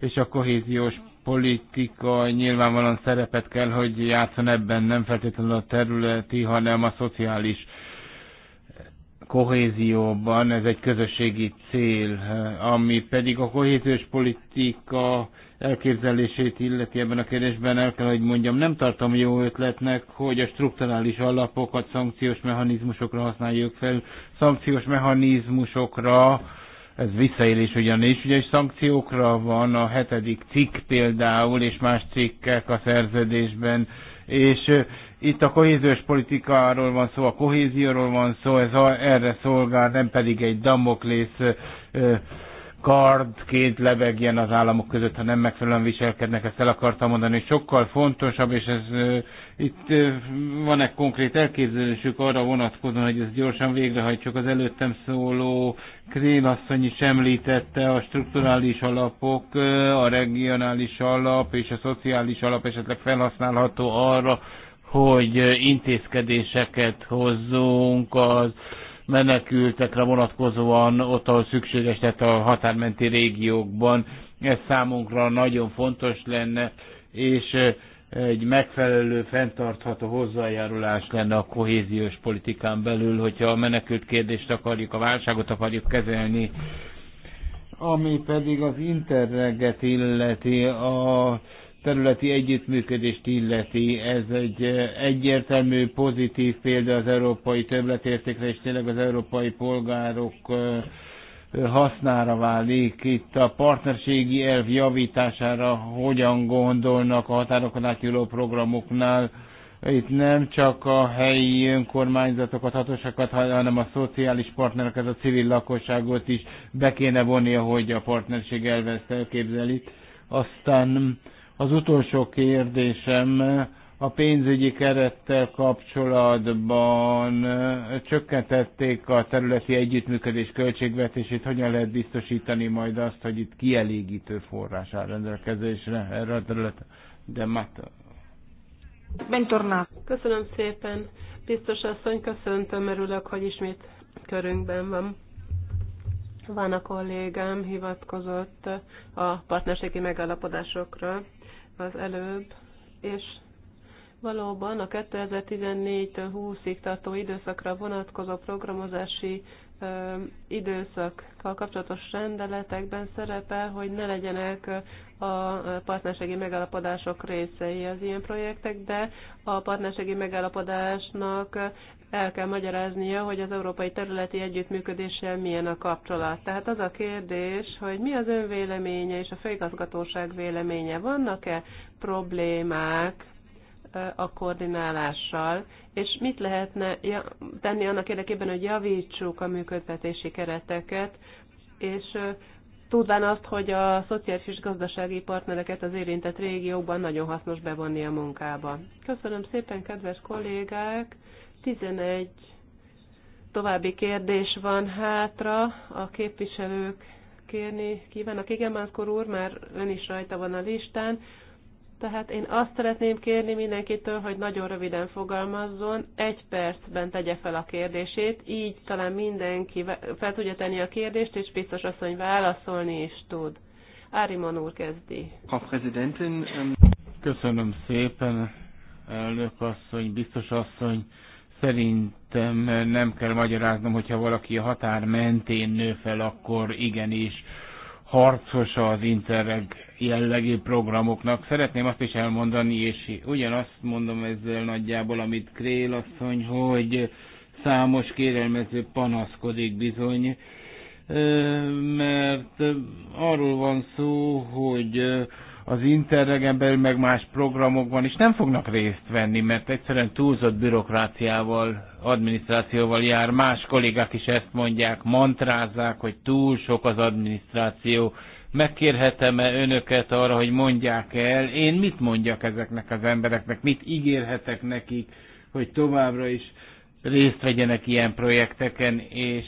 és a kohéziós politika nyilvánvalóan szerepet kell, hogy játszon ebben, nem feltétlenül a területi, hanem a szociális kohézióban, ez egy közösségi cél, ami pedig a kohéziós politika elképzelését illeti ebben a kérdésben, el kell, hogy mondjam, nem tartom jó ötletnek, hogy a strukturális alapokat szankciós mechanizmusokra használjuk fel, szankciós mechanizmusokra, ez visszaélés ugyanis, ugye szankciókra van a hetedik cikk például, és más cikkek a szerződésben, és itt a kohéziós politikáról van szó, a kohézióról van szó, ez erre szolgál, nem pedig egy damoklész kardként lebegjen az államok között, ha nem megfelelően viselkednek, ezt el akartam mondani, sokkal fontosabb, és ez itt van egy konkrét elképzelésük arra vonatkozóan, hogy ezt gyorsan végrehajtsuk. Az előttem szóló Krén asszony is említette a strukturális alapok, a regionális alap és a szociális alap esetleg felhasználható arra, hogy intézkedéseket hozzunk az menekültekre vonatkozóan ott, ahol szükséges, tehát a határmenti régiókban. Ez számunkra nagyon fontos lenne, és eh, egy megfelelő, fenntartható hozzájárulás lenne a kohéziós politikán belül, hogyha a menekült kérdést akarjuk, a válságot akarjuk kezelni, ami pedig az interreget illeti a területi együttműködést illeti. Ez egy egyértelmű, pozitív példa az európai többletértékre, és tényleg az európai polgárok hasznára válik. Itt a partnerségi elv javítására hogyan gondolnak a határokon átnyúló programoknál. Itt nem csak a helyi önkormányzatokat, hatóságokat, hanem a szociális partnereket, a civil lakosságot is be kéne vonni, hogy a partnerség elve elképzelik. Aztán az utolsó kérdésem a pénzügyi kerettel kapcsolatban csökkentették a területi együttműködés költségvetését. Hogyan lehet biztosítani majd azt, hogy itt kielégítő forrás áll rendelkezésre erre a területre? De Mata. Köszönöm szépen. Biztos asszony, köszöntöm, örülök, hogy ismét körünkben van. Van a kollégám, hivatkozott a partnerségi megállapodásokra, az előbb, és valóban a 2014-től 20-ig tartó időszakra vonatkozó programozási időszakkal kapcsolatos rendeletekben szerepel, hogy ne legyenek a partnerségi megállapodások részei az ilyen projektek, de a partnerségi megállapodásnak el kell magyaráznia, hogy az európai területi együttműködéssel milyen a kapcsolat. Tehát az a kérdés, hogy mi az ön véleménye és a főigazgatóság véleménye. Vannak-e problémák a koordinálással, és mit lehetne tenni annak érdekében, hogy javítsuk a működtetési kereteket, és tudván azt, hogy a szociális és gazdasági partnereket az érintett régióban nagyon hasznos bevonni a munkába. Köszönöm szépen, kedves kollégák! 11 további kérdés van hátra a képviselők kérni Kívánok, Igen, Mászkor úr, már ön is rajta van a listán. Tehát én azt szeretném kérni mindenkitől, hogy nagyon röviden fogalmazzon, egy percben tegye fel a kérdését, így talán mindenki fel tudja tenni a kérdést, és biztos hogy válaszolni is tud. Ári Manúr kezdi. A prezidentin... Ähm Köszönöm szépen, elnök asszony, biztos asszony. Szerintem nem kell magyaráznom, hogyha valaki a határ mentén nő fel, akkor igenis harcosa az Interreg jellegű programoknak. Szeretném azt is elmondani, és ugyanazt mondom ezzel nagyjából, amit Krél asszony, hogy számos kérelmező panaszkodik bizony, mert arról van szó, hogy az Interregen belül, meg más programokban is nem fognak részt venni, mert egyszerűen túlzott bürokráciával, adminisztrációval jár. Más kollégák is ezt mondják, mantrázzák, hogy túl sok az adminisztráció. Megkérhetem-e önöket arra, hogy mondják el, én mit mondjak ezeknek az embereknek, mit ígérhetek nekik, hogy továbbra is részt vegyenek ilyen projekteken, és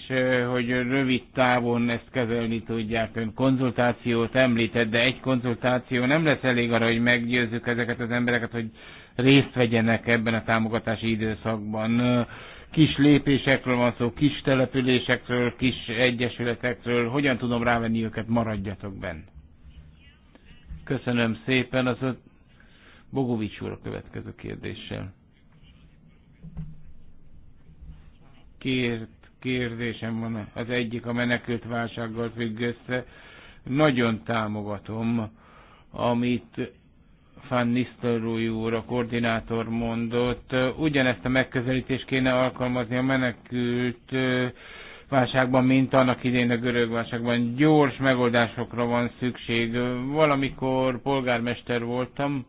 hogy rövid távon ezt kezelni tudják. Ön konzultációt említett, de egy konzultáció nem lesz elég arra, hogy meggyőzzük ezeket az embereket, hogy részt vegyenek ebben a támogatási időszakban. Kis lépésekről van szó, kis településekről, kis egyesületekről. Hogyan tudom rávenni őket, maradjatok benn. Köszönöm szépen. Az a Bogovics úr a következő kérdéssel két kérdésem van. Az egyik a menekült válsággal függ össze. Nagyon támogatom, amit Van Nisztorúj úr, a koordinátor mondott. Ugyanezt a megközelítést kéne alkalmazni a menekült válságban, mint annak idén a görög válságban. Gyors megoldásokra van szükség. Valamikor polgármester voltam,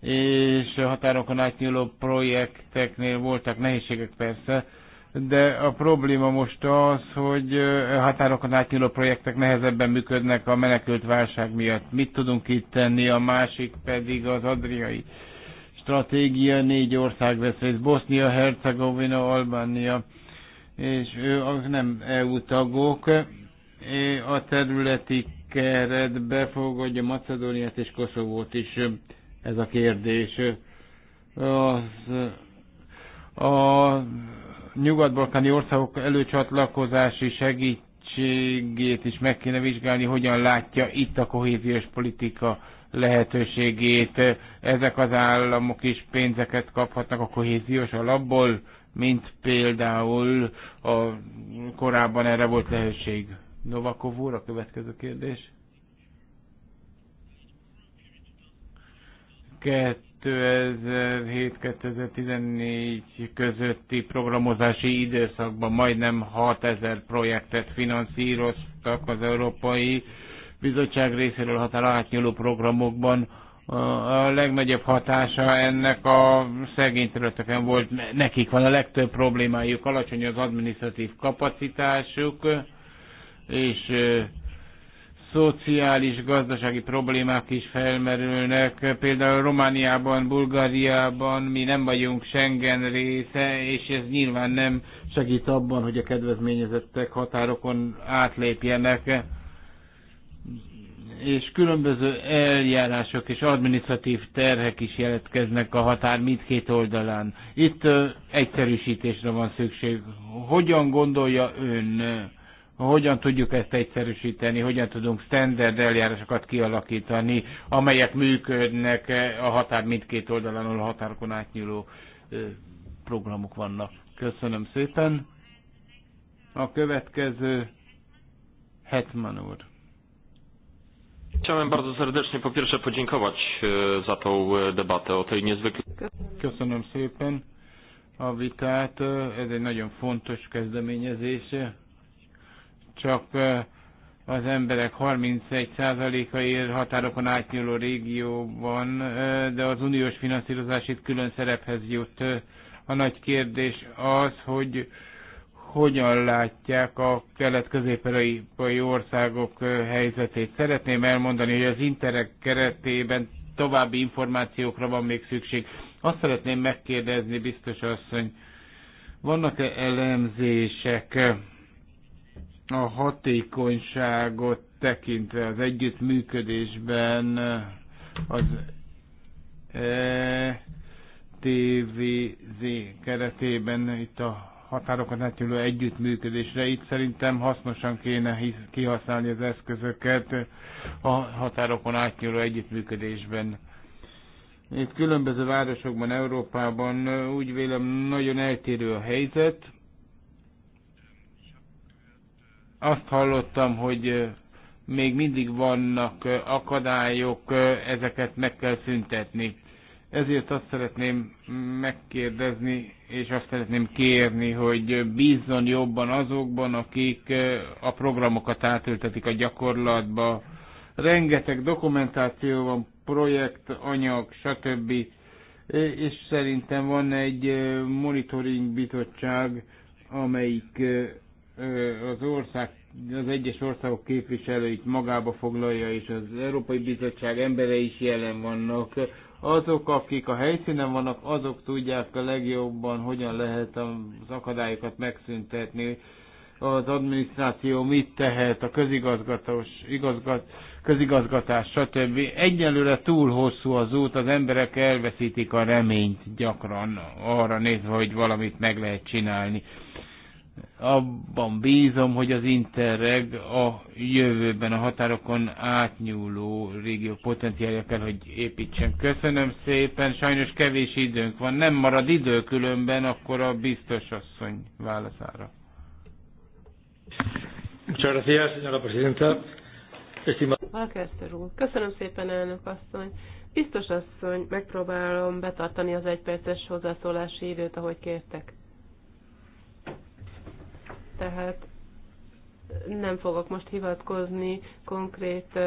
és határokon átnyúló projekteknél voltak nehézségek persze, de a probléma most az, hogy eh, határokon átnyúló projektek nehezebben működnek a menekült válság miatt. Mit tudunk itt tenni? A másik pedig az adriai stratégia, négy ország vesz részt, Bosznia, Hercegovina, Albánia, és ők nem EU tagok. A területi keret befogadja Macedóniát és Koszovót is ez a kérdés. Az, a nyugat-balkáni országok előcsatlakozási segítségét is meg kéne vizsgálni, hogyan látja itt a kohéziós politika lehetőségét. Ezek az államok is pénzeket kaphatnak a kohéziós alapból, mint például a korábban erre volt lehetőség. Novakov úr, a következő kérdés. Kett 2007-2014 közötti programozási időszakban majdnem 6000 projektet finanszíroztak az Európai Bizottság részéről határa átnyúló programokban. A legnagyobb hatása ennek a szegény területeken volt, nekik van a legtöbb problémájuk, alacsony az adminisztratív kapacitásuk, és szociális, gazdasági problémák is felmerülnek. Például Romániában, Bulgáriában mi nem vagyunk Schengen része, és ez nyilván nem segít abban, hogy a kedvezményezettek határokon átlépjenek. És különböző eljárások és administratív terhek is jelentkeznek a határ mindkét oldalán. Itt egyszerűsítésre van szükség. Hogyan gondolja ön? hogyan tudjuk ezt egyszerűsíteni, hogyan tudunk standard eljárásokat kialakítani, amelyek működnek eh, a határ mindkét oldalon, a határokon átnyúló eh, programok vannak. Köszönöm szépen. A következő Hetman úr. Chciałem bardzo serdecznie po pierwsze podziękować e, za tą e, debatę o tej niezwykle... Köszönöm szépen a vitát, e, ez egy nagyon fontos kezdeményezése csak az emberek 31%-a él határokon átnyúló régióban, de az uniós finanszírozás itt külön szerephez jut. A nagy kérdés az, hogy hogyan látják a kelet-közép-európai országok helyzetét. Szeretném elmondani, hogy az interek keretében további információkra van még szükség. Azt szeretném megkérdezni, biztos asszony, vannak-e elemzések a hatékonyságot tekintve az együttműködésben az e TVZ keretében itt a határokon átnyúló együttműködésre. Itt szerintem hasznosan kéne kihasználni az eszközöket a határokon átnyúló együttműködésben. Itt különböző városokban, Európában úgy vélem nagyon eltérő a helyzet, azt hallottam, hogy még mindig vannak akadályok, ezeket meg kell szüntetni. Ezért azt szeretném megkérdezni, és azt szeretném kérni, hogy bízzon jobban azokban, akik a programokat átültetik a gyakorlatba. Rengeteg dokumentáció van, projekt, anyag, stb. És szerintem van egy monitoring bizottság, amelyik az ország, az egyes országok képviselőit magába foglalja, és az Európai Bizottság embere is jelen vannak. Azok, akik a helyszínen vannak, azok tudják a legjobban, hogyan lehet az akadályokat megszüntetni. Az adminisztráció mit tehet, a közigazgatós, igazgat, közigazgatás, stb. Egyelőre túl hosszú az út, az emberek elveszítik a reményt gyakran arra nézve, hogy valamit meg lehet csinálni abban bízom, hogy az Interreg a jövőben a határokon átnyúló régió potenciálja kell, hogy építsen. Köszönöm szépen, sajnos kevés időnk van, nem marad idő különben, akkor a biztos asszony válaszára. köszönöm szépen elnök asszony. Biztos asszony, megpróbálom betartani az egyperces hozzászólási időt, ahogy kértek tehát nem fogok most hivatkozni konkrét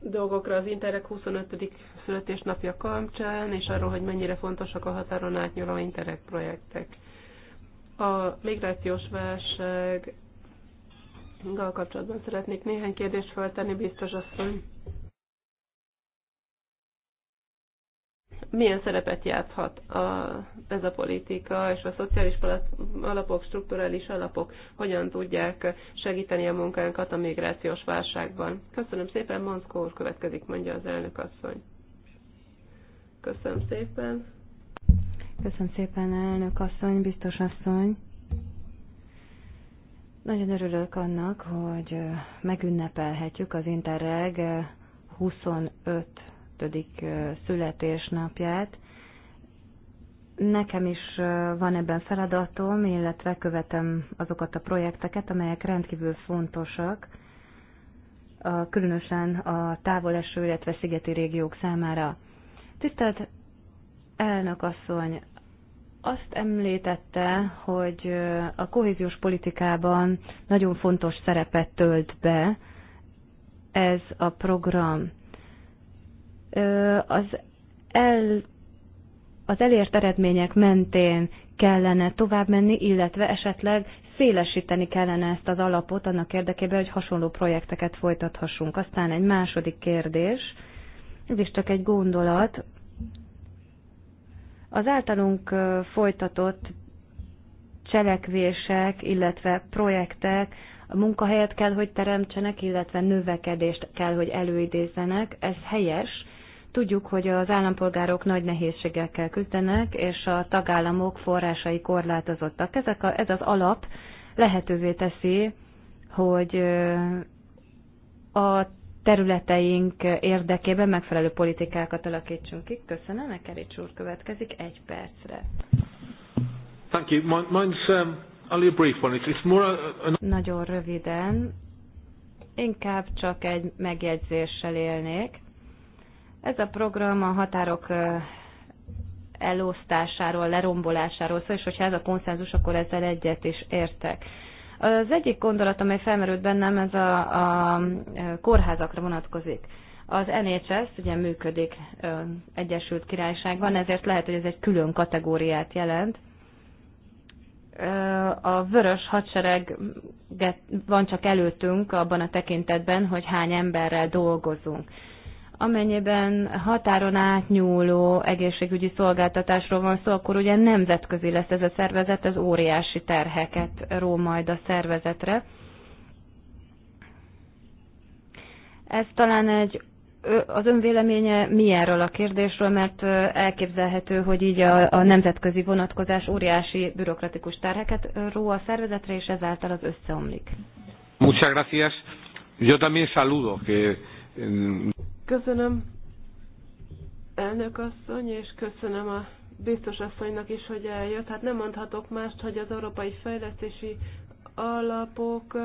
dolgokra az Interreg 25. születésnapja kapcsán, és arról, hogy mennyire fontosak a határon átnyúló Interreg projektek. A migrációs válsággal Gal kapcsolatban szeretnék néhány kérdést feltenni, biztos asszony. Hogy... milyen szerepet játszhat a, ez a politika, és a szociális alapok, strukturális alapok hogyan tudják segíteni a munkánkat a migrációs válságban. Köszönöm szépen, Monszkó úr következik, mondja az elnök asszony. Köszönöm szépen. Köszönöm szépen, elnök asszony, biztos asszony. Nagyon örülök annak, hogy megünnepelhetjük az Interreg 25 születésnapját. Nekem is van ebben feladatom, illetve követem azokat a projekteket, amelyek rendkívül fontosak, a, különösen a távoleső, illetve szigeti régiók számára. Tisztelt elnök asszony, azt említette, hogy a kohéziós politikában nagyon fontos szerepet tölt be ez a program az, el, az elért eredmények mentén kellene tovább menni, illetve esetleg szélesíteni kellene ezt az alapot annak érdekében, hogy hasonló projekteket folytathassunk. Aztán egy második kérdés, ez is csak egy gondolat. Az általunk folytatott cselekvések, illetve projektek a munkahelyet kell, hogy teremtsenek, illetve növekedést kell, hogy előidézzenek. Ez helyes, Tudjuk, hogy az állampolgárok nagy nehézségekkel küzdenek, és a tagállamok forrásai korlátozottak. Ezek a, ez az alap lehetővé teszi, hogy a területeink érdekében megfelelő politikákat alakítsunk ki. Köszönöm, Ekerics úr következik egy percre. Thank you. Mine's um, only a brief one. It's more a, a... Nagyon röviden, inkább csak egy megjegyzéssel élnék. Ez a program a határok elosztásáról, lerombolásáról szól, és hogyha ez a konszenzus, akkor ezzel egyet is értek. Az egyik gondolat, amely felmerült bennem, ez a, a kórházakra vonatkozik. Az NHS ugye működik Egyesült Királyságban, ezért lehet, hogy ez egy külön kategóriát jelent. A vörös hadsereg van csak előttünk abban a tekintetben, hogy hány emberrel dolgozunk amennyiben határon átnyúló egészségügyi szolgáltatásról van szó, akkor ugye nemzetközi lesz ez a szervezet, ez óriási terheket ró majd a szervezetre. Ez talán egy az ön véleménye mi erről a kérdésről, mert elképzelhető, hogy így a, a nemzetközi vonatkozás óriási bürokratikus terheket ró a szervezetre, és ezáltal az összeomlik. Muchas gracias. Yo también saludo que Köszönöm elnök asszony, és köszönöm a biztos asszonynak is, hogy eljött. Hát nem mondhatok mást, hogy az európai fejlesztési alapok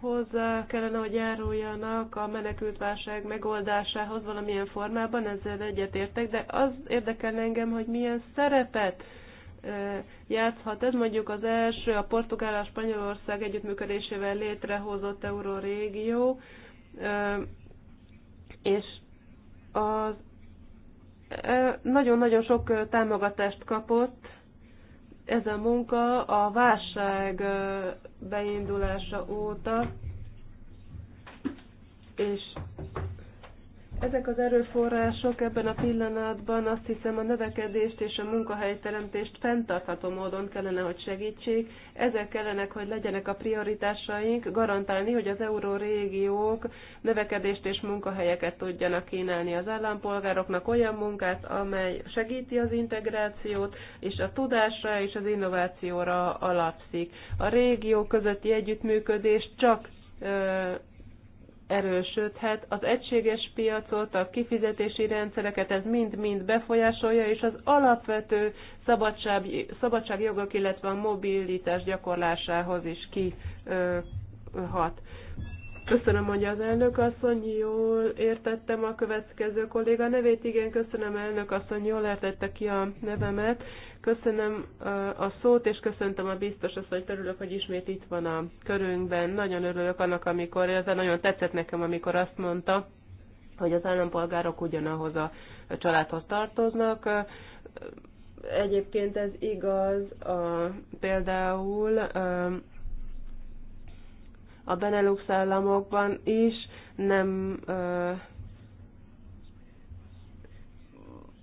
hozzá kellene, hogy járuljanak a menekültválság megoldásához valamilyen formában, ezzel egyetértek, de az érdekel engem, hogy milyen szerepet játszhat ez mondjuk az első, a Portugál-Spanyolország együttműködésével létrehozott euró régió és az nagyon-nagyon sok támogatást kapott ez a munka a válság beindulása óta, és ezek az erőforrások ebben a pillanatban azt hiszem a növekedést és a munkahelyteremtést fenntartható módon kellene, hogy segítsék. Ezek kellenek, hogy legyenek a prioritásaink, garantálni, hogy az eurórégiók növekedést és munkahelyeket tudjanak kínálni az állampolgároknak olyan munkát, amely segíti az integrációt, és a tudásra és az innovációra alapszik. A régió közötti együttműködés csak erősödhet, az egységes piacot, a kifizetési rendszereket, ez mind-mind befolyásolja, és az alapvető szabadság, szabadságjogok, illetve a mobilitás gyakorlásához is kihat. Köszönöm, hogy az elnök asszony, jól értettem a következő kolléga nevét. Igen, köszönöm, elnök asszony, jól értette ki a nevemet. Köszönöm a szót, és köszöntöm a biztos asszonyt, örülök, hogy ismét itt van a körünkben. Nagyon örülök annak, amikor, ez nagyon tetszett nekem, amikor azt mondta, hogy az állampolgárok ugyanahoz a családhoz tartoznak. Egyébként ez igaz a, például a Benelux államokban is nem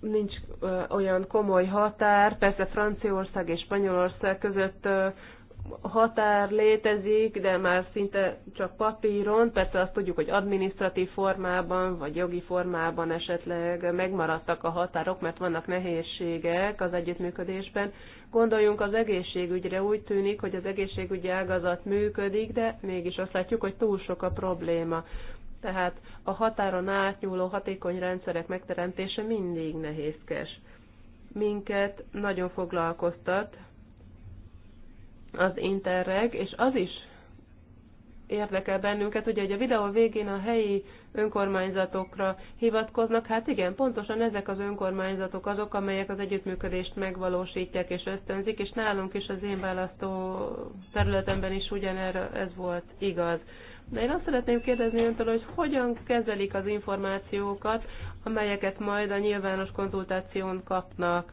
nincs olyan komoly határ, persze Franciaország és Spanyolország között határ létezik, de már szinte csak papíron, persze azt tudjuk, hogy adminisztratív formában, vagy jogi formában esetleg megmaradtak a határok, mert vannak nehézségek az együttműködésben. Gondoljunk az egészségügyre, úgy tűnik, hogy az egészségügyi ágazat működik, de mégis azt látjuk, hogy túl sok a probléma. Tehát a határon átnyúló hatékony rendszerek megteremtése mindig nehézkes. Minket nagyon foglalkoztat, az Interreg, és az is érdekel bennünket, ugye, hogy a videó végén a helyi önkormányzatokra hivatkoznak. Hát igen, pontosan ezek az önkormányzatok azok, amelyek az együttműködést megvalósítják és ösztönzik, és nálunk is az én választó területemben is ugyanerre ez volt igaz. De én azt szeretném kérdezni öntől, hogy hogyan kezelik az információkat, amelyeket majd a nyilvános konzultáción kapnak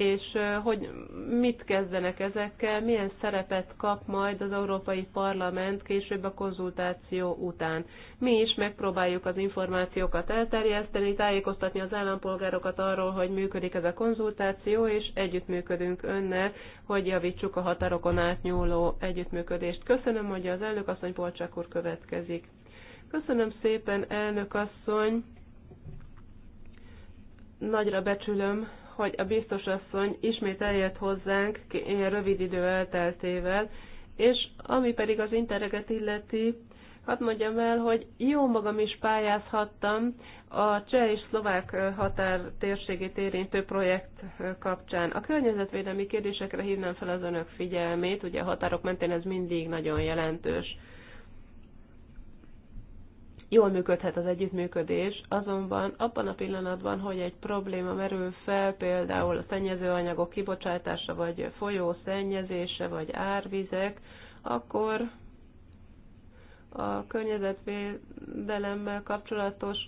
és hogy mit kezdenek ezekkel, milyen szerepet kap majd az Európai Parlament később a konzultáció után. Mi is megpróbáljuk az információkat elterjeszteni, tájékoztatni az állampolgárokat arról, hogy működik ez a konzultáció, és együttműködünk önnel, hogy javítsuk a határokon átnyúló együttműködést. Köszönöm, hogy az elnök asszony Polcsák úr következik. Köszönöm szépen, elnök asszony! Nagyra becsülöm hogy a biztos asszony ismét eljött hozzánk ilyen rövid idő elteltével, és ami pedig az intereget illeti, hadd mondjam el, hogy jó magam is pályázhattam a cseh és szlovák határ térségét érintő projekt kapcsán. A környezetvédelmi kérdésekre hívnám fel az önök figyelmét, ugye a határok mentén ez mindig nagyon jelentős jól működhet az együttműködés, azonban abban a pillanatban, hogy egy probléma merül fel, például a szennyezőanyagok kibocsátása, vagy folyó szennyezése, vagy árvizek, akkor a környezetvédelemmel kapcsolatos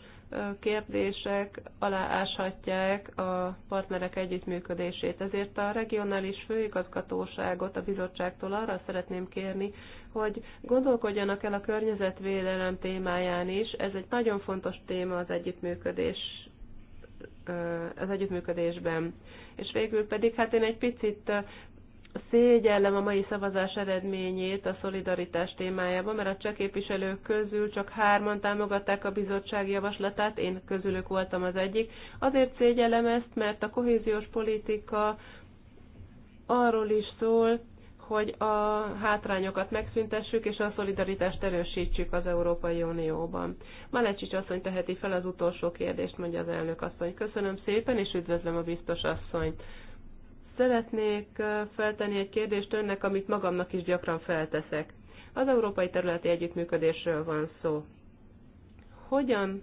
kérdések alááshatják a partnerek együttműködését. Ezért a regionális főigazgatóságot a bizottságtól arra szeretném kérni, hogy gondolkodjanak el a környezetvédelem témáján is. Ez egy nagyon fontos téma az együttműködés az együttműködésben. És végül pedig hát én egy picit szégyellem a mai szavazás eredményét a szolidaritás témájában, mert a cseh képviselők közül csak hárman támogatták a bizottság javaslatát, én közülük voltam az egyik. Azért szégyellem ezt, mert a kohéziós politika arról is szól, hogy a hátrányokat megszüntessük, és a szolidaritást erősítsük az Európai Unióban. Malecsics asszony teheti fel az utolsó kérdést, mondja az elnök asszony. Köszönöm szépen, és üdvözlöm a biztos asszonyt. Szeretnék feltenni egy kérdést önnek, amit magamnak is gyakran felteszek. Az európai területi együttműködésről van szó. Hogyan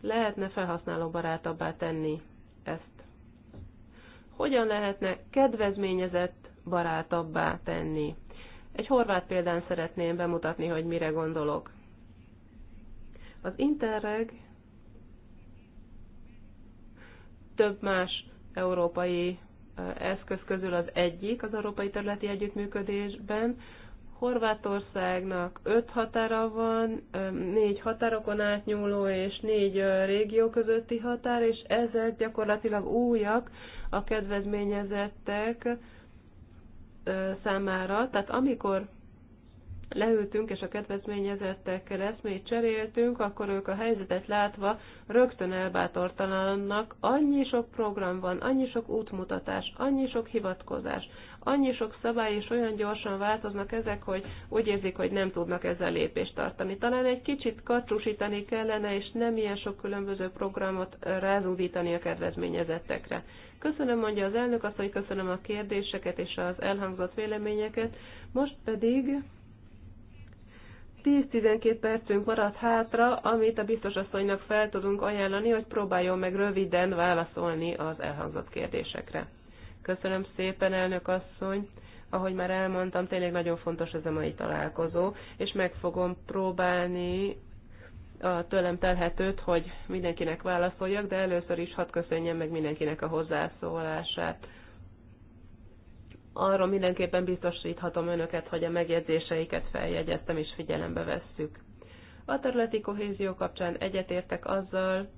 lehetne felhasználóbarátabbá tenni ezt? Hogyan lehetne kedvezményezett barátabbá tenni? Egy horvát példán szeretném bemutatni, hogy mire gondolok. Az Interreg több más európai eszköz közül az egyik az európai területi együttműködésben. Horvátországnak öt határa van, négy határokon átnyúló és négy régió közötti határ, és ezek gyakorlatilag újak a kedvezményezettek számára. Tehát amikor leültünk és a kedvezményezettekkel eszmét cseréltünk, akkor ők a helyzetet látva rögtön elbátortalannak, annyi sok program van, annyi sok útmutatás, annyi sok hivatkozás, annyi sok szabály és olyan gyorsan változnak ezek, hogy úgy érzik, hogy nem tudnak ezzel lépést tartani. Talán egy kicsit karcsúsítani kellene, és nem ilyen sok különböző programot rázúdítani a kedvezményezettekre. Köszönöm, mondja az elnök azt, hogy köszönöm a kérdéseket és az elhangzott véleményeket. Most pedig 10-12 percünk maradt hátra, amit a biztos asszonynak fel tudunk ajánlani, hogy próbáljon meg röviden válaszolni az elhangzott kérdésekre. Köszönöm szépen, elnök asszony! Ahogy már elmondtam, tényleg nagyon fontos ez a mai találkozó, és meg fogom próbálni a tőlem telhetőt, hogy mindenkinek válaszoljak, de először is hadd köszönjem meg mindenkinek a hozzászólását arra mindenképpen biztosíthatom önöket, hogy a megjegyzéseiket feljegyeztem és figyelembe vesszük. A területi kohézió kapcsán egyetértek azzal,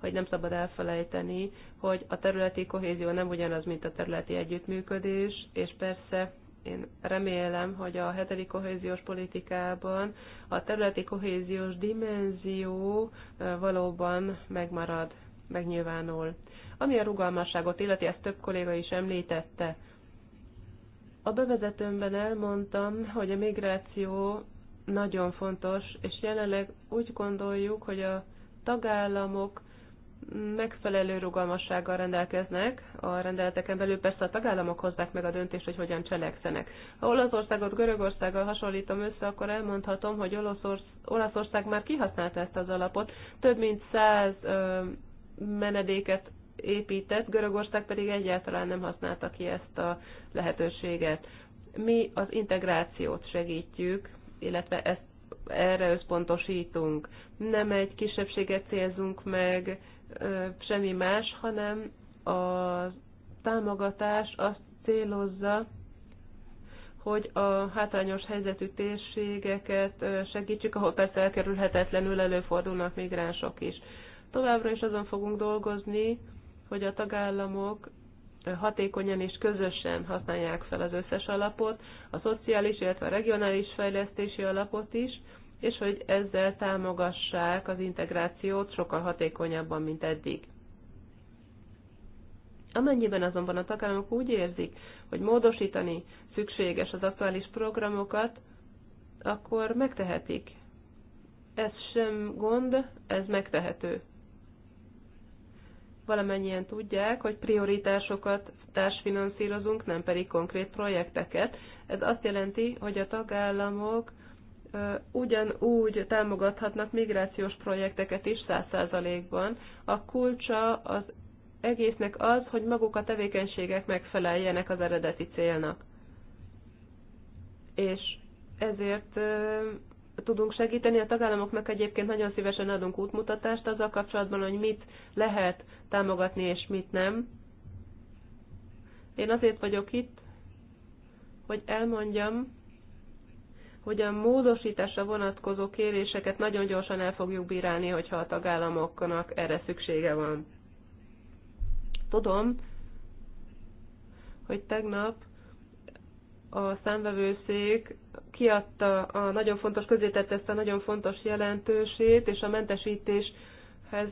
hogy nem szabad elfelejteni, hogy a területi kohézió nem ugyanaz, mint a területi együttműködés, és persze én remélem, hogy a hetedik kohéziós politikában a területi kohéziós dimenzió valóban megmarad, megnyilvánul. Ami a rugalmasságot illeti, ezt több kolléga is említette, a bevezetőmben elmondtam, hogy a migráció nagyon fontos, és jelenleg úgy gondoljuk, hogy a tagállamok megfelelő rugalmassággal rendelkeznek, a rendeleteken belül persze a tagállamok hozzák meg a döntést, hogy hogyan cselekszenek. Ha Olaszországot Görögországgal hasonlítom össze, akkor elmondhatom, hogy Olaszország már kihasználta ezt az alapot, több mint száz menedéket épített, Görögország pedig egyáltalán nem használta ki ezt a lehetőséget. Mi az integrációt segítjük, illetve ezt erre összpontosítunk. Nem egy kisebbséget célzunk meg, semmi más, hanem a támogatás azt célozza, hogy a hátrányos helyzetű térségeket segítsük, ahol persze elkerülhetetlenül előfordulnak migránsok is. Továbbra is azon fogunk dolgozni, hogy a tagállamok hatékonyan és közösen használják fel az összes alapot, a szociális, illetve a regionális fejlesztési alapot is, és hogy ezzel támogassák az integrációt sokkal hatékonyabban, mint eddig. Amennyiben azonban a tagállamok úgy érzik, hogy módosítani szükséges az aktuális programokat, akkor megtehetik. Ez sem gond, ez megtehető valamennyien tudják, hogy prioritásokat társfinanszírozunk, nem pedig konkrét projekteket. Ez azt jelenti, hogy a tagállamok ugyanúgy támogathatnak migrációs projekteket is 100%-ban. A kulcsa az egésznek az, hogy maguk a tevékenységek megfeleljenek az eredeti célnak. És ezért tudunk segíteni. A tagállamoknak egyébként nagyon szívesen adunk útmutatást azzal kapcsolatban, hogy mit lehet támogatni és mit nem. Én azért vagyok itt, hogy elmondjam, hogy a módosításra vonatkozó kéréseket nagyon gyorsan el fogjuk bírálni, hogyha a tagállamoknak erre szüksége van. Tudom, hogy tegnap a számvevőszék kiadta a nagyon fontos, közétett ezt a nagyon fontos jelentősét, és a mentesítéshez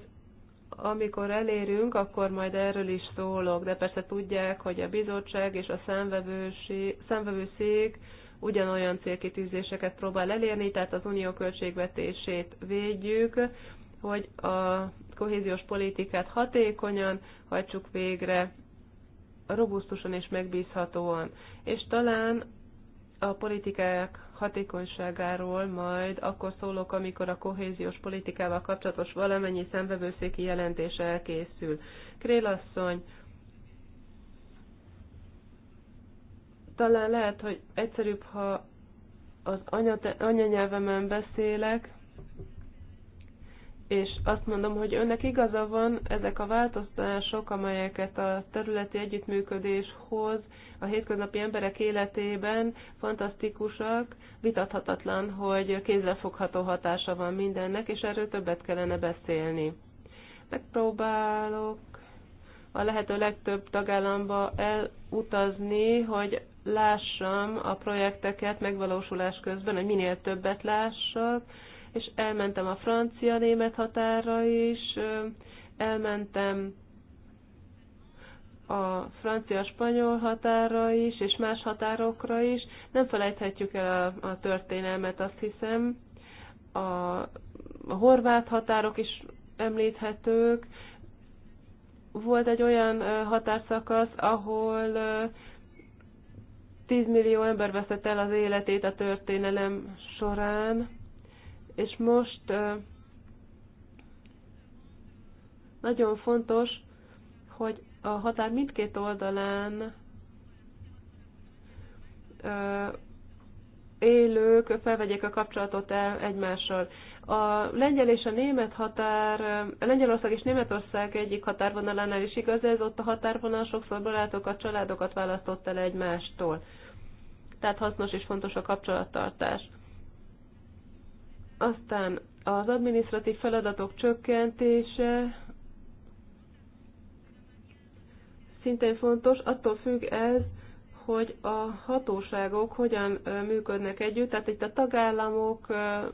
amikor elérünk, akkor majd erről is szólok, de persze tudják, hogy a bizottság és a számvevőszék ugyanolyan célkitűzéseket próbál elérni, tehát az unió költségvetését védjük, hogy a kohéziós politikát hatékonyan hajtsuk végre, robusztusan és megbízhatóan. És talán a politikák hatékonyságáról majd akkor szólok, amikor a kohéziós politikával kapcsolatos valamennyi szembevőszéki jelentés elkészül. Krélasszony, talán lehet, hogy egyszerűbb, ha az anyanyelvemen beszélek, és azt mondom, hogy önnek igaza van, ezek a változtatások, amelyeket a területi együttműködés hoz a hétköznapi emberek életében fantasztikusak, vitathatatlan, hogy kézzelfogható hatása van mindennek, és erről többet kellene beszélni. Megpróbálok a lehető legtöbb tagállamba elutazni, hogy lássam a projekteket megvalósulás közben, hogy minél többet lássak, és elmentem a francia-német határra is, elmentem a francia-spanyol határra is, és más határokra is. Nem felejthetjük el a, a történelmet, azt hiszem. A, a horvát határok is említhetők. Volt egy olyan határszakasz, ahol 10 millió ember veszett el az életét a történelem során és most nagyon fontos, hogy a határ mindkét oldalán élők felvegyék a kapcsolatot el egymással. A lengyel és a német határ, a Lengyelország és Németország egyik határvonalánál is igaz, ez ott a határvonal sokszor barátokat, családokat választott el egymástól. Tehát hasznos és fontos a kapcsolattartás. Aztán az adminisztratív feladatok csökkentése szintén fontos, attól függ ez, hogy a hatóságok hogyan működnek együtt, tehát itt a tagállamokra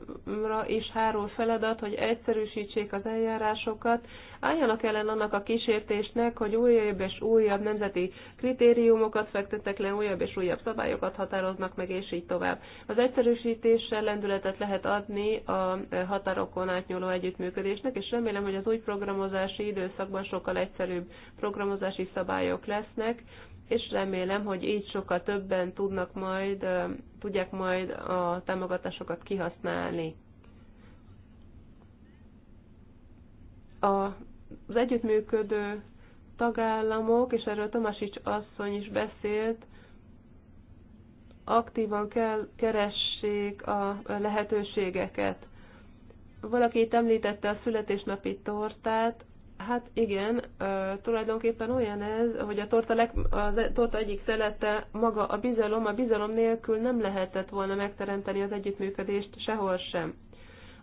is hárul feladat, hogy egyszerűsítsék az eljárásokat, álljanak ellen annak a kísértésnek, hogy újabb és újabb nemzeti kritériumokat fektetnek le, újabb és újabb szabályokat határoznak meg, és így tovább. Az egyszerűsítéssel lendületet lehet adni a határokon átnyúló együttműködésnek, és remélem, hogy az új programozási időszakban sokkal egyszerűbb programozási szabályok lesznek, és remélem, hogy így sokkal többen tudnak majd, tudják majd a támogatásokat kihasználni. A, az együttműködő tagállamok, és erről Tomasics asszony is beszélt, aktívan kell keressék a lehetőségeket. Valaki itt említette a születésnapi tortát, Hát igen, tulajdonképpen olyan ez, hogy a torta, leg, a torta egyik szelete maga a bizalom, a bizalom nélkül nem lehetett volna megteremteni az együttműködést sehol sem.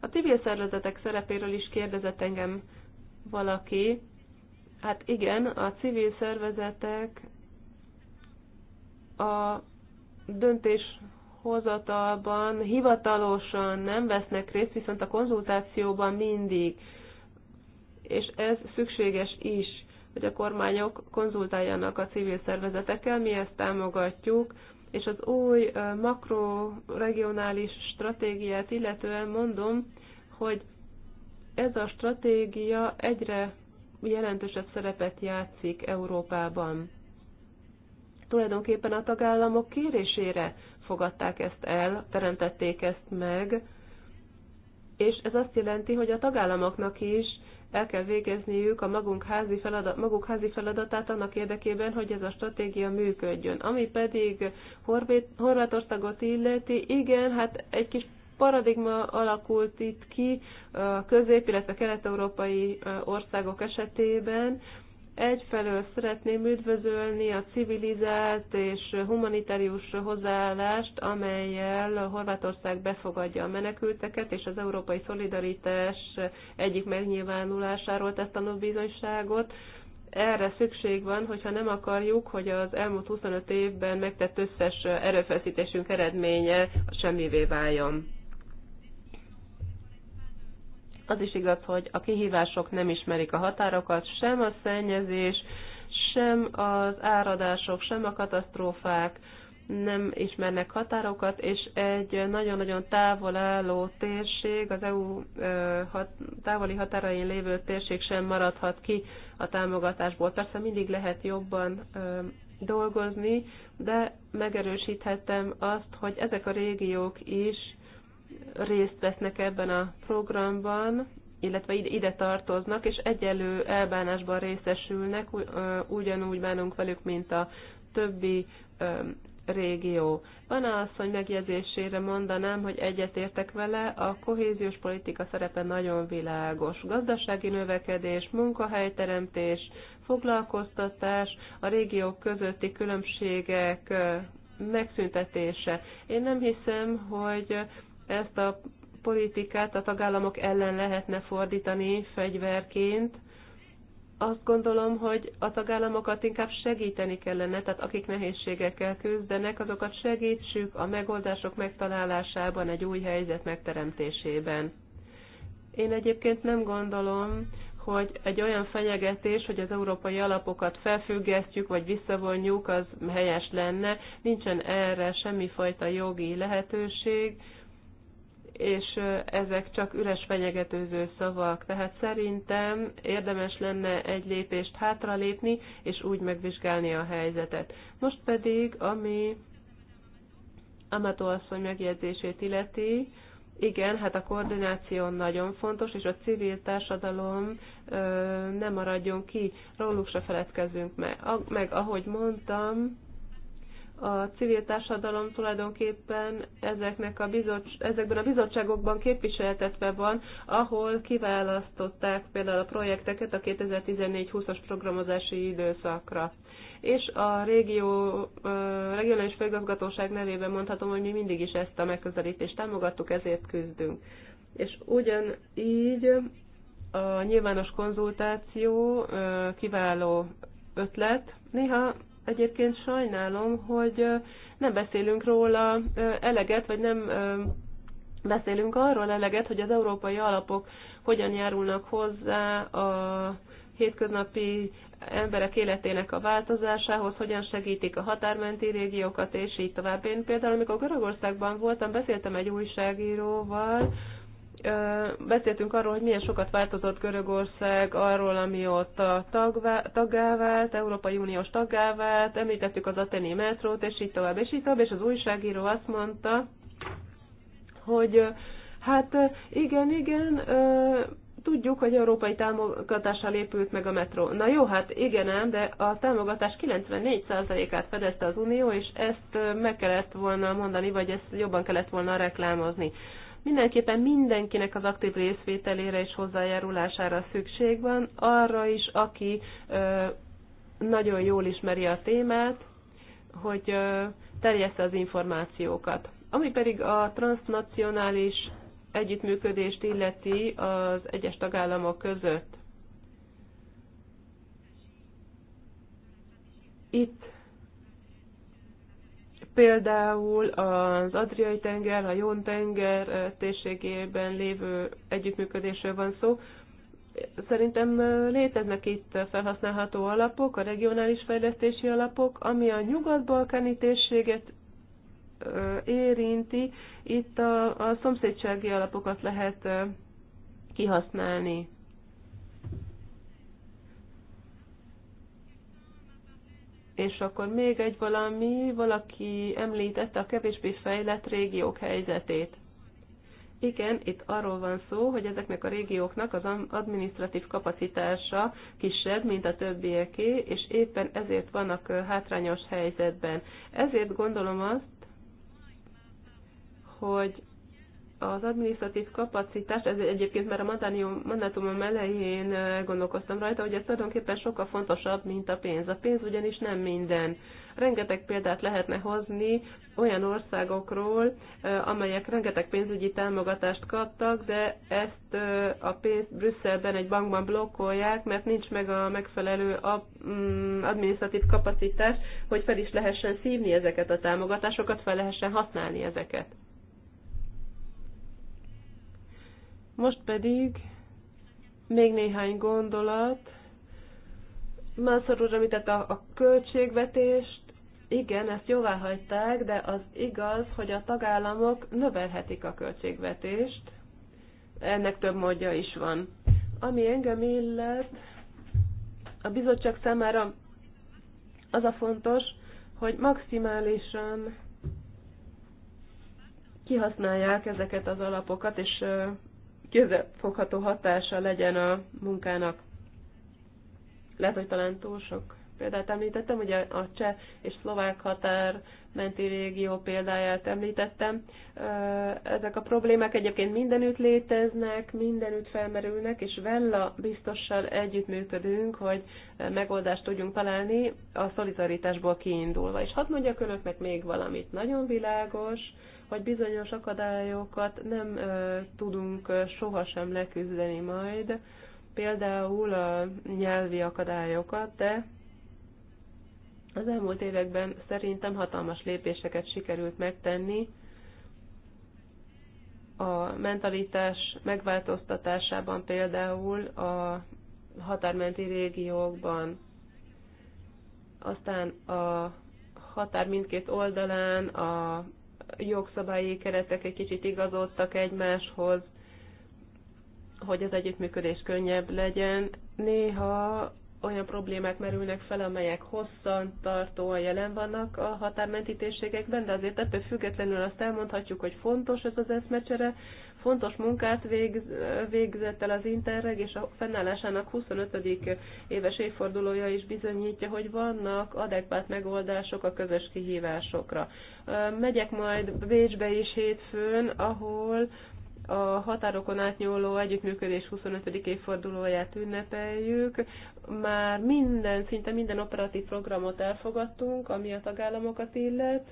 A civil szervezetek szerepéről is kérdezett engem valaki. Hát igen, a civil szervezetek a döntéshozatalban hivatalosan nem vesznek részt, viszont a konzultációban mindig és ez szükséges is, hogy a kormányok konzultáljanak a civil szervezetekkel, mi ezt támogatjuk, és az új makroregionális stratégiát illetően mondom, hogy ez a stratégia egyre jelentősebb szerepet játszik Európában. Tulajdonképpen a tagállamok kérésére fogadták ezt el, teremtették ezt meg, és ez azt jelenti, hogy a tagállamoknak is el kell végezniük a magunk házi, feladat, maguk házi feladatát annak érdekében, hogy ez a stratégia működjön. Ami pedig Horvét, Horvátországot illeti, igen, hát egy kis paradigma alakult itt ki közép, illetve kelet-európai országok esetében, egyfelől szeretném üdvözölni a civilizált és humanitárius hozzáállást, amelyel Horvátország befogadja a menekülteket, és az európai szolidaritás egyik megnyilvánulásáról tesz tanúbizonyságot. Erre szükség van, hogyha nem akarjuk, hogy az elmúlt 25 évben megtett összes erőfeszítésünk eredménye semmivé váljon. Az is igaz, hogy a kihívások nem ismerik a határokat, sem a szennyezés, sem az áradások, sem a katasztrófák nem ismernek határokat, és egy nagyon-nagyon távol álló térség, az EU távoli határain lévő térség sem maradhat ki a támogatásból. Persze mindig lehet jobban dolgozni, de megerősíthetem azt, hogy ezek a régiók is részt vesznek ebben a programban, illetve ide tartoznak, és egyelő elbánásban részesülnek, ugyanúgy bánunk velük, mint a többi régió. a asszony megjegyzésére mondanám, hogy egyetértek vele, a kohéziós politika szerepe nagyon világos. Gazdasági növekedés, munkahelyteremtés, foglalkoztatás, a régiók közötti különbségek megszüntetése. Én nem hiszem, hogy ezt a politikát a tagállamok ellen lehetne fordítani fegyverként. Azt gondolom, hogy a tagállamokat inkább segíteni kellene, tehát akik nehézségekkel küzdenek, azokat segítsük a megoldások megtalálásában, egy új helyzet megteremtésében. Én egyébként nem gondolom, hogy egy olyan fenyegetés, hogy az európai alapokat felfüggesztjük vagy visszavonjuk, az helyes lenne. Nincsen erre semmifajta jogi lehetőség és ezek csak üres fenyegetőző szavak. Tehát szerintem érdemes lenne egy lépést hátralépni, és úgy megvizsgálni a helyzetet. Most pedig, ami Amato asszony megjegyzését illeti, igen, hát a koordináció nagyon fontos, és a civil társadalom ö, nem maradjon ki, róluk se feledkezünk meg. meg ahogy mondtam, a civil társadalom tulajdonképpen ezeknek a bizottság, ezekben a bizottságokban képviseltetve van, ahol kiválasztották például a projekteket a 2014-20-as programozási időszakra és a régió, regionális főigazgatóság nevében mondhatom, hogy mi mindig is ezt a megközelítést támogattuk, ezért küzdünk. És ugyanígy a nyilvános konzultáció kiváló ötlet. Néha egyébként sajnálom, hogy nem beszélünk róla eleget, vagy nem beszélünk arról eleget, hogy az európai alapok hogyan járulnak hozzá a hétköznapi emberek életének a változásához, hogyan segítik a határmenti régiókat, és így tovább. Én például, amikor Görögországban voltam, beszéltem egy újságíróval, beszéltünk arról, hogy milyen sokat változott Görögország arról, a tagvá, taggá vált, Európai Uniós taggá vált, említettük az Ateni metrót, és így tovább, és így tovább, és az újságíró azt mondta, hogy hát igen, igen, tudjuk, hogy európai támogatással épült meg a metró. Na jó, hát igen ám, de a támogatás 94%-át fedezte az Unió, és ezt meg kellett volna mondani, vagy ezt jobban kellett volna reklámozni. Mindenképpen mindenkinek az aktív részvételére és hozzájárulására szükség van, arra is, aki nagyon jól ismeri a témát, hogy terjeszte az információkat. Ami pedig a transnacionális együttműködést illeti az egyes tagállamok között. Itt Például az Adriai tenger, a Jón tenger eh, térségében lévő együttműködésről van szó. Szerintem eh, léteznek itt felhasználható alapok, a regionális fejlesztési alapok, ami a nyugat-balkáni térséget eh, érinti, itt a, a szomszédsági alapokat lehet kihasználni. És akkor még egy valami, valaki említette a kevésbé fejlett régiók helyzetét. Igen, itt arról van szó, hogy ezeknek a régióknak az administratív kapacitása kisebb, mint a többieké, és éppen ezért vannak hátrányos helyzetben. Ezért gondolom azt, hogy az adminisztratív kapacitás, ez egyébként már a mandánium, mandátumom elején gondolkoztam rajta, hogy ez tulajdonképpen sokkal fontosabb, mint a pénz. A pénz ugyanis nem minden. Rengeteg példát lehetne hozni olyan országokról, amelyek rengeteg pénzügyi támogatást kaptak, de ezt a pénzt Brüsszelben egy bankban blokkolják, mert nincs meg a megfelelő mm, adminisztratív kapacitás, hogy fel is lehessen szívni ezeket a támogatásokat, fel lehessen használni ezeket. Most pedig még néhány gondolat. Mászor úr amit a, a költségvetést, igen, ezt jóvá hagyták, de az igaz, hogy a tagállamok növelhetik a költségvetést. Ennek több módja is van. Ami engem illet, a bizottság számára az a fontos, hogy maximálisan kihasználják ezeket az alapokat, és kézzelfogható hatása legyen a munkának. Lehet, hogy talán túl sok példát említettem, ugye a cseh és szlovák határ menti régió példáját említettem. Ezek a problémák egyébként mindenütt léteznek, mindenütt felmerülnek, és Vella biztossal együttműködünk, hogy megoldást tudjunk találni a szolidaritásból kiindulva. És hadd mondjak önöknek még valamit, nagyon világos, hogy bizonyos akadályokat nem tudunk sohasem leküzdeni majd, például a nyelvi akadályokat, de az elmúlt években szerintem hatalmas lépéseket sikerült megtenni a mentalitás megváltoztatásában például a határmenti régiókban, aztán a határ mindkét oldalán a jogszabályi keretek egy kicsit igazodtak egymáshoz, hogy az együttműködés könnyebb legyen. Néha olyan problémák merülnek fel, amelyek hosszan tartóan jelen vannak a határmenti térségekben, de azért ettől függetlenül azt elmondhatjuk, hogy fontos ez az eszmecsere, fontos munkát végz, végzett el az Interreg, és a fennállásának 25. éves évfordulója is bizonyítja, hogy vannak adekvát megoldások a közös kihívásokra. Megyek majd Bécsbe is hétfőn, ahol a határokon átnyúló együttműködés 25. évfordulóját ünnepeljük. Már minden, szinte minden operatív programot elfogadtunk, ami a tagállamokat illet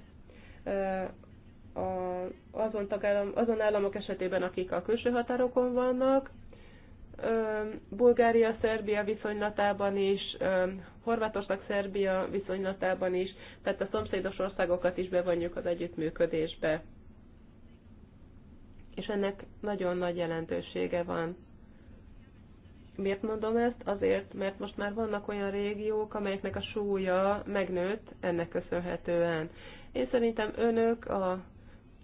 azon, tagállam, azon államok esetében, akik a külső határokon vannak, Bulgária-Szerbia viszonylatában is, Horvátország-Szerbia viszonylatában is, tehát a szomszédos országokat is bevonjuk az együttműködésbe. És ennek nagyon nagy jelentősége van. Miért mondom ezt? Azért, mert most már vannak olyan régiók, amelyeknek a súlya megnőtt ennek köszönhetően. Én szerintem önök a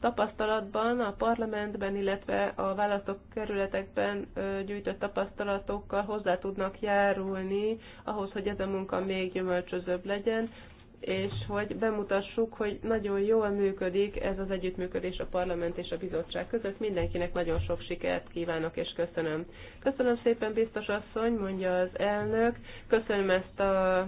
tapasztalatban, a parlamentben, illetve a választókerületekben gyűjtött tapasztalatokkal hozzá tudnak járulni ahhoz, hogy ez a munka még gyümölcsözőbb legyen, és hogy bemutassuk, hogy nagyon jól működik ez az együttműködés a parlament és a bizottság között. Mindenkinek nagyon sok sikert kívánok, és köszönöm. Köszönöm szépen, biztos asszony, mondja az elnök. Köszönöm ezt a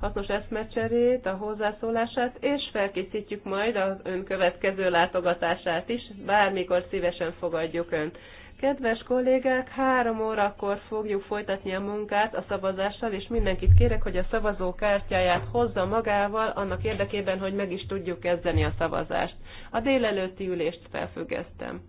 hasznos eszmecserét, a hozzászólását, és felkészítjük majd az ön következő látogatását is, bármikor szívesen fogadjuk önt. Kedves kollégák, három órakor fogjuk folytatni a munkát a szavazással, és mindenkit kérek, hogy a szavazó kártyáját hozza magával, annak érdekében, hogy meg is tudjuk kezdeni a szavazást. A délelőtti ülést felfüggesztem.